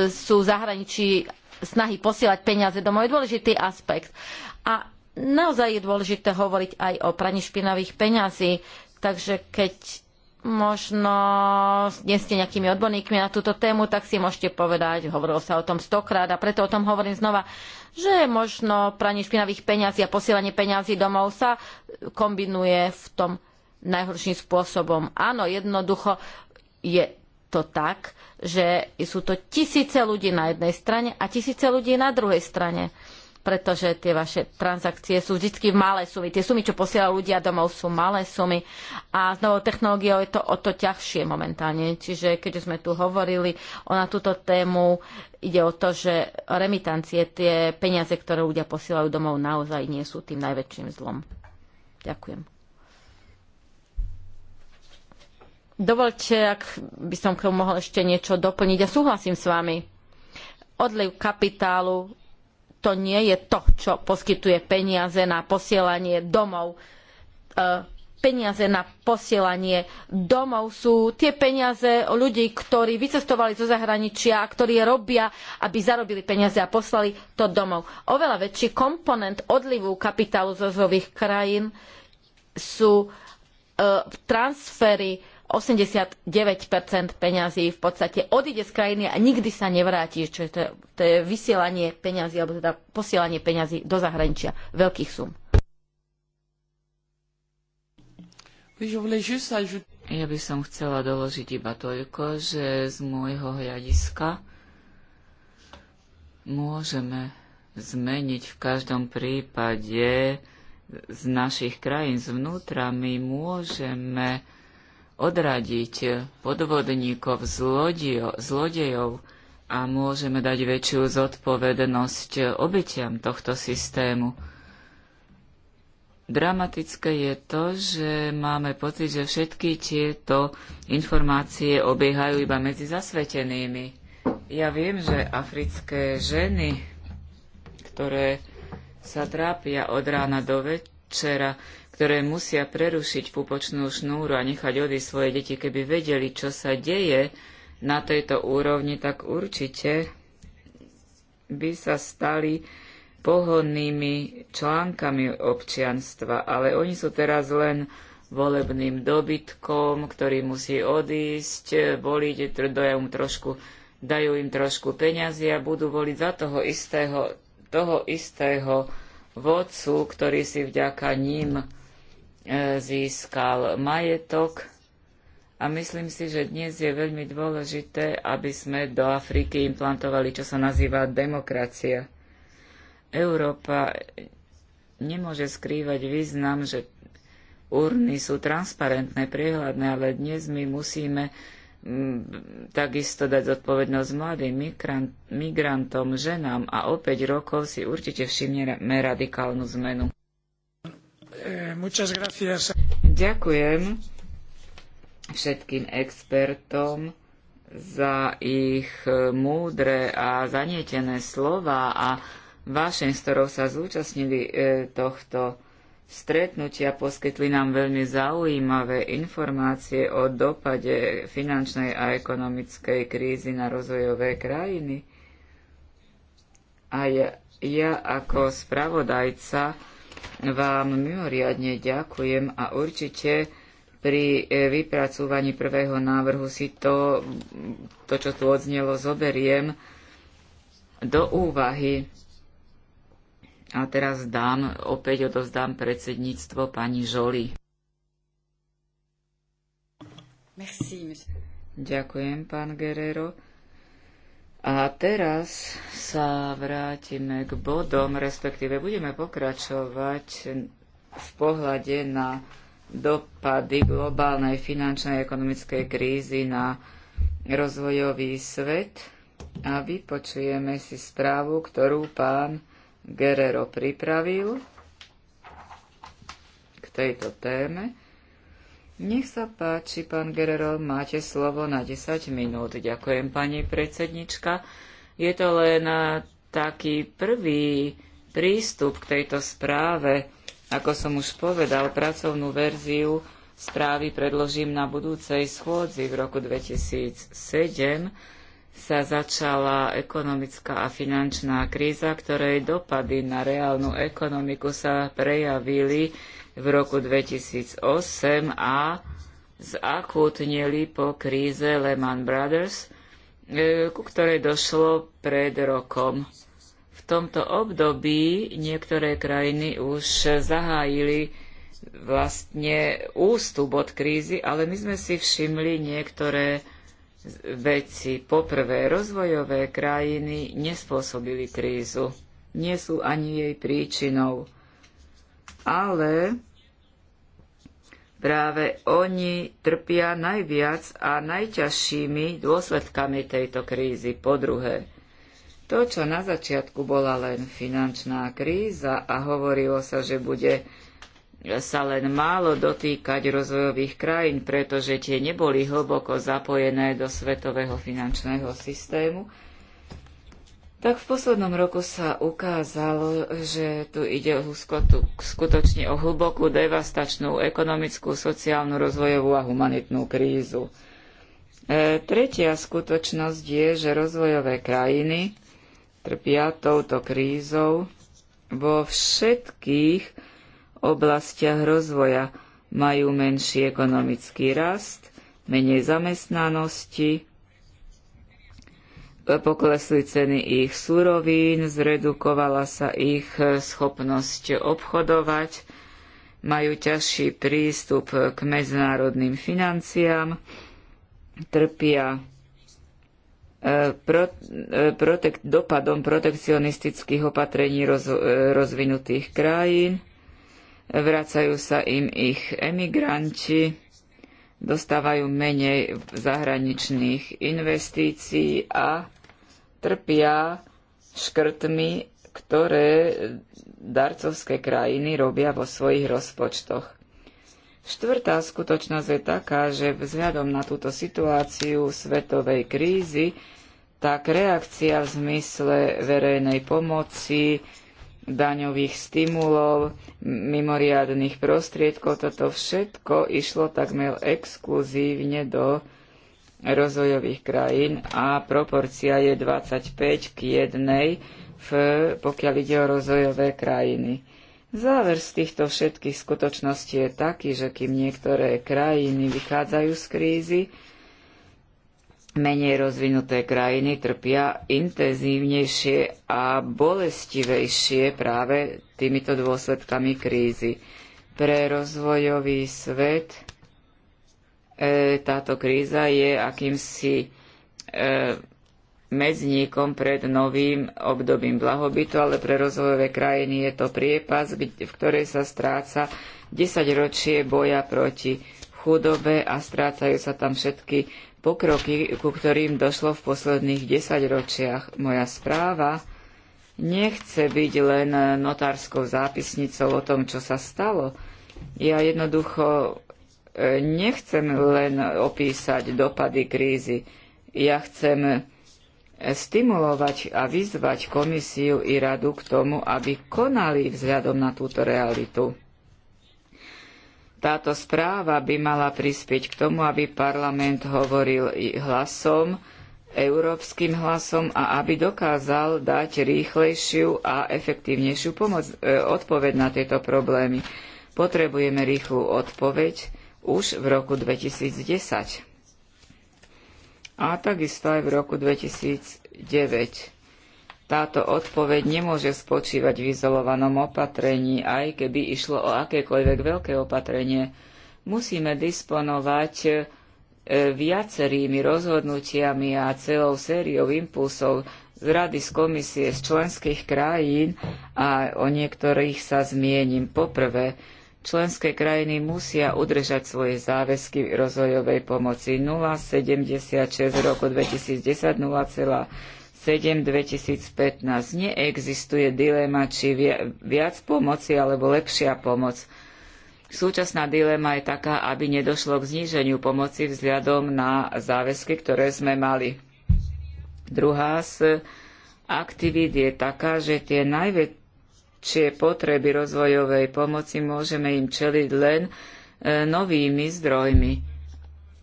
sú v zahraničí, snahy posielať peniaze domov, je dôležitý aspekt. A naozaj je dôležité hovoriť aj o praní špinavých peňazí. Takže keď možno nie ste nejakými odborníkmi na túto tému, tak si môžete povedať, hovorilo sa o tom stokrát a preto o tom hovorím znova, že možno pranie špinavých peňazí a posielanie peňazí domov sa kombinuje v tom najhorším spôsobom. Áno, jednoducho je to tak, že sú to tisíce ľudí na jednej strane a tisíce ľudí na druhej strane pretože tie vaše transakcie sú vždy malé sumy. Tie sumy, čo posielajú ľudia domov, sú malé sumy a s novou technológiou je to o to ťažšie momentálne. Čiže keď sme tu hovorili o na túto tému, ide o to, že remitancie, tie peniaze, ktoré ľudia posielajú domov, naozaj nie sú tým najväčším zlom. Ďakujem. Dovolte, ak by som k tomu mohol ešte niečo doplniť. Ja súhlasím s vami odliv kapitálu to nie je to, čo poskytuje peniaze na posielanie domov. E, peniaze na posielanie domov sú tie peniaze ľudí, ktorí vycestovali zo zahraničia a ktorí robia, aby zarobili peniaze a poslali to domov. Oveľa väčší komponent odlivu kapitálu z rozvojových krajín sú e, transfery 89% peňazí v podstate odíde z krajiny a nikdy sa nevráti. Čo je to, to je vysielanie peňazí, alebo teda posielanie peňazí do zahraničia. Veľkých sum. Ja by som chcela doložiť iba toľko, že z môjho hľadiska môžeme zmeniť v každom prípade z našich krajín zvnútra. My môžeme odradiť podvodníkov, zlodio, zlodejov a môžeme dať väčšiu zodpovednosť obetiam tohto systému. Dramatické je to, že máme pocit, že všetky tieto informácie obiehajú iba medzi zasvetenými. Ja viem, že africké ženy, ktoré sa trápia od rána do večera, ktoré musia prerušiť pupočnú šnúru a nechať odísť svoje deti, keby vedeli, čo sa deje na tejto úrovni, tak určite by sa stali pohodnými článkami občianstva, ale oni sú teraz len volebným dobytkom, ktorý musí odísť, voliť, dajú im trošku, dajú im trošku peniazy a budú voliť za toho istého, toho istého vodcu, ktorý si vďaka ním E, získal majetok a myslím si, že dnes je veľmi dôležité, aby sme do Afriky implantovali, čo sa nazýva demokracia. Európa nemôže skrývať význam, že urny sú transparentné, priehľadné, ale dnes my musíme takisto dať zodpovednosť mladým migrant, migrantom, ženám a o 5 rokov si určite všimneme radikálnu zmenu. Eh, Ďakujem všetkým expertom za ich eh, múdre a zanietené slova a vášeň, s ktorou sa zúčastnili eh, tohto stretnutia, poskytli nám veľmi zaujímavé informácie o dopade finančnej a ekonomickej krízy na rozvojové krajiny. A ja, ja ako spravodajca vám mimoriadne ďakujem a určite pri e, vypracúvaní prvého návrhu si to, to čo tu odznelo, zoberiem do úvahy. A teraz dám, opäť odovzdám predsedníctvo pani Žoli. Merci, Ďakujem, pán Guerrero. A teraz sa vrátime k bodom, respektíve budeme pokračovať v pohľade na dopady globálnej finančnej a ekonomickej krízy na rozvojový svet a vypočujeme si správu, ktorú pán Guerrero pripravil k tejto téme nech sa páči, pán Gerero, máte slovo na 10 minút. Ďakujem, pani predsednička. Je to len taký prvý prístup k tejto správe. Ako som už povedal, pracovnú verziu správy predložím na budúcej schôdzi v roku 2007 sa začala ekonomická a finančná kríza, ktorej dopady na reálnu ekonomiku sa prejavili v roku 2008 a zakútnili po kríze Lehman Brothers, e, ku ktorej došlo pred rokom. V tomto období niektoré krajiny už zahájili vlastne ústup od krízy, ale my sme si všimli niektoré veci. Poprvé, rozvojové krajiny nespôsobili krízu. Nie sú ani jej príčinou ale práve oni trpia najviac a najťažšími dôsledkami tejto krízy. Po druhé, to, čo na začiatku bola len finančná kríza a hovorilo sa, že bude sa len málo dotýkať rozvojových krajín, pretože tie neboli hlboko zapojené do svetového finančného systému, tak v poslednom roku sa ukázalo, že tu ide skutočne o hlbokú devastačnú ekonomickú, sociálnu, rozvojovú a humanitnú krízu. E, tretia skutočnosť je, že rozvojové krajiny trpia touto krízou vo všetkých oblastiach rozvoja. Majú menší ekonomický rast, menej zamestnanosti, E, poklesli ceny ich surovín, zredukovala sa ich e, schopnosť obchodovať, majú ťažší prístup k medzinárodným financiám, trpia e, dopadom protekcionistických opatrení rozvinutých krajín, vracajú sa im ich emigranti, dostávajú menej zahraničných investícií a trpia škrtmi, ktoré darcovské krajiny robia vo svojich rozpočtoch. Štvrtá skutočnosť je taká, že vzhľadom na túto situáciu svetovej krízy, tak reakcia v zmysle verejnej pomoci, daňových stimulov, mimoriadných prostriedkov. Toto všetko išlo takmer exkluzívne do rozvojových krajín a proporcia je 25 k 1, v, pokiaľ ide o rozvojové krajiny. Záver z týchto všetkých skutočností je taký, že kým niektoré krajiny vychádzajú z krízy, menej rozvinuté krajiny trpia intenzívnejšie a bolestivejšie práve týmito dôsledkami krízy. Pre rozvojový svet e, táto kríza je akýmsi e, medzníkom pred novým obdobím blahobytu, ale pre rozvojové krajiny je to priepas, v ktorej sa stráca 10 ročie boja proti chudobe a strácajú sa tam všetky pokroky, ku ktorým došlo v posledných desaťročiach. Moja správa nechce byť len notárskou zápisnicou o tom, čo sa stalo. Ja jednoducho e, nechcem len opísať dopady krízy. Ja chcem e, stimulovať a vyzvať komisiu i radu k tomu, aby konali vzhľadom na túto realitu. Táto správa by mala prispieť k tomu, aby parlament hovoril hlasom, európskym hlasom a aby dokázal dať rýchlejšiu a efektívnejšiu pomoc, e, odpoveď na tieto problémy. Potrebujeme rýchlu odpoveď už v roku 2010 a takisto aj v roku 2009. Táto odpoveď nemôže spočívať v izolovanom opatrení, aj keby išlo o akékoľvek veľké opatrenie. Musíme disponovať e, viacerými rozhodnutiami a celou sériou impulsov z rady, z komisie, z členských krajín a o niektorých sa zmienim. Poprvé, členské krajiny musia udržať svoje záväzky rozvojovej pomoci 0,76 roku 2010, 0,76 2007-2015. Neexistuje dilema, či viac pomoci alebo lepšia pomoc. Súčasná dilema je taká, aby nedošlo k zníženiu pomoci vzhľadom na záväzky, ktoré sme mali. Druhá z aktivít je taká, že tie najväčšie potreby rozvojovej pomoci môžeme im čeliť len e, novými zdrojmi.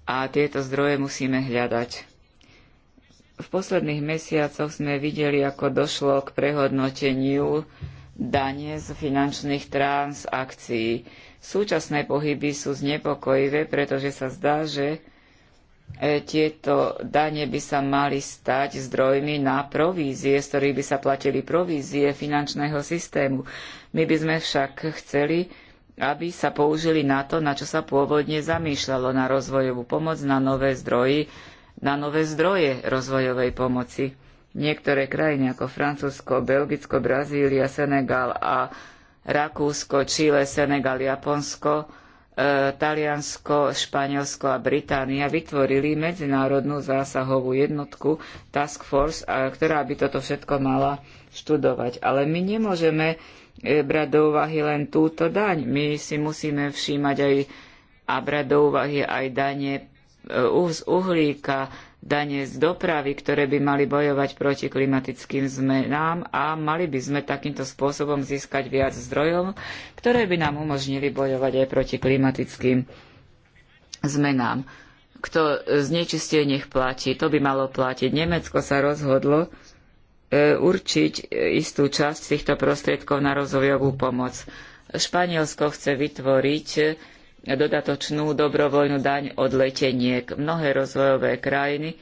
A tieto zdroje musíme hľadať. V posledných mesiacoch sme videli, ako došlo k prehodnoteniu dane z finančných transakcií. Súčasné pohyby sú znepokojivé, pretože sa zdá, že e, tieto dane by sa mali stať zdrojmi na provízie, z ktorých by sa platili provízie finančného systému. My by sme však chceli, aby sa použili na to, na čo sa pôvodne zamýšľalo, na rozvojovú pomoc, na nové zdroje na nové zdroje rozvojovej pomoci. Niektoré krajiny ako Francúzsko, Belgicko, Brazília, Senegal a Rakúsko, Čile, Senegal, Japonsko, e, Taliansko, Španielsko a Británia vytvorili medzinárodnú zásahovú jednotku Task Force, a, ktorá by toto všetko mala študovať. Ale my nemôžeme e, brať do úvahy len túto daň. My si musíme všímať aj a brať do úvahy aj dane z uh, uhlíka, dane z dopravy, ktoré by mali bojovať proti klimatickým zmenám a mali by sme takýmto spôsobom získať viac zdrojov, ktoré by nám umožnili bojovať aj proti klimatickým zmenám. Kto znečistie, nech platí. To by malo platiť. Nemecko sa rozhodlo, e, určiť istú časť týchto prostriedkov na rozvojovú pomoc. Španielsko chce vytvoriť dodatočnú dobrovoľnú daň od leteniek. Mnohé rozvojové krajiny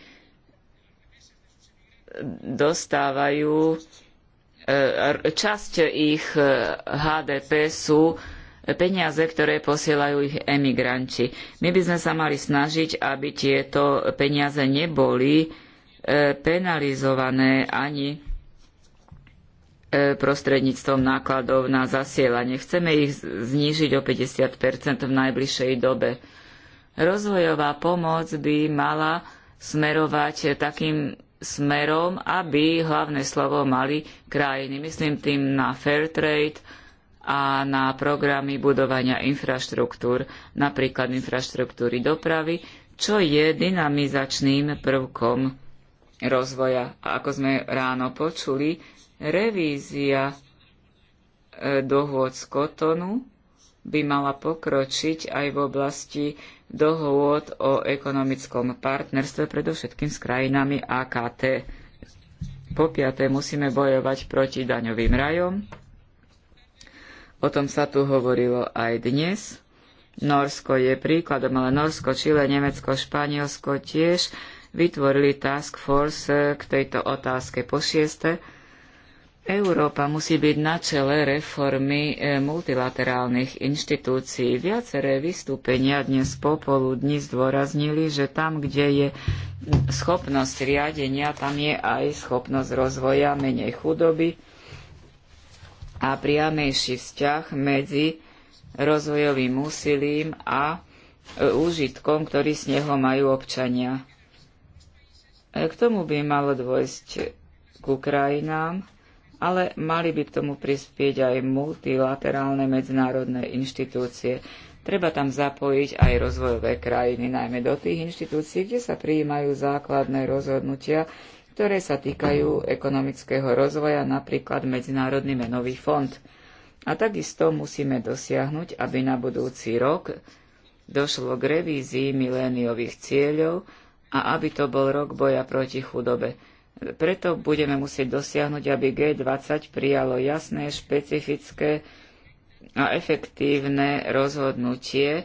dostávajú e, časť ich e, HDP sú peniaze, ktoré posielajú ich emigranti. My by sme sa mali snažiť, aby tieto peniaze neboli e, penalizované ani E, prostredníctvom nákladov na zasielanie. Chceme ich znížiť o 50 v najbližšej dobe. Rozvojová pomoc by mala smerovať takým smerom, aby hlavné slovo mali krajiny. Myslím tým na fair trade a na programy budovania infraštruktúr, napríklad infraštruktúry dopravy, čo je dynamizačným prvkom rozvoja. A ako sme ráno počuli, Revízia e, dohôd z Kotonu by mala pokročiť aj v oblasti dohôd o ekonomickom partnerstve, predovšetkým s krajinami AKT. Po piaté, musíme bojovať proti daňovým rajom. O tom sa tu hovorilo aj dnes. Norsko je príkladom, ale Norsko, Čile, Nemecko, Španielsko tiež vytvorili task force k tejto otázke po šieste Európa musí byť na čele reformy eh, multilaterálnych inštitúcií. Viaceré vystúpenia dnes popoludní zdôraznili, že tam, kde je schopnosť riadenia, tam je aj schopnosť rozvoja menej chudoby a priamejší vzťah medzi rozvojovým úsilím a úžitkom, eh, ktorý z neho majú občania. Eh, k tomu by malo dôjsť k krajinám, ale mali by k tomu prispieť aj multilaterálne medzinárodné inštitúcie. Treba tam zapojiť aj rozvojové krajiny, najmä do tých inštitúcií, kde sa prijímajú základné rozhodnutia, ktoré sa týkajú ekonomického rozvoja, napríklad Medzinárodný menový fond. A takisto musíme dosiahnuť, aby na budúci rok došlo k revízii miléniových cieľov a aby to bol rok boja proti chudobe. Preto budeme musieť dosiahnuť, aby G20 prijalo jasné, špecifické a efektívne rozhodnutie e,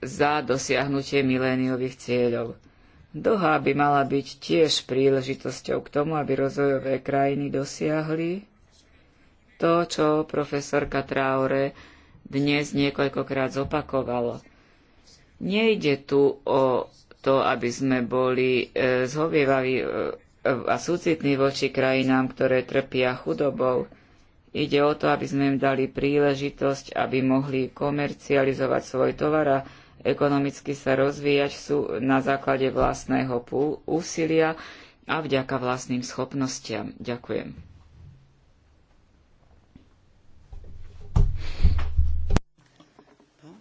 za dosiahnutie miléniových cieľov. Doha by mala byť tiež príležitosťou k tomu, aby rozvojové krajiny dosiahli to, čo profesorka Traore dnes niekoľkokrát zopakovala. Nejde tu o to, aby sme boli e, zhovievaví e, a súcitní voči krajinám, ktoré trpia chudobou. Ide o to, aby sme im dali príležitosť, aby mohli komercializovať svoj tovar a ekonomicky sa rozvíjať sú na základe vlastného úsilia a vďaka vlastným schopnostiam. Ďakujem.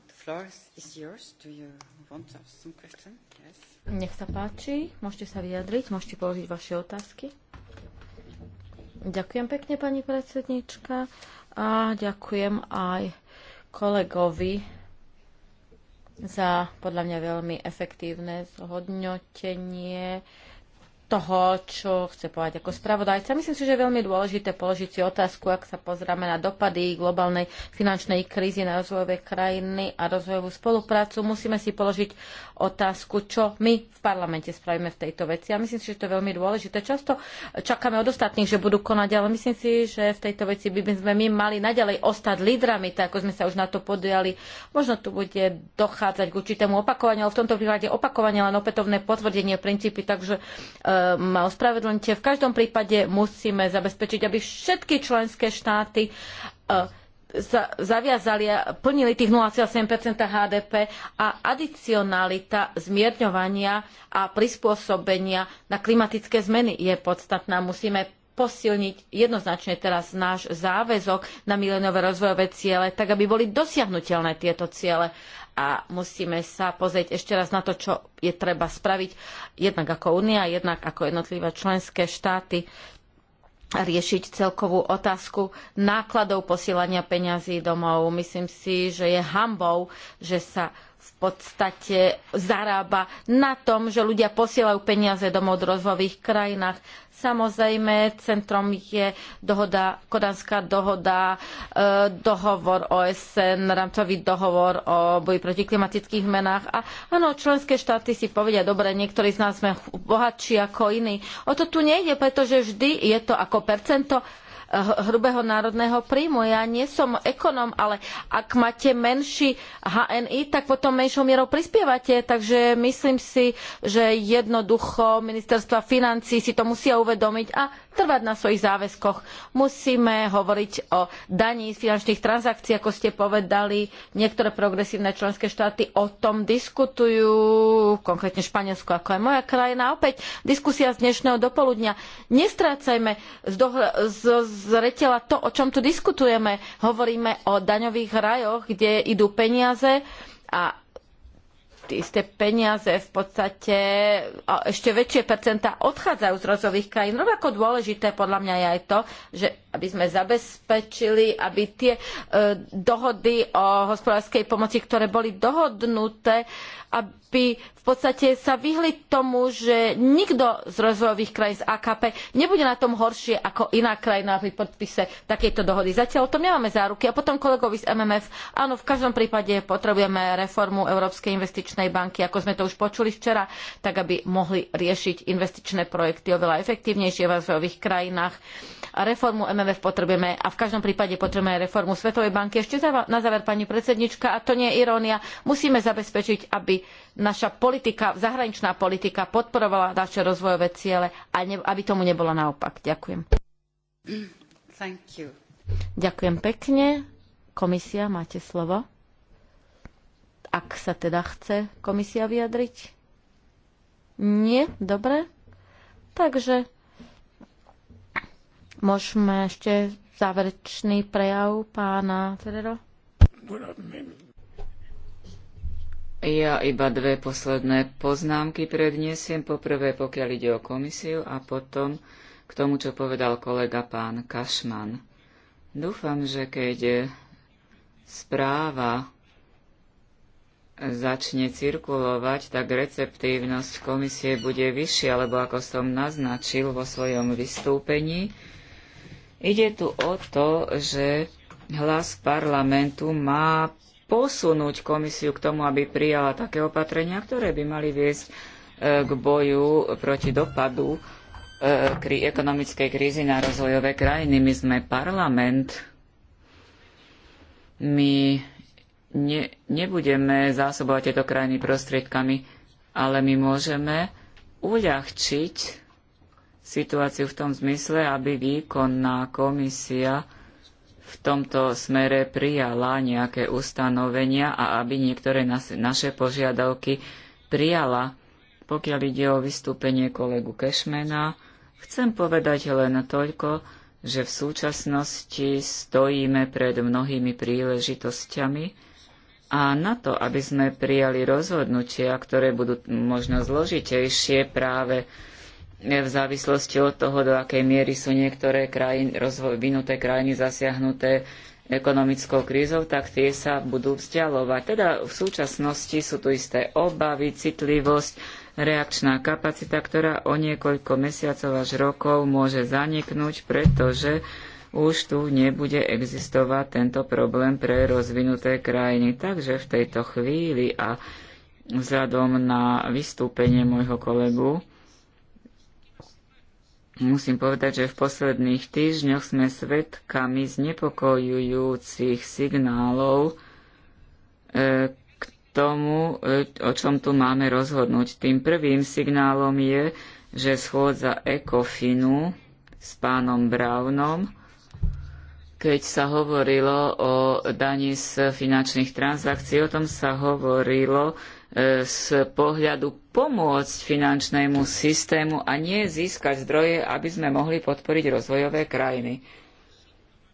The floor is yours. Do you want to ask some questions? Nech sa páči, môžete sa vyjadriť, môžete položiť vaše otázky. Ďakujem pekne, pani predsednička, a ďakujem aj kolegovi za podľa mňa veľmi efektívne zhodnotenie toho, čo chce povedať ako spravodajca. Myslím si, že je veľmi dôležité položiť si otázku, ak sa pozrieme na dopady globálnej finančnej krízy na rozvojové krajiny a rozvojovú spoluprácu. Musíme si položiť otázku, čo my v parlamente spravíme v tejto veci. A myslím si, že to je veľmi dôležité. Často čakáme od ostatných, že budú konať, ale myslím si, že v tejto veci by sme my mali naďalej ostať lídrami, tak ako sme sa už na to podujali. Možno tu bude dochádzať k určitému opakovaniu, ale v tomto prípade opakovanie len opätovné potvrdenie princípy, takže e, ehm, ma ospravedlňte. V každom prípade musíme zabezpečiť, aby všetky členské štáty uh, zaviazali a plnili tých 0,7 HDP a adicionalita zmierňovania a prispôsobenia na klimatické zmeny je podstatná. Musíme posilniť jednoznačne teraz náš záväzok na milenové rozvojové ciele, tak aby boli dosiahnutelné tieto ciele. A musíme sa pozrieť ešte raz na to, čo je treba spraviť, jednak ako únia, jednak ako jednotlivé členské štáty riešiť celkovú otázku nákladov posielania peňazí domov. Myslím si, že je hambou, že sa v podstate zarába na tom, že ľudia posielajú peniaze domov do rozvojových krajinách. Samozrejme, centrom je dohoda, kodanská dohoda, e, dohovor OSN, rámcový dohovor o boji proti klimatických menách. A áno, členské štáty si povedia, dobre, niektorí z nás sme bohatší ako iní. O to tu nejde, pretože vždy je to ako percento Eh, hrubého národného príjmu. Ja nie som ekonom, ale ak máte menší HNI, tak potom menšou mierou prispievate. Takže myslím si, že jednoducho ministerstva financí si to musia uvedomiť a trvať na svojich záväzkoch. Musíme hovoriť o daní z finančných transakcií, ako ste povedali. Niektoré progresívne členské štáty o tom diskutujú, konkrétne Španielsko, ako aj moja krajina. Opäť diskusia z dnešného dopoludnia. Nestrácajme z, z zretela to, o čom tu diskutujeme. Hovoríme o daňových rajoch, kde idú peniaze a isté peniaze v podstate a ešte väčšie percentá odchádzajú z rozových krajín. Rovnako dôležité podľa mňa je aj to, že aby sme zabezpečili, aby tie e, dohody o hospodárskej pomoci, ktoré boli dohodnuté, e, aby v podstate sa vyhli tomu, že nikto z rozvojových krajín z AKP nebude na tom horšie ako iná krajina pri podpise takejto dohody. Zatiaľ o tom nemáme záruky. A potom kolegovi z MMF, áno, v každom prípade potrebujeme reformu Európskej investičnej banky, ako sme to už počuli včera, tak aby mohli riešiť investičné projekty oveľa efektívnejšie v rozvojových krajinách. A reformu MMF potrebujeme a v každom prípade potrebujeme reformu Svetovej banky. Ešte na záver, pani predsednička, a to nie je irónia, musíme zabezpečiť, aby aby naša politika, zahraničná politika podporovala naše rozvojové ciele a ne, aby tomu nebolo naopak. Ďakujem. Ďakujem pekne. Komisia, máte slovo. Ak sa teda chce komisia vyjadriť? Nie? Dobre. Takže môžeme ešte záverečný prejav pána Ferrero. Ja iba dve posledné poznámky predniesiem. Poprvé, pokiaľ ide o komisiu a potom k tomu, čo povedal kolega pán Kašman. Dúfam, že keď správa začne cirkulovať, tak receptívnosť komisie bude vyššia, lebo ako som naznačil vo svojom vystúpení, ide tu o to, že hlas parlamentu má posunúť komisiu k tomu, aby prijala také opatrenia, ktoré by mali viesť e, k boju proti dopadu e, kri ekonomickej krízy na rozvojové krajiny. My sme parlament. My ne, nebudeme zásobovať tieto krajiny prostriedkami, ale my môžeme uľahčiť situáciu v tom zmysle, aby výkonná komisia v tomto smere prijala nejaké ustanovenia a aby niektoré naše požiadavky prijala. Pokiaľ ide o vystúpenie kolegu Kešmena, chcem povedať len toľko, že v súčasnosti stojíme pred mnohými príležitosťami a na to, aby sme prijali rozhodnutia, ktoré budú možno zložitejšie práve v závislosti od toho, do akej miery sú niektoré krajiny, rozvinuté krajiny zasiahnuté ekonomickou krízou, tak tie sa budú vzdialovať. Teda v súčasnosti sú tu isté obavy, citlivosť, reakčná kapacita, ktorá o niekoľko mesiacov až rokov môže zaniknúť, pretože už tu nebude existovať tento problém pre rozvinuté krajiny. Takže v tejto chvíli a vzhľadom na vystúpenie môjho kolegu, Musím povedať, že v posledných týždňoch sme svedkami znepokojujúcich signálov e, k tomu, e, o čom tu máme rozhodnúť. Tým prvým signálom je, že schôdza Ecofinu s pánom Brownom, keď sa hovorilo o daní z finančných transakcií, o tom sa hovorilo e, z pohľadu pomôcť finančnému systému a nie získať zdroje, aby sme mohli podporiť rozvojové krajiny.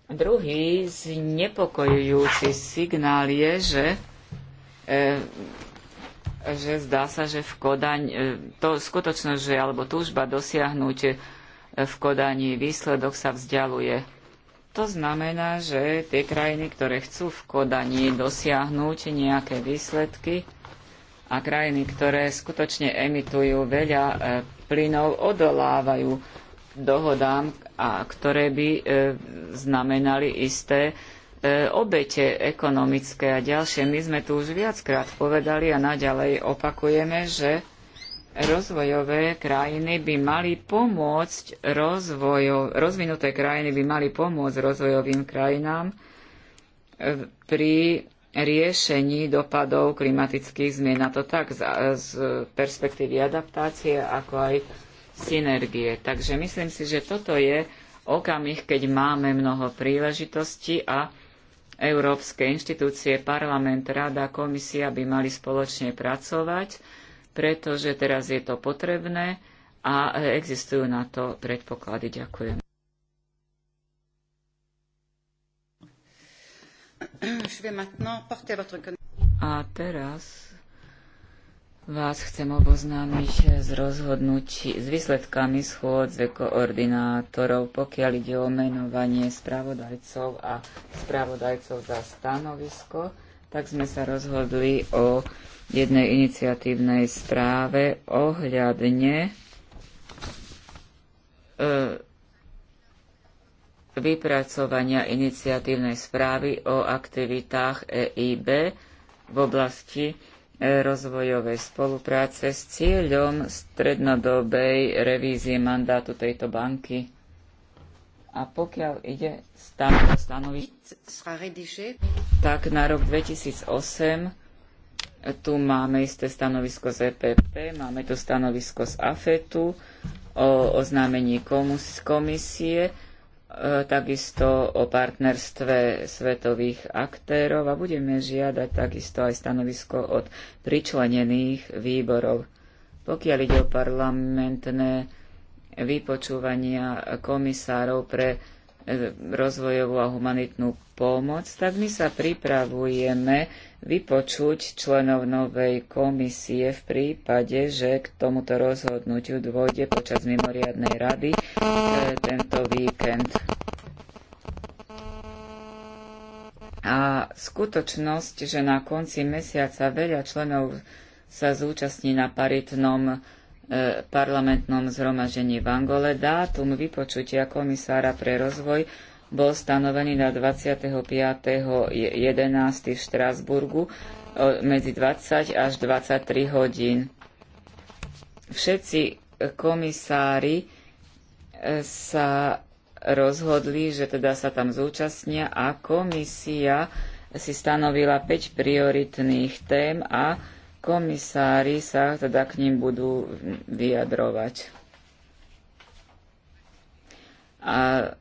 Druhý znepokojujúci signál je, že, e, že zdá sa, že v Kodaň, e, to skutočnosť, že alebo túžba dosiahnuť e, v Kodani výsledok sa vzdialuje. To znamená, že tie krajiny, ktoré chcú v Kodani dosiahnuť nejaké výsledky, a krajiny, ktoré skutočne emitujú veľa e, plynov, odolávajú dohodám, a ktoré by e, znamenali isté e, obete ekonomické a ďalšie. My sme tu už viackrát povedali a naďalej opakujeme, že rozvojové krajiny by mali pomôcť rozvojov, rozvinuté krajiny by mali pomôcť rozvojovým krajinám pri riešení dopadov klimatických zmien. A to tak z perspektívy adaptácie, ako aj synergie. Takže myslím si, že toto je okamih, keď máme mnoho príležitostí a európske inštitúcie, parlament, rada, komisia by mali spoločne pracovať, pretože teraz je to potrebné a existujú na to predpoklady. Ďakujem. A teraz vás chcem oboznámiť s rozhodnutí, s výsledkami schôdze koordinátorov, pokiaľ ide o menovanie spravodajcov a spravodajcov za stanovisko, tak sme sa rozhodli o jednej iniciatívnej správe ohľadne e, vypracovania iniciatívnej správy o aktivitách EIB v oblasti e, rozvojovej spolupráce s cieľom strednodobej revízie mandátu tejto banky. A pokiaľ ide stan tak na rok 2008 tu máme isté stanovisko z EPP, máme tu stanovisko z AFETu o oznámení komis komisie, E, takisto o partnerstve svetových aktérov a budeme žiadať takisto aj stanovisko od pričlenených výborov. Pokiaľ ide o parlamentné vypočúvania komisárov pre rozvojovú a humanitnú pomoc, tak my sa pripravujeme vypočuť členov novej komisie v prípade, že k tomuto rozhodnutiu dôjde počas mimoriadnej rady e, tento víkend. A skutočnosť, že na konci mesiaca veľa členov sa zúčastní na paritnom E, parlamentnom zhromažení v Angole dátum vypočutia komisára pre rozvoj bol stanovený na 25.11. v Štrásburgu e, medzi 20 až 23 hodín. Všetci komisári e, sa rozhodli, že teda sa tam zúčastnia a komisia si stanovila 5 prioritných tém a komisári sa teda k ním budú vyjadrovať. A,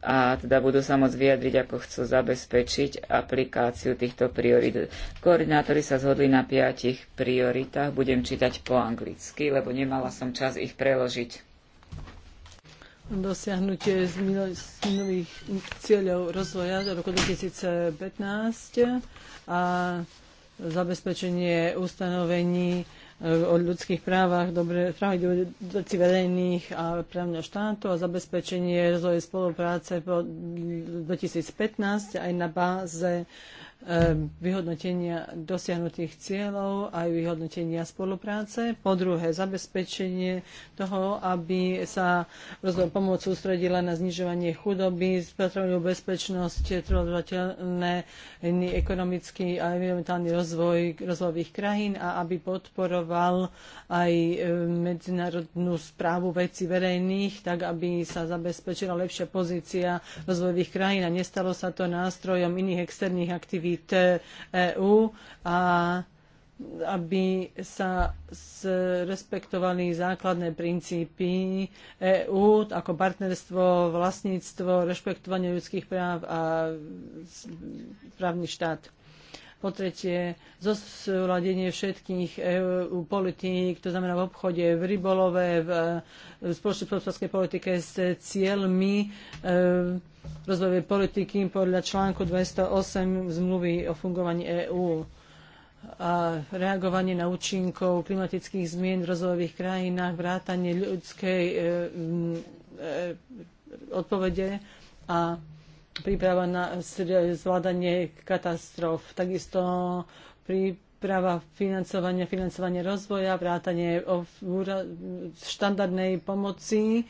a teda budú sa môcť vyjadriť, ako chcú zabezpečiť aplikáciu týchto priorit. Koordinátori sa zhodli na piatich prioritách. Budem čítať po anglicky, lebo nemala som čas ich preložiť. Dosiahnutie z nových cieľov rozvoja do roku 2015 a zabezpečenie ustanovení e, o ľudských právach, dobre, právach veci verejných a právneho štátu a zabezpečenie rozvoje spolupráce po 2015 aj na báze Ehm, vyhodnotenia dosiahnutých cieľov, aj vyhodnotenia spolupráce. Po druhé, zabezpečenie toho, aby sa rozvoj pomoc sústredila na znižovanie chudoby, spotrebnú bezpečnosť, trvodateľné ekonomický a environmentálny rozvoj rozvojových krajín a aby podporoval aj ehm, medzinárodnú správu veci verejných, tak aby sa zabezpečila lepšia pozícia rozvojových krajín a nestalo sa to nástrojom iných externých aktivít aktivít EÚ a aby sa respektovali základné princípy EÚ ako partnerstvo, vlastníctvo, rešpektovanie ľudských práv a právny štát. Po tretie, zosúladenie všetkých EU politík, to znamená v obchode, v rybolove, v, v spoločnej politike s cieľmi e, rozvojovej politiky podľa článku 208 zmluvy o fungovaní EÚ a reagovanie na účinkov klimatických zmien v rozvojových krajinách, vrátanie ľudskej e, e, odpovede a príprava na zvládanie katastrof, takisto príprava financovania, financovanie rozvoja, vrátanie štandardnej pomoci,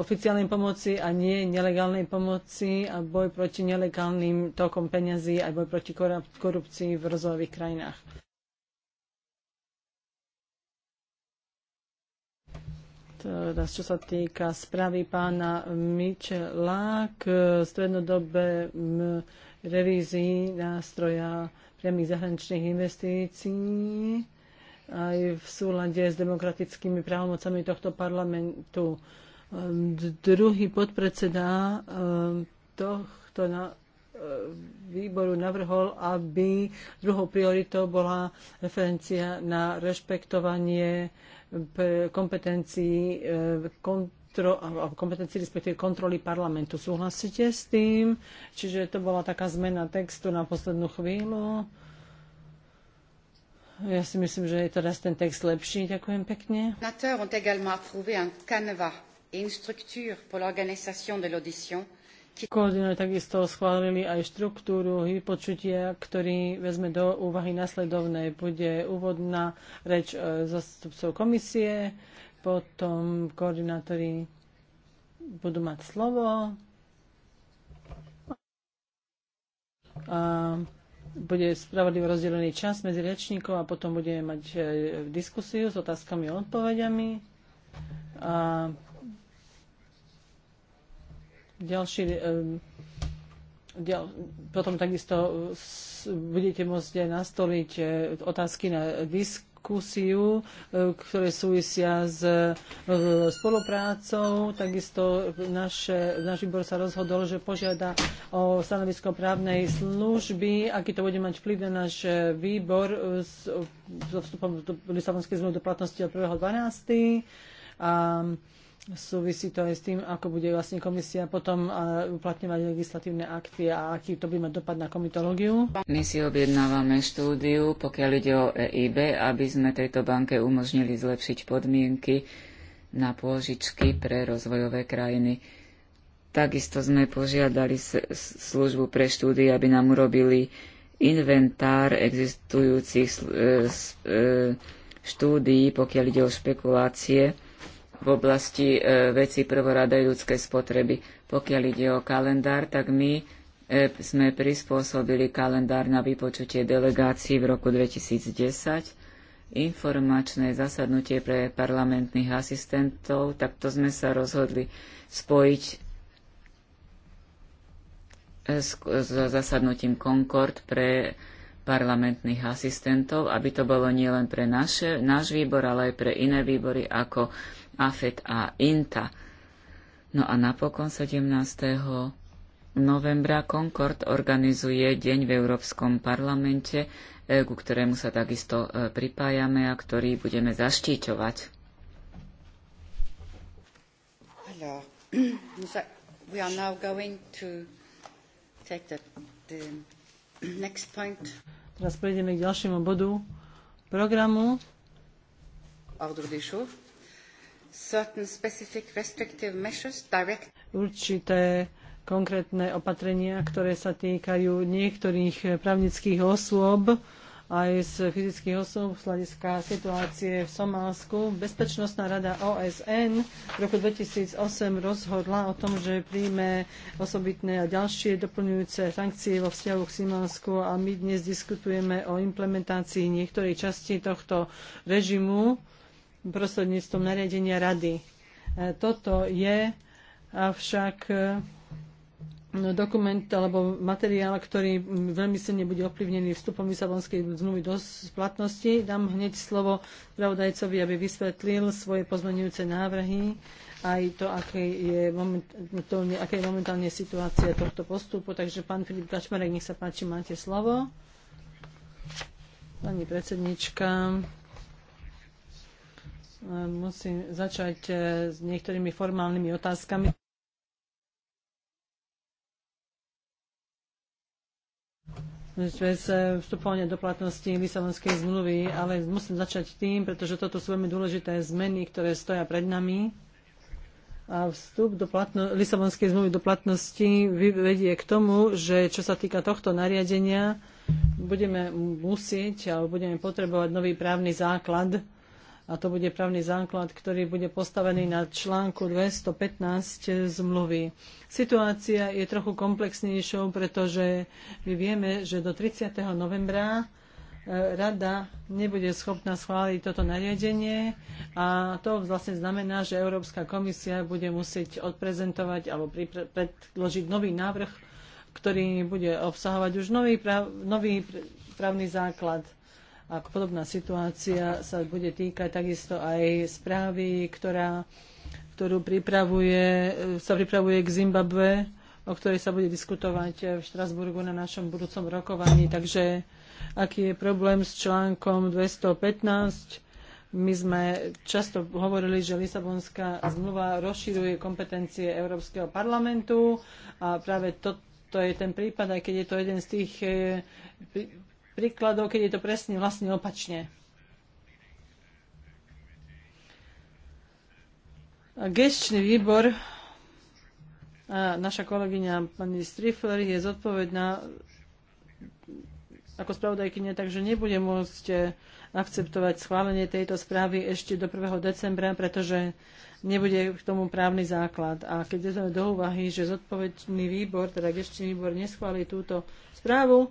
oficiálnej pomoci a nie nelegálnej pomoci a boj proti nelegálnym tokom peňazí a boj proti korupcii v rozvojových krajinách. Teraz, čo sa týka správy pána Mičela k strednodobé revízii nástroja priamých zahraničných investícií aj v súlade s demokratickými právomocami tohto parlamentu. Ehm, druhý podpredseda ehm, tohto ehm, výboru navrhol, aby druhou prioritou bola referencia na rešpektovanie kompetencií e, kontro, kompetencií respektíve kontroly parlamentu. Súhlasíte s tým? Čiže to bola taká zmena textu na poslednú chvíľu. Ja si myslím, že je teraz ten text lepší. Ďakujem pekne. ont également approuvé un canevas et une structure pour l'organisation de l'audition Koordinátori takisto schválili aj štruktúru vypočutia, ktorý vezme do úvahy nasledovné. Bude úvodná reč e, zastupcov komisie, potom koordinátori budú mať slovo a bude spravodlivo rozdelený čas medzi rečníkov a potom budeme mať e, diskusiu s otázkami a odpovediami. A ďalší, ďal, potom takisto eh, budete môcť nastoliť eh, otázky na disk diskusiu, eh, ktoré súvisia s spoluprácou. Takisto náš, náš výbor sa rozhodol, že požiada o stanovisko právnej služby, aký to bude mať vplyv na náš výbor so vstupom do Lisabonskej zmluvy do platnosti od 1.12. A Súvisí to aj s tým, ako bude vlastne komisia potom eh, uplatňovať legislatívne akty a aký to by mať dopad na komitológiu. My si objednávame štúdiu, pokiaľ ide o EIB, aby sme tejto banke umožnili zlepšiť podmienky na pôžičky pre rozvojové krajiny. Takisto sme požiadali službu pre štúdie, aby nám urobili inventár existujúcich eh, eh, štúdií, pokiaľ ide o špekulácie v oblasti e, veci prvoradej ľudskej spotreby. Pokiaľ ide o kalendár, tak my e, sme prispôsobili kalendár na vypočutie delegácií v roku 2010, informačné zasadnutie pre parlamentných asistentov, takto sme sa rozhodli spojiť e, s zasadnutím Concord pre parlamentných asistentov, aby to bolo nielen pre naše, náš výbor, ale aj pre iné výbory ako AFET a INTA. No a napokon 17. novembra Concord organizuje deň v Európskom parlamente, e, ku ktorému sa takisto e, pripájame a ktorý budeme zaštíťovať. *clears throat* Teraz prejdeme k ďalšiemu bodu programu určité konkrétne opatrenia, ktoré sa týkajú niektorých právnických osôb aj z fyzických osôb z hľadiska situácie v Somálsku. Bezpečnostná rada OSN v roku 2008 rozhodla o tom, že príjme osobitné a ďalšie doplňujúce sankcie vo vzťahu k Somálsku a my dnes diskutujeme o implementácii niektorej časti tohto režimu prostredníctvom nariadenia rady. E, toto je avšak e, no, dokument alebo materiál, ktorý veľmi silne bude ovplyvnený vstupom Lisabonskej zmluvy do platnosti. Dám hneď slovo pravodajcovi, aby vysvetlil svoje pozmenujúce návrhy aj to, aké je, momentálne, aké je momentálne situácia tohto postupu. Takže pán Filip Kačmarek, nech sa páči, máte slovo. Pani predsednička, Musím začať e, s niektorými formálnymi otázkami. vstupovanie do platnosti Lisabonskej zmluvy, ale musím začať tým, pretože toto sú veľmi dôležité zmeny, ktoré stoja pred nami. A vstup do platno- Lisabonskej zmluvy do platnosti vedie k tomu, že čo sa týka tohto nariadenia, budeme musieť alebo budeme potrebovať nový právny základ a to bude právny základ, ktorý bude postavený na článku 215 zmluvy. Situácia je trochu komplexnejšou, pretože my vieme, že do 30. novembra e, Rada nebude schopná schváliť toto nariadenie a to vlastne znamená, že Európska komisia bude musieť odprezentovať alebo predložiť nový návrh, ktorý bude obsahovať už nový, nový právny základ a podobná situácia sa bude týkať takisto aj správy, ktorá, ktorú pripravuje, sa pripravuje k Zimbabwe, o ktorej sa bude diskutovať v Štrasburgu na našom budúcom rokovaní. Takže aký je problém s článkom 215? My sme často hovorili, že Lisabonská zmluva rozširuje kompetencie Európskeho parlamentu a práve toto je ten prípad, aj keď je to jeden z tých eh, príkladov, keď je to presne vlastne opačne. Gestčný výbor a naša kolegyňa pani Strifler je zodpovedná ako spravodajkynia, takže nebude môcť akceptovať schválenie tejto správy ešte do 1. decembra, pretože nebude k tomu právny základ. A keď vezmeme do úvahy, že zodpovedný výbor, teda gestičný výbor neschválí túto správu,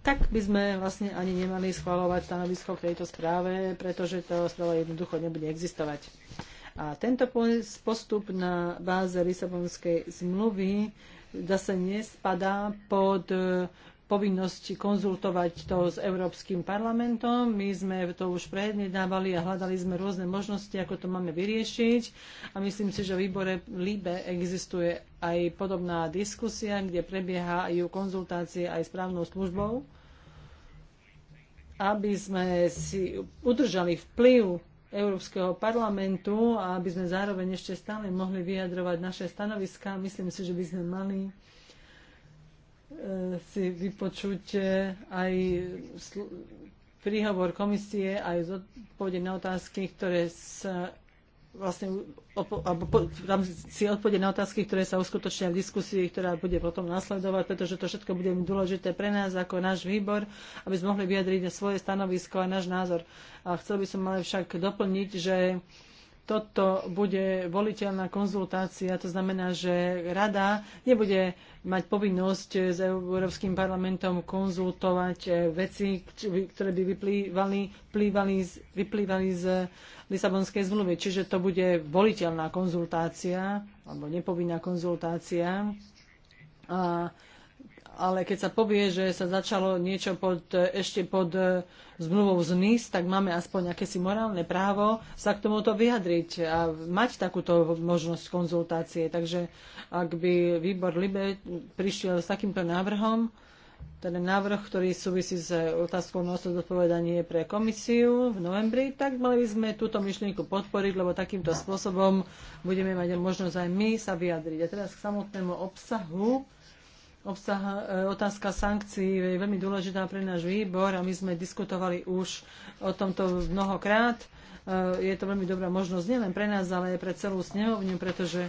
tak by sme vlastne ani nemali schvalovať stanovisko k tejto správe, pretože tá správa jednoducho nebude existovať. A tento postup na báze Lisabonskej zmluvy zase nespadá pod povinnosť konzultovať to s Európskym parlamentom. My sme to už prejednávali a hľadali sme rôzne možnosti, ako to máme vyriešiť. A myslím si, že v výbore LIBE existuje aj podobná diskusia, kde prebieha ju konzultácie aj s právnou službou, aby sme si udržali vplyv Európskeho parlamentu a aby sme zároveň ešte stále mohli vyjadrovať naše stanoviská. Myslím si, že by sme mali E, si vypočuť aj príhovor komisie, aj odpovede na otázky, ktoré sa vlastne alebo tam si odpovede na otázky, ktoré sa uskutočnia v diskusii, ktorá bude potom nasledovať, pretože to všetko bude dôležité pre nás ako náš výbor, aby sme mohli vyjadriť svoje stanovisko a náš názor. A chcel by som ale však doplniť, že toto bude voliteľná konzultácia, to znamená, že rada nebude mať povinnosť s Európskym parlamentom konzultovať eh, veci, ktoré by vyplývali, plývali, vyplývali z Lisabonskej zmluvy. Čiže to bude voliteľná konzultácia alebo nepovinná konzultácia. A ale keď sa povie, že sa začalo niečo pod, ešte pod e, zmluvou z NIS, tak máme aspoň akési morálne právo sa k tomuto vyjadriť a mať takúto možnosť konzultácie. Takže ak by výbor Libe prišiel s takýmto návrhom, ten návrh, ktorý súvisí s otázkou na zodpovedanie pre komisiu v novembri, tak mali by sme túto myšlienku podporiť, lebo takýmto spôsobom budeme mať možnosť aj my sa vyjadriť. A teraz k samotnému obsahu obsah, e, otázka sankcií je veľmi dôležitá pre náš výbor a my sme diskutovali už o tomto mnohokrát. E, je to veľmi dobrá možnosť nielen pre nás, ale aj pre celú snehovňu, pretože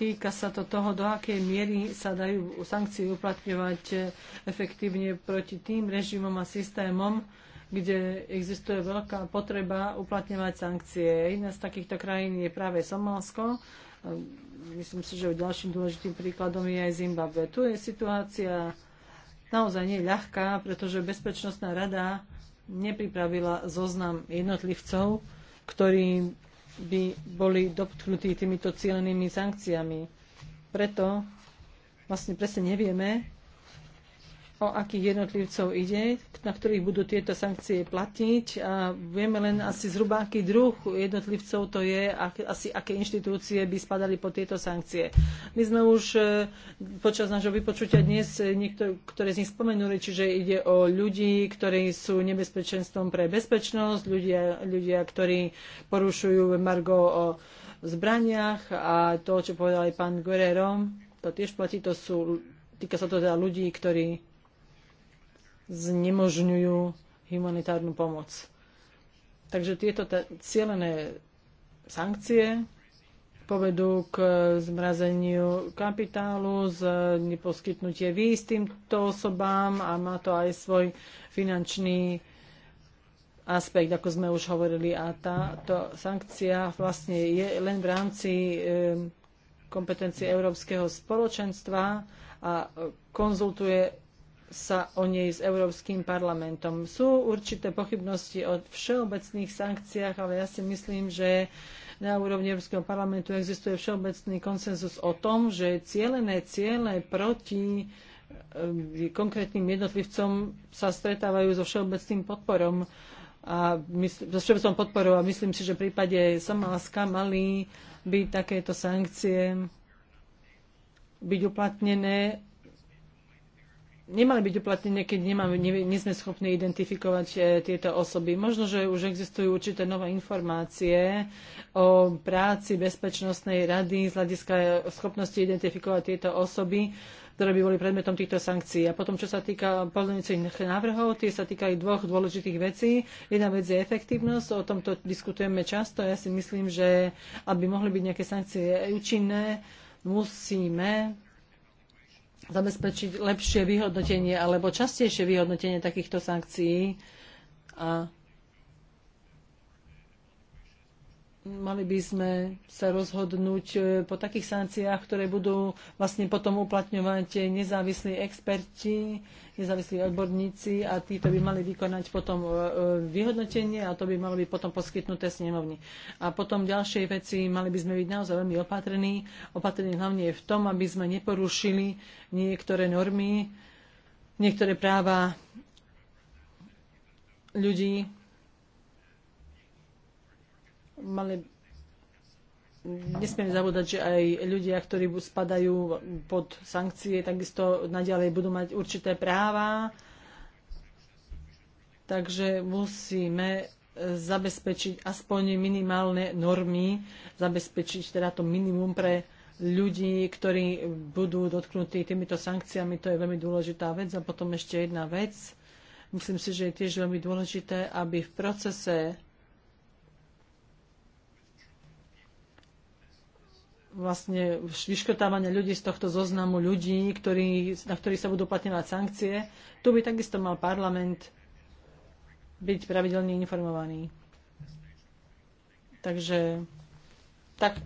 týka sa to toho, do akej miery sa dajú sankcie uplatňovať e, efektívne proti tým režimom a systémom, kde existuje veľká potreba uplatňovať sankcie. Jedna z takýchto krajín je práve Somálsko, myslím si, že ďalším dôležitým príkladom je aj Zimbabwe. Tu je situácia naozaj nie ľahká, pretože Bezpečnostná rada nepripravila zoznam jednotlivcov, ktorí by boli dotknutí týmito cieľenými sankciami. Preto vlastne presne nevieme, o akých jednotlivcov ide, na ktorých budú tieto sankcie platiť. A vieme len asi zhruba, aký druh jednotlivcov to je, ak, asi aké inštitúcie by spadali pod tieto sankcie. My sme už e, počas nášho vypočutia dnes e, niektoré z nich spomenuli, čiže ide o ľudí, ktorí sú nebezpečenstvom pre bezpečnosť, ľudia, ľudia ktorí porušujú embargo o zbraniach a to, čo povedal aj pán Guerrero, to tiež platí, to sú, týka sa to teda ľudí, ktorí znemožňujú humanitárnu pomoc. Takže tieto cieľené sankcie povedú k zmrazeniu kapitálu, z neposkytnutie víz týmto osobám a má to aj svoj finančný aspekt, ako sme už hovorili. A táto sankcia vlastne je len v rámci eh, kompetencie Európskeho spoločenstva a konzultuje sa o nej s Európskym parlamentom. Sú určité pochybnosti o všeobecných sankciách, ale ja si myslím, že na úrovni Európskeho parlamentu existuje všeobecný konsenzus o tom, že cielené ciele proti eh, konkrétnym jednotlivcom sa stretávajú so všeobecným podporom a myslím, so všeobecnou podporou a myslím si, že v prípade Somálska mali by takéto sankcie byť uplatnené nemali byť uplatnené, keď nemám, nie, nie sme schopní identifikovať e, tieto osoby. Možno, že už existujú určité nové informácie o práci Bezpečnostnej rady z hľadiska schopnosti identifikovať tieto osoby, ktoré by boli predmetom týchto sankcií. A potom, čo sa týka pozornicových návrhov, tie sa týkajú dvoch dôležitých vecí. Jedna vec je efektívnosť, o tomto diskutujeme často. Ja si myslím, že aby mohli byť nejaké sankcie účinné, musíme zabezpečiť lepšie vyhodnotenie alebo častejšie vyhodnotenie takýchto sankcií a mali by sme sa rozhodnúť e, po takých sankciách, ktoré budú vlastne potom uplatňovať nezávislí experti, nezávislí odborníci a títo by mali vykonať potom e, e, vyhodnotenie a to by malo byť potom poskytnuté snemovni. A potom ďalšej veci mali by sme byť naozaj veľmi opatrní. Opatrení hlavne je v tom, aby sme neporušili niektoré normy, niektoré práva ľudí, mali nesmieme zabúdať, že aj ľudia, ktorí spadajú pod sankcie, takisto naďalej budú mať určité práva. Takže musíme e, zabezpečiť aspoň minimálne normy, zabezpečiť teda to minimum pre ľudí, ktorí budú dotknutí týmito sankciami. To je veľmi dôležitá vec. A potom ešte jedna vec. Myslím si, že je tiež veľmi dôležité, aby v procese vlastne vyškrtávania ľudí z tohto zoznamu ľudí, ktorí, na ktorých sa budú platňovať sankcie. Tu by takisto mal parlament byť pravidelne informovaný. Takže tak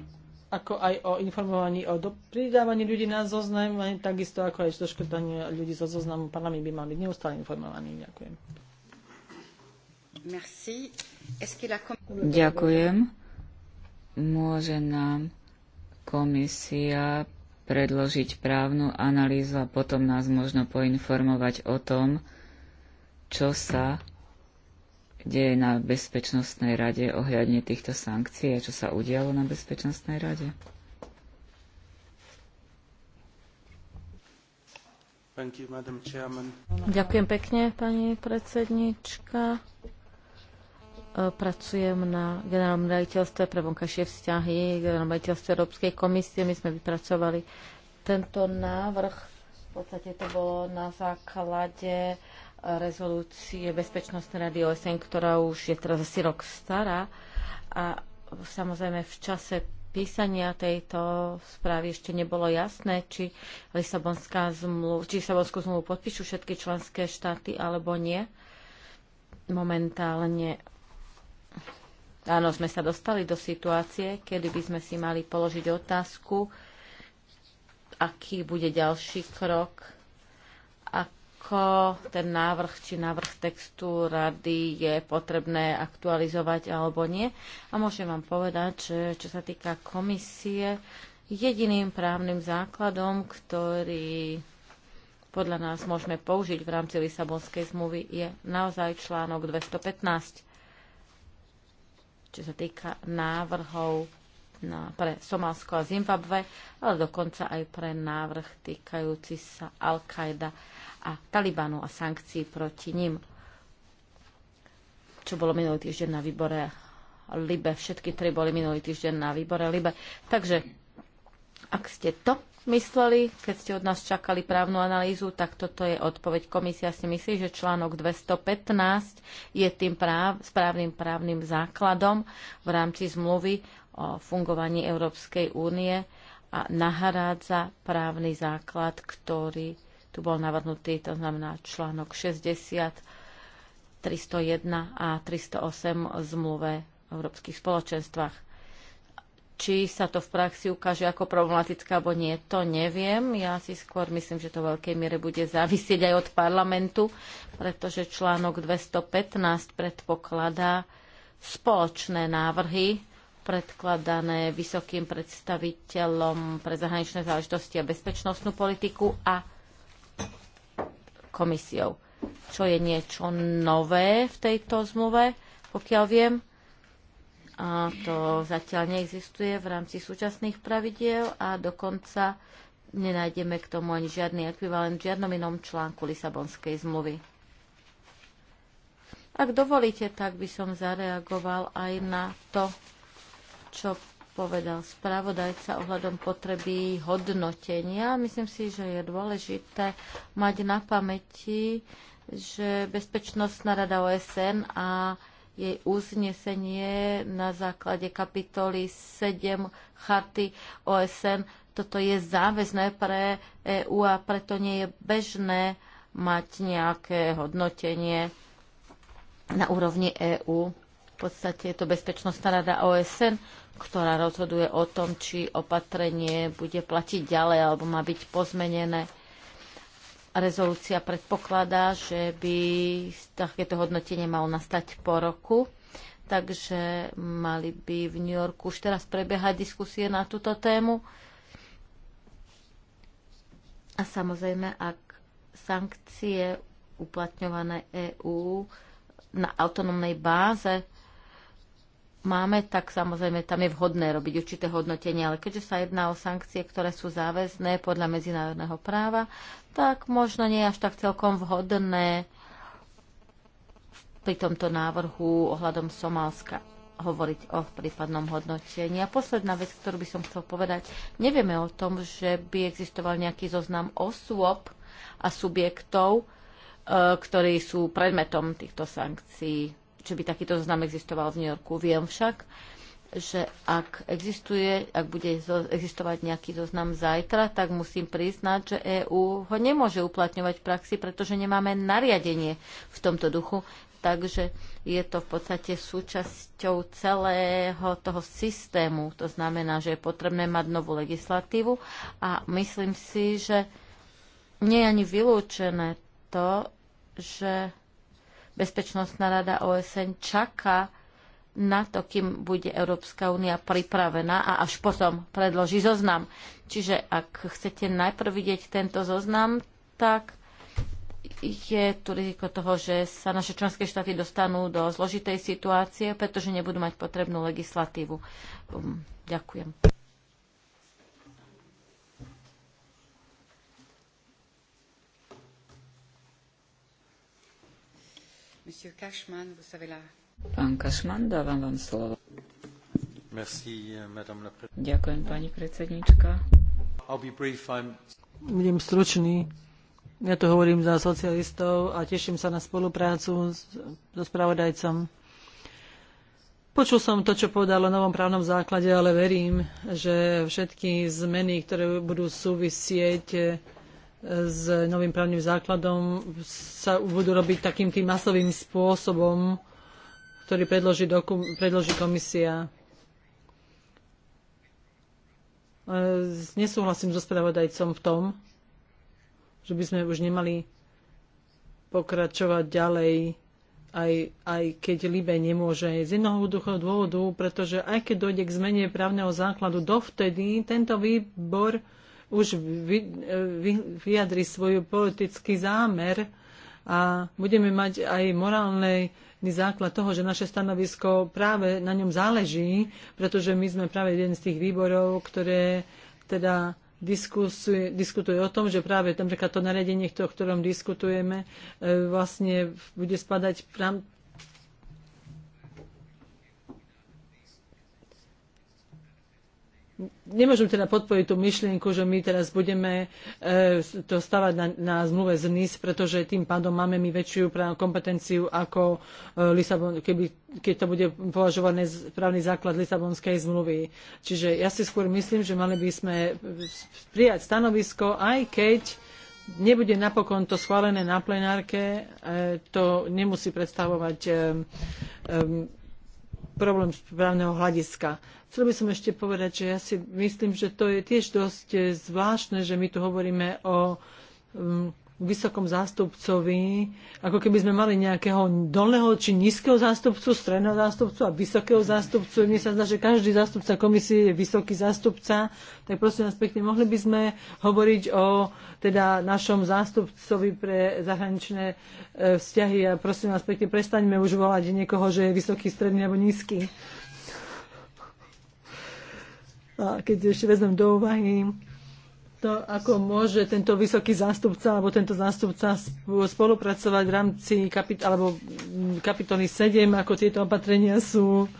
ako aj o informovaní o pridávaní ľudí na zoznam, takisto ako aj doškrtanie ľudí zo zoznamu. Parlament by mal byť neustále informovaný. Ďakujem. Merci. Ďakujem. Môže nám komisia predložiť právnu analýzu a potom nás možno poinformovať o tom, čo sa deje na Bezpečnostnej rade ohľadne týchto sankcií a čo sa udialo na Bezpečnostnej rade? Ďakujem pekne, pani predsednička. E, pracujem na generálnom raditeľstve pre vonkajšie vzťahy, generálnom raditeľstve Európskej komisie. My sme vypracovali tento návrh. V podstate to bolo na základe e, rezolúcie Bezpečnostnej rady OSN, ktorá už je teraz asi rok stará. A samozrejme v čase písania tejto správy ešte nebolo jasné, či, Lisabonská zmluv, či Lisabonskú zmluvu podpíšu všetky členské štáty alebo nie. Momentálne Áno, sme sa dostali do situácie, kedy by sme si mali položiť otázku, aký bude ďalší krok, ako ten návrh či návrh textu rady je potrebné aktualizovať alebo nie. A môžem vám povedať, že čo sa týka komisie, jediným právnym základom, ktorý podľa nás môžeme použiť v rámci Lisabonskej zmluvy, je naozaj článok 215 čo sa týka návrhov na, pre Somálsko a Zimbabve, ale dokonca aj pre návrh týkajúci sa Al-Qaida a Talibanu a sankcií proti ním, čo bolo minulý týždeň na výbore Libe. Všetky tri boli minulý týždeň na výbore Libe. Takže ak ste to mysleli, keď ste od nás čakali právnu analýzu, tak toto je odpoveď. Komisia si myslí, že článok 215 je tým práv, správnym právnym základom v rámci zmluvy o fungovaní Európskej únie a nahrádza právny základ, ktorý tu bol navrhnutý, to znamená článok 60, 301 a 308 zmluve v Európskych spoločenstvách. Či sa to v praxi ukáže ako problematické alebo nie, to neviem. Ja si skôr myslím, že to v veľkej miere bude závisieť aj od parlamentu, pretože článok 215 predpokladá spoločné návrhy predkladané vysokým predstaviteľom pre zahraničné záležitosti a bezpečnostnú politiku a komisiou, čo je niečo nové v tejto zmluve, pokiaľ viem. A to zatiaľ neexistuje v rámci súčasných pravidiel a dokonca nenájdeme k tomu ani žiadny ekvivalent v žiadnom inom článku Lisabonskej zmluvy. Ak dovolíte, tak by som zareagoval aj na to, čo povedal spravodajca ohľadom potreby hodnotenia. Myslím si, že je dôležité mať na pamäti, že Bezpečnostná rada OSN a jej uznesenie na základe kapitoly 7 charty OSN. Toto je záväzné pre EÚ a preto nie je bežné mať nejaké hodnotenie na úrovni EÚ. V podstate je to Bezpečnostná rada OSN, ktorá rozhoduje o tom, či opatrenie bude platiť ďalej alebo má byť pozmenené rezolúcia predpokladá, že by takéto hodnotenie malo nastať po roku. Takže mali by v New Yorku už teraz prebiehať diskusie na túto tému. A samozrejme, ak sankcie uplatňované EÚ na autonómnej báze máme, tak samozrejme tam je vhodné robiť určité hodnotenie, ale keďže sa jedná o sankcie, ktoré sú záväzné podľa medzinárodného práva, tak možno nie je až tak celkom vhodné pri tomto návrhu ohľadom Somálska hovoriť o prípadnom hodnotení. A posledná vec, ktorú by som chcel povedať, nevieme o tom, že by existoval nejaký zoznam osôb a subjektov, e, ktorí sú predmetom týchto sankcií že by takýto zoznam existoval v New Yorku. Viem však, že ak existuje, ak bude existovať nejaký zoznam zajtra, tak musím priznať, že EÚ ho nemôže uplatňovať v praxi, pretože nemáme nariadenie v tomto duchu. Takže je to v podstate súčasťou celého toho systému. To znamená, že je potrebné mať novú legislatívu a myslím si, že nie je ani vylúčené to, že Bezpečnostná rada OSN čaká na to, kým bude Európska únia pripravená a až potom predloží zoznam. Čiže ak chcete najprv vidieť tento zoznam, tak je tu riziko toho, že sa naše členské štáty dostanú do zložitej situácie, pretože nebudú mať potrebnú legislatívu. Um, ďakujem. Pán Kašman, dávam vám slovo. Ďakujem, pani predsednička. Budem stručný. Ja to hovorím za socialistov a teším sa na spoluprácu so spravodajcom. Počul som to, čo povedal o novom právnom základe, ale verím, že všetky zmeny, ktoré budú súvisieť s novým právnym základom sa budú robiť takým tým masovým spôsobom, ktorý predloží, predloží komisia. Nesúhlasím so spravodajcom v tom, že by sme už nemali pokračovať ďalej, aj, aj keď Libe nemôže. Z jednoho dôvodu, pretože aj keď dojde k zmene právneho základu, dovtedy tento výbor už vy, vy, vyjadri svoj politický zámer a budeme mať aj morálny základ toho, že naše stanovisko práve na ňom záleží, pretože my sme práve jeden z tých výborov, ktoré teda diskusuje, diskutuje o tom, že práve napríklad to nariadenie, o ktorom diskutujeme, e, vlastne bude spadať nemôžem teda podporiť tú myšlienku, že my teraz budeme e, to stavať na, na zmluve z NIS, pretože tým pádom máme my väčšiu právnu kompetenciu ako e, Lisabon, keby, keď to bude považované právny základ Lisabonskej zmluvy. Čiže ja si skôr myslím, že mali by sme prijať stanovisko, aj keď nebude napokon to schválené na plenárke, e, to nemusí predstavovať problém z právneho hľadiska. Chcel by som ešte povedať, že ja si myslím, že to je tiež dosť e, zvláštne, že my tu hovoríme o mm, vysokom zástupcovi, ako keby sme mali nejakého dolného či nízkeho zástupcu, stredného zástupcu a vysokého zástupcu. Mne sa zdá, že každý zástupca komisie je vysoký zástupca, tak prosím vás pekne, mohli by sme hovoriť o teda našom zástupcovi pre zahraničné e, vzťahy a prosím vás pekne, prestaňme už volať niekoho, že je vysoký, stredný alebo nízky. A keď ešte vezmem do úvahy to, ako môže tento vysoký zástupca alebo tento zástupca spolupracovať v rámci kapit- alebo mm, kapitoly 7, ako tieto opatrenia sú.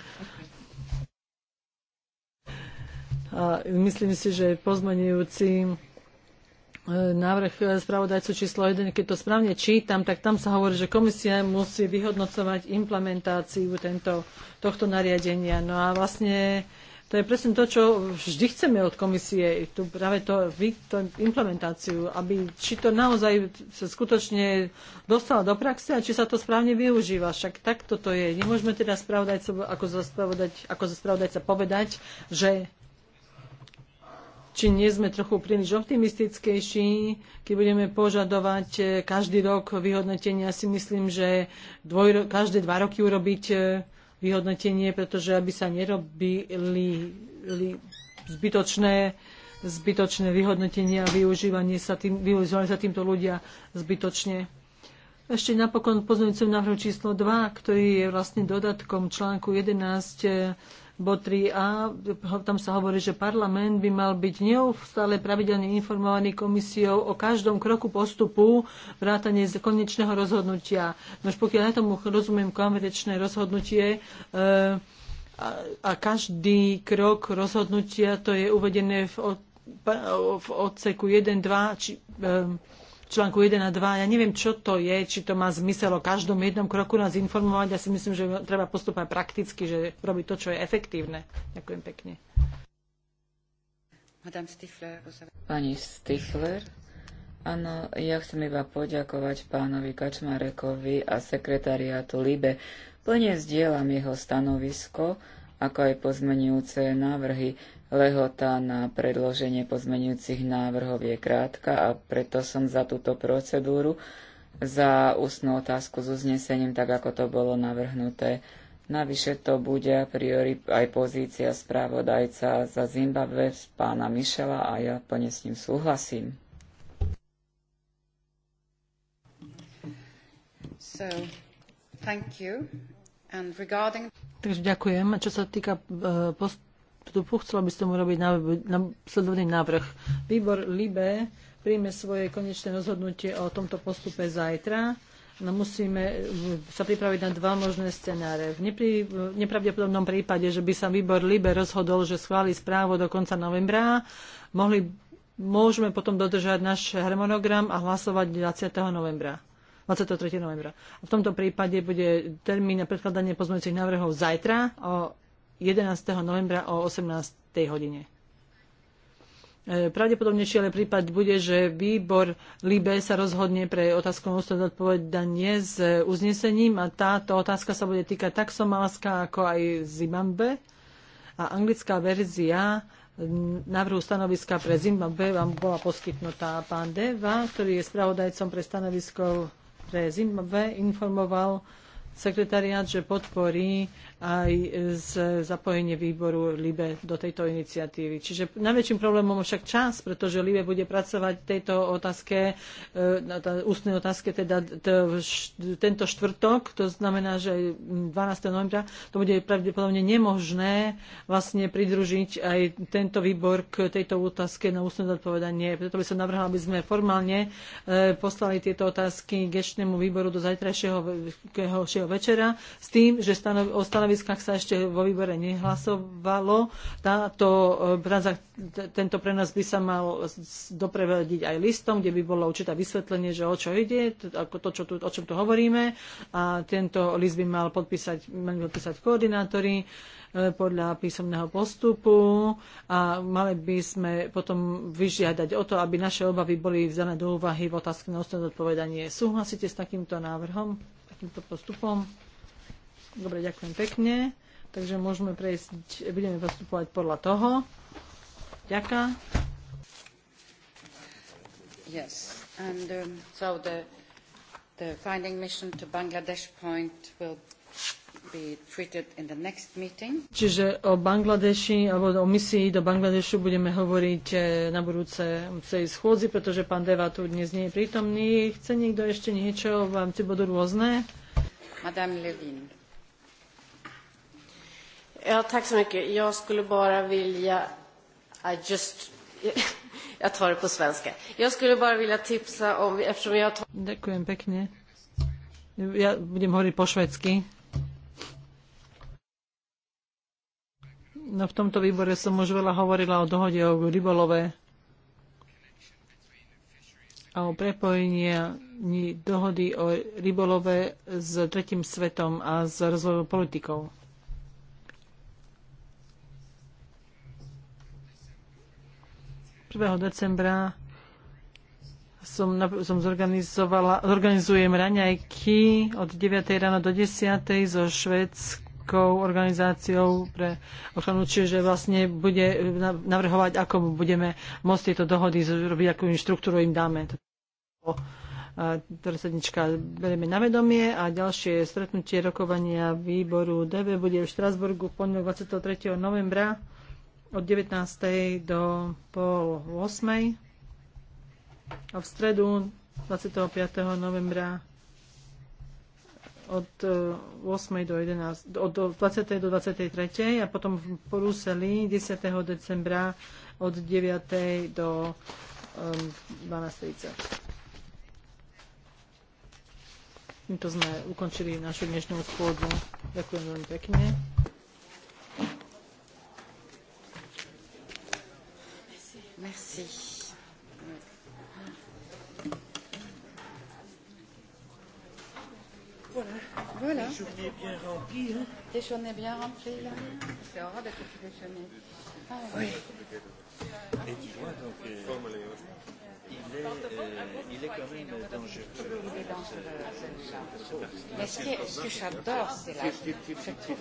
A myslím si, že pozmenujúci e, návrh spravodajcu číslo 1, keď to správne čítam, tak tam sa hovorí, že komisia musí vyhodnocovať implementáciu tento, tohto nariadenia. No a vlastne to je presne to, čo vždy chceme od komisie, tu práve to, to implementáciu, aby či to naozaj sa skutočne dostalo do praxe a či sa to správne využíva. Však takto to je. Nemôžeme teda spravodajca, ako, spravodať, ako spravodajca povedať, že či nie sme trochu príliš optimistickejší, keď budeme požadovať eh, každý rok vyhodnotenia, si myslím, že dvoj, každé dva roky urobiť eh, vyhodnotenie, pretože aby sa nerobili zbytočné zbytočné vyhodnotenie a využívanie sa, tým, využívanie sa týmto ľudia zbytočne. Ešte napokon pozmeňujúcem návrhu číslo 2, ktorý je vlastne dodatkom článku 11 bod 3a, tam sa hovorí, že parlament by mal byť neustále pravidelne informovaný komisiou o každom kroku postupu vrátane z konečného rozhodnutia. Nož pokiaľ ja tomu rozumiem konverečné rozhodnutie, e, a, každý krok rozhodnutia, to je uvedené v, od, v odseku 1, 2, či, e, článku 1 a 2. Ja neviem, čo to je, či to má zmysel o každom jednom kroku nás informovať. Ja si myslím, že treba postupovať prakticky, že robiť to, čo je efektívne. Ďakujem pekne. Pani Stifler, áno, ja chcem iba poďakovať pánovi Kačmarekovi a sekretariátu LIBE. Plne zdieľam jeho stanovisko, ako aj pozmenujúce návrhy. Lehota na predloženie pozmenujúcich návrhov je krátka a preto som za túto procedúru, za ústnú otázku s uznesením, tak ako to bolo navrhnuté. Navyše to bude a priori aj pozícia správodajca za Zimbabwe pána Mišela a ja plne s ním súhlasím. So, thank you. And regarding... Takže ďakujem. Čo sa týka e, post- chcela by som urobiť sledovný návrh. Výbor LIBE príjme svoje konečné rozhodnutie o tomto postupe zajtra. No musíme sa pripraviť na dva možné scenáre. V nepravdepodobnom prípade, že by sa výbor LIBE rozhodol, že schváli správu do konca novembra, mohli, môžeme potom dodržať náš harmonogram a hlasovať 20. novembra. 23. novembra. A v tomto prípade bude termín na predkladanie pozmeňujúcich návrhov zajtra o 11. novembra o 18. hodine. E, Pravdepodobnejšie ale prípad bude, že výbor LIBE sa rozhodne pre otázku ústne odpovedanie s uznesením a táto otázka sa bude týkať tak Somálska ako aj Zimbabwe a anglická verzia návrhu stanoviska pre Zimbabwe vám bola poskytnutá. Pán Deva, ktorý je spravodajcom pre stanovisko pre Zimbabwe, informoval sekretariát, že podporí aj z zapojenie výboru LIBE do tejto iniciatívy. Čiže najväčším problémom však čas, pretože LIBE bude pracovať tejto otázke, e, ústnej otázke teda tento štvrtok, to znamená, že 12. novembra to bude pravdepodobne nemožné vlastne pridružiť aj tento výbor k tejto otázke na ústne zodpovedanie. Preto by som navrhla, aby sme formálne e, poslali tieto otázky gečnému výboru do zajtrajšieho večera s tým, že o stanovi stanoviskách sa ešte vo výbore nehlasovalo. Táto, e, tento prenos by sa mal doprevediť aj listom, kde by bolo určité vysvetlenie, že o čo ide, ako to, čo tu, o čom tu hovoríme. A tento list by mal podpísať, mali podpísať koordinátori e, podľa písomného postupu a mali by sme potom vyžiadať o to, aby naše obavy boli vzané do úvahy v otázke na ústne odpovedanie. Súhlasíte s takýmto návrhom, takýmto postupom? Dobre, ďakujem pekne. Takže môžeme prejsť, budeme postupovať podľa toho. Ďaká. Yes, and um, so the, the finding mission to Bangladesh point will be treated in the next meeting. Čiže o Bangladeši alebo o misii do Bangladešu budeme hovoriť eh, na budúce tej schôdzi, pretože pán Deva tu dnes nie je prítomný. Chce niekto ešte niečo Vám ti bodu rôzne? Madame Levine. Ja, tack så mycket. Jag skulle bara vilja... I just... *laughs* Jag tar det på svenska. Jag skulle bara vilja tipsa om... Eftersom jag tar... Ďakujem pekne. Ja budem hovoriť po švedsky. No v tomto výbore som už veľa hovorila o dohode o rybolove a o prepojení dohody o rybolove s tretím svetom a s rozvojovou politikou. 1. decembra som, som zorganizovala, zorganizujem raňajky od 9. rána do 10. so švedskou organizáciou pre ochranu, čiže vlastne bude navrhovať, ako budeme môcť tieto dohody robiť, akú im štruktúru im dáme. Predsednička berieme na vedomie a ďalšie stretnutie rokovania výboru DV bude v Štrasburgu v pondelok 23. novembra od 19. do pol 8. A v stredu 25. novembra od 8. E, do 11. od 20. do 23. a potom v Poruseli 10. decembra od 9. do 12.30. Týmto sme ukončili našu dnešnú schôdzu. Ďakujem veľmi pekne. Merci. Voilà. voilà. Des journées bien remplies. Hein. Des journées bien remplies, là. C'est hors d'être petit déjeuner. Ah, oui. Et dis-moi, donc, euh, il, est, euh, il est quand même dangereux. Il est dangereux, celui-là. Mais ce que, j'adore, c'est la...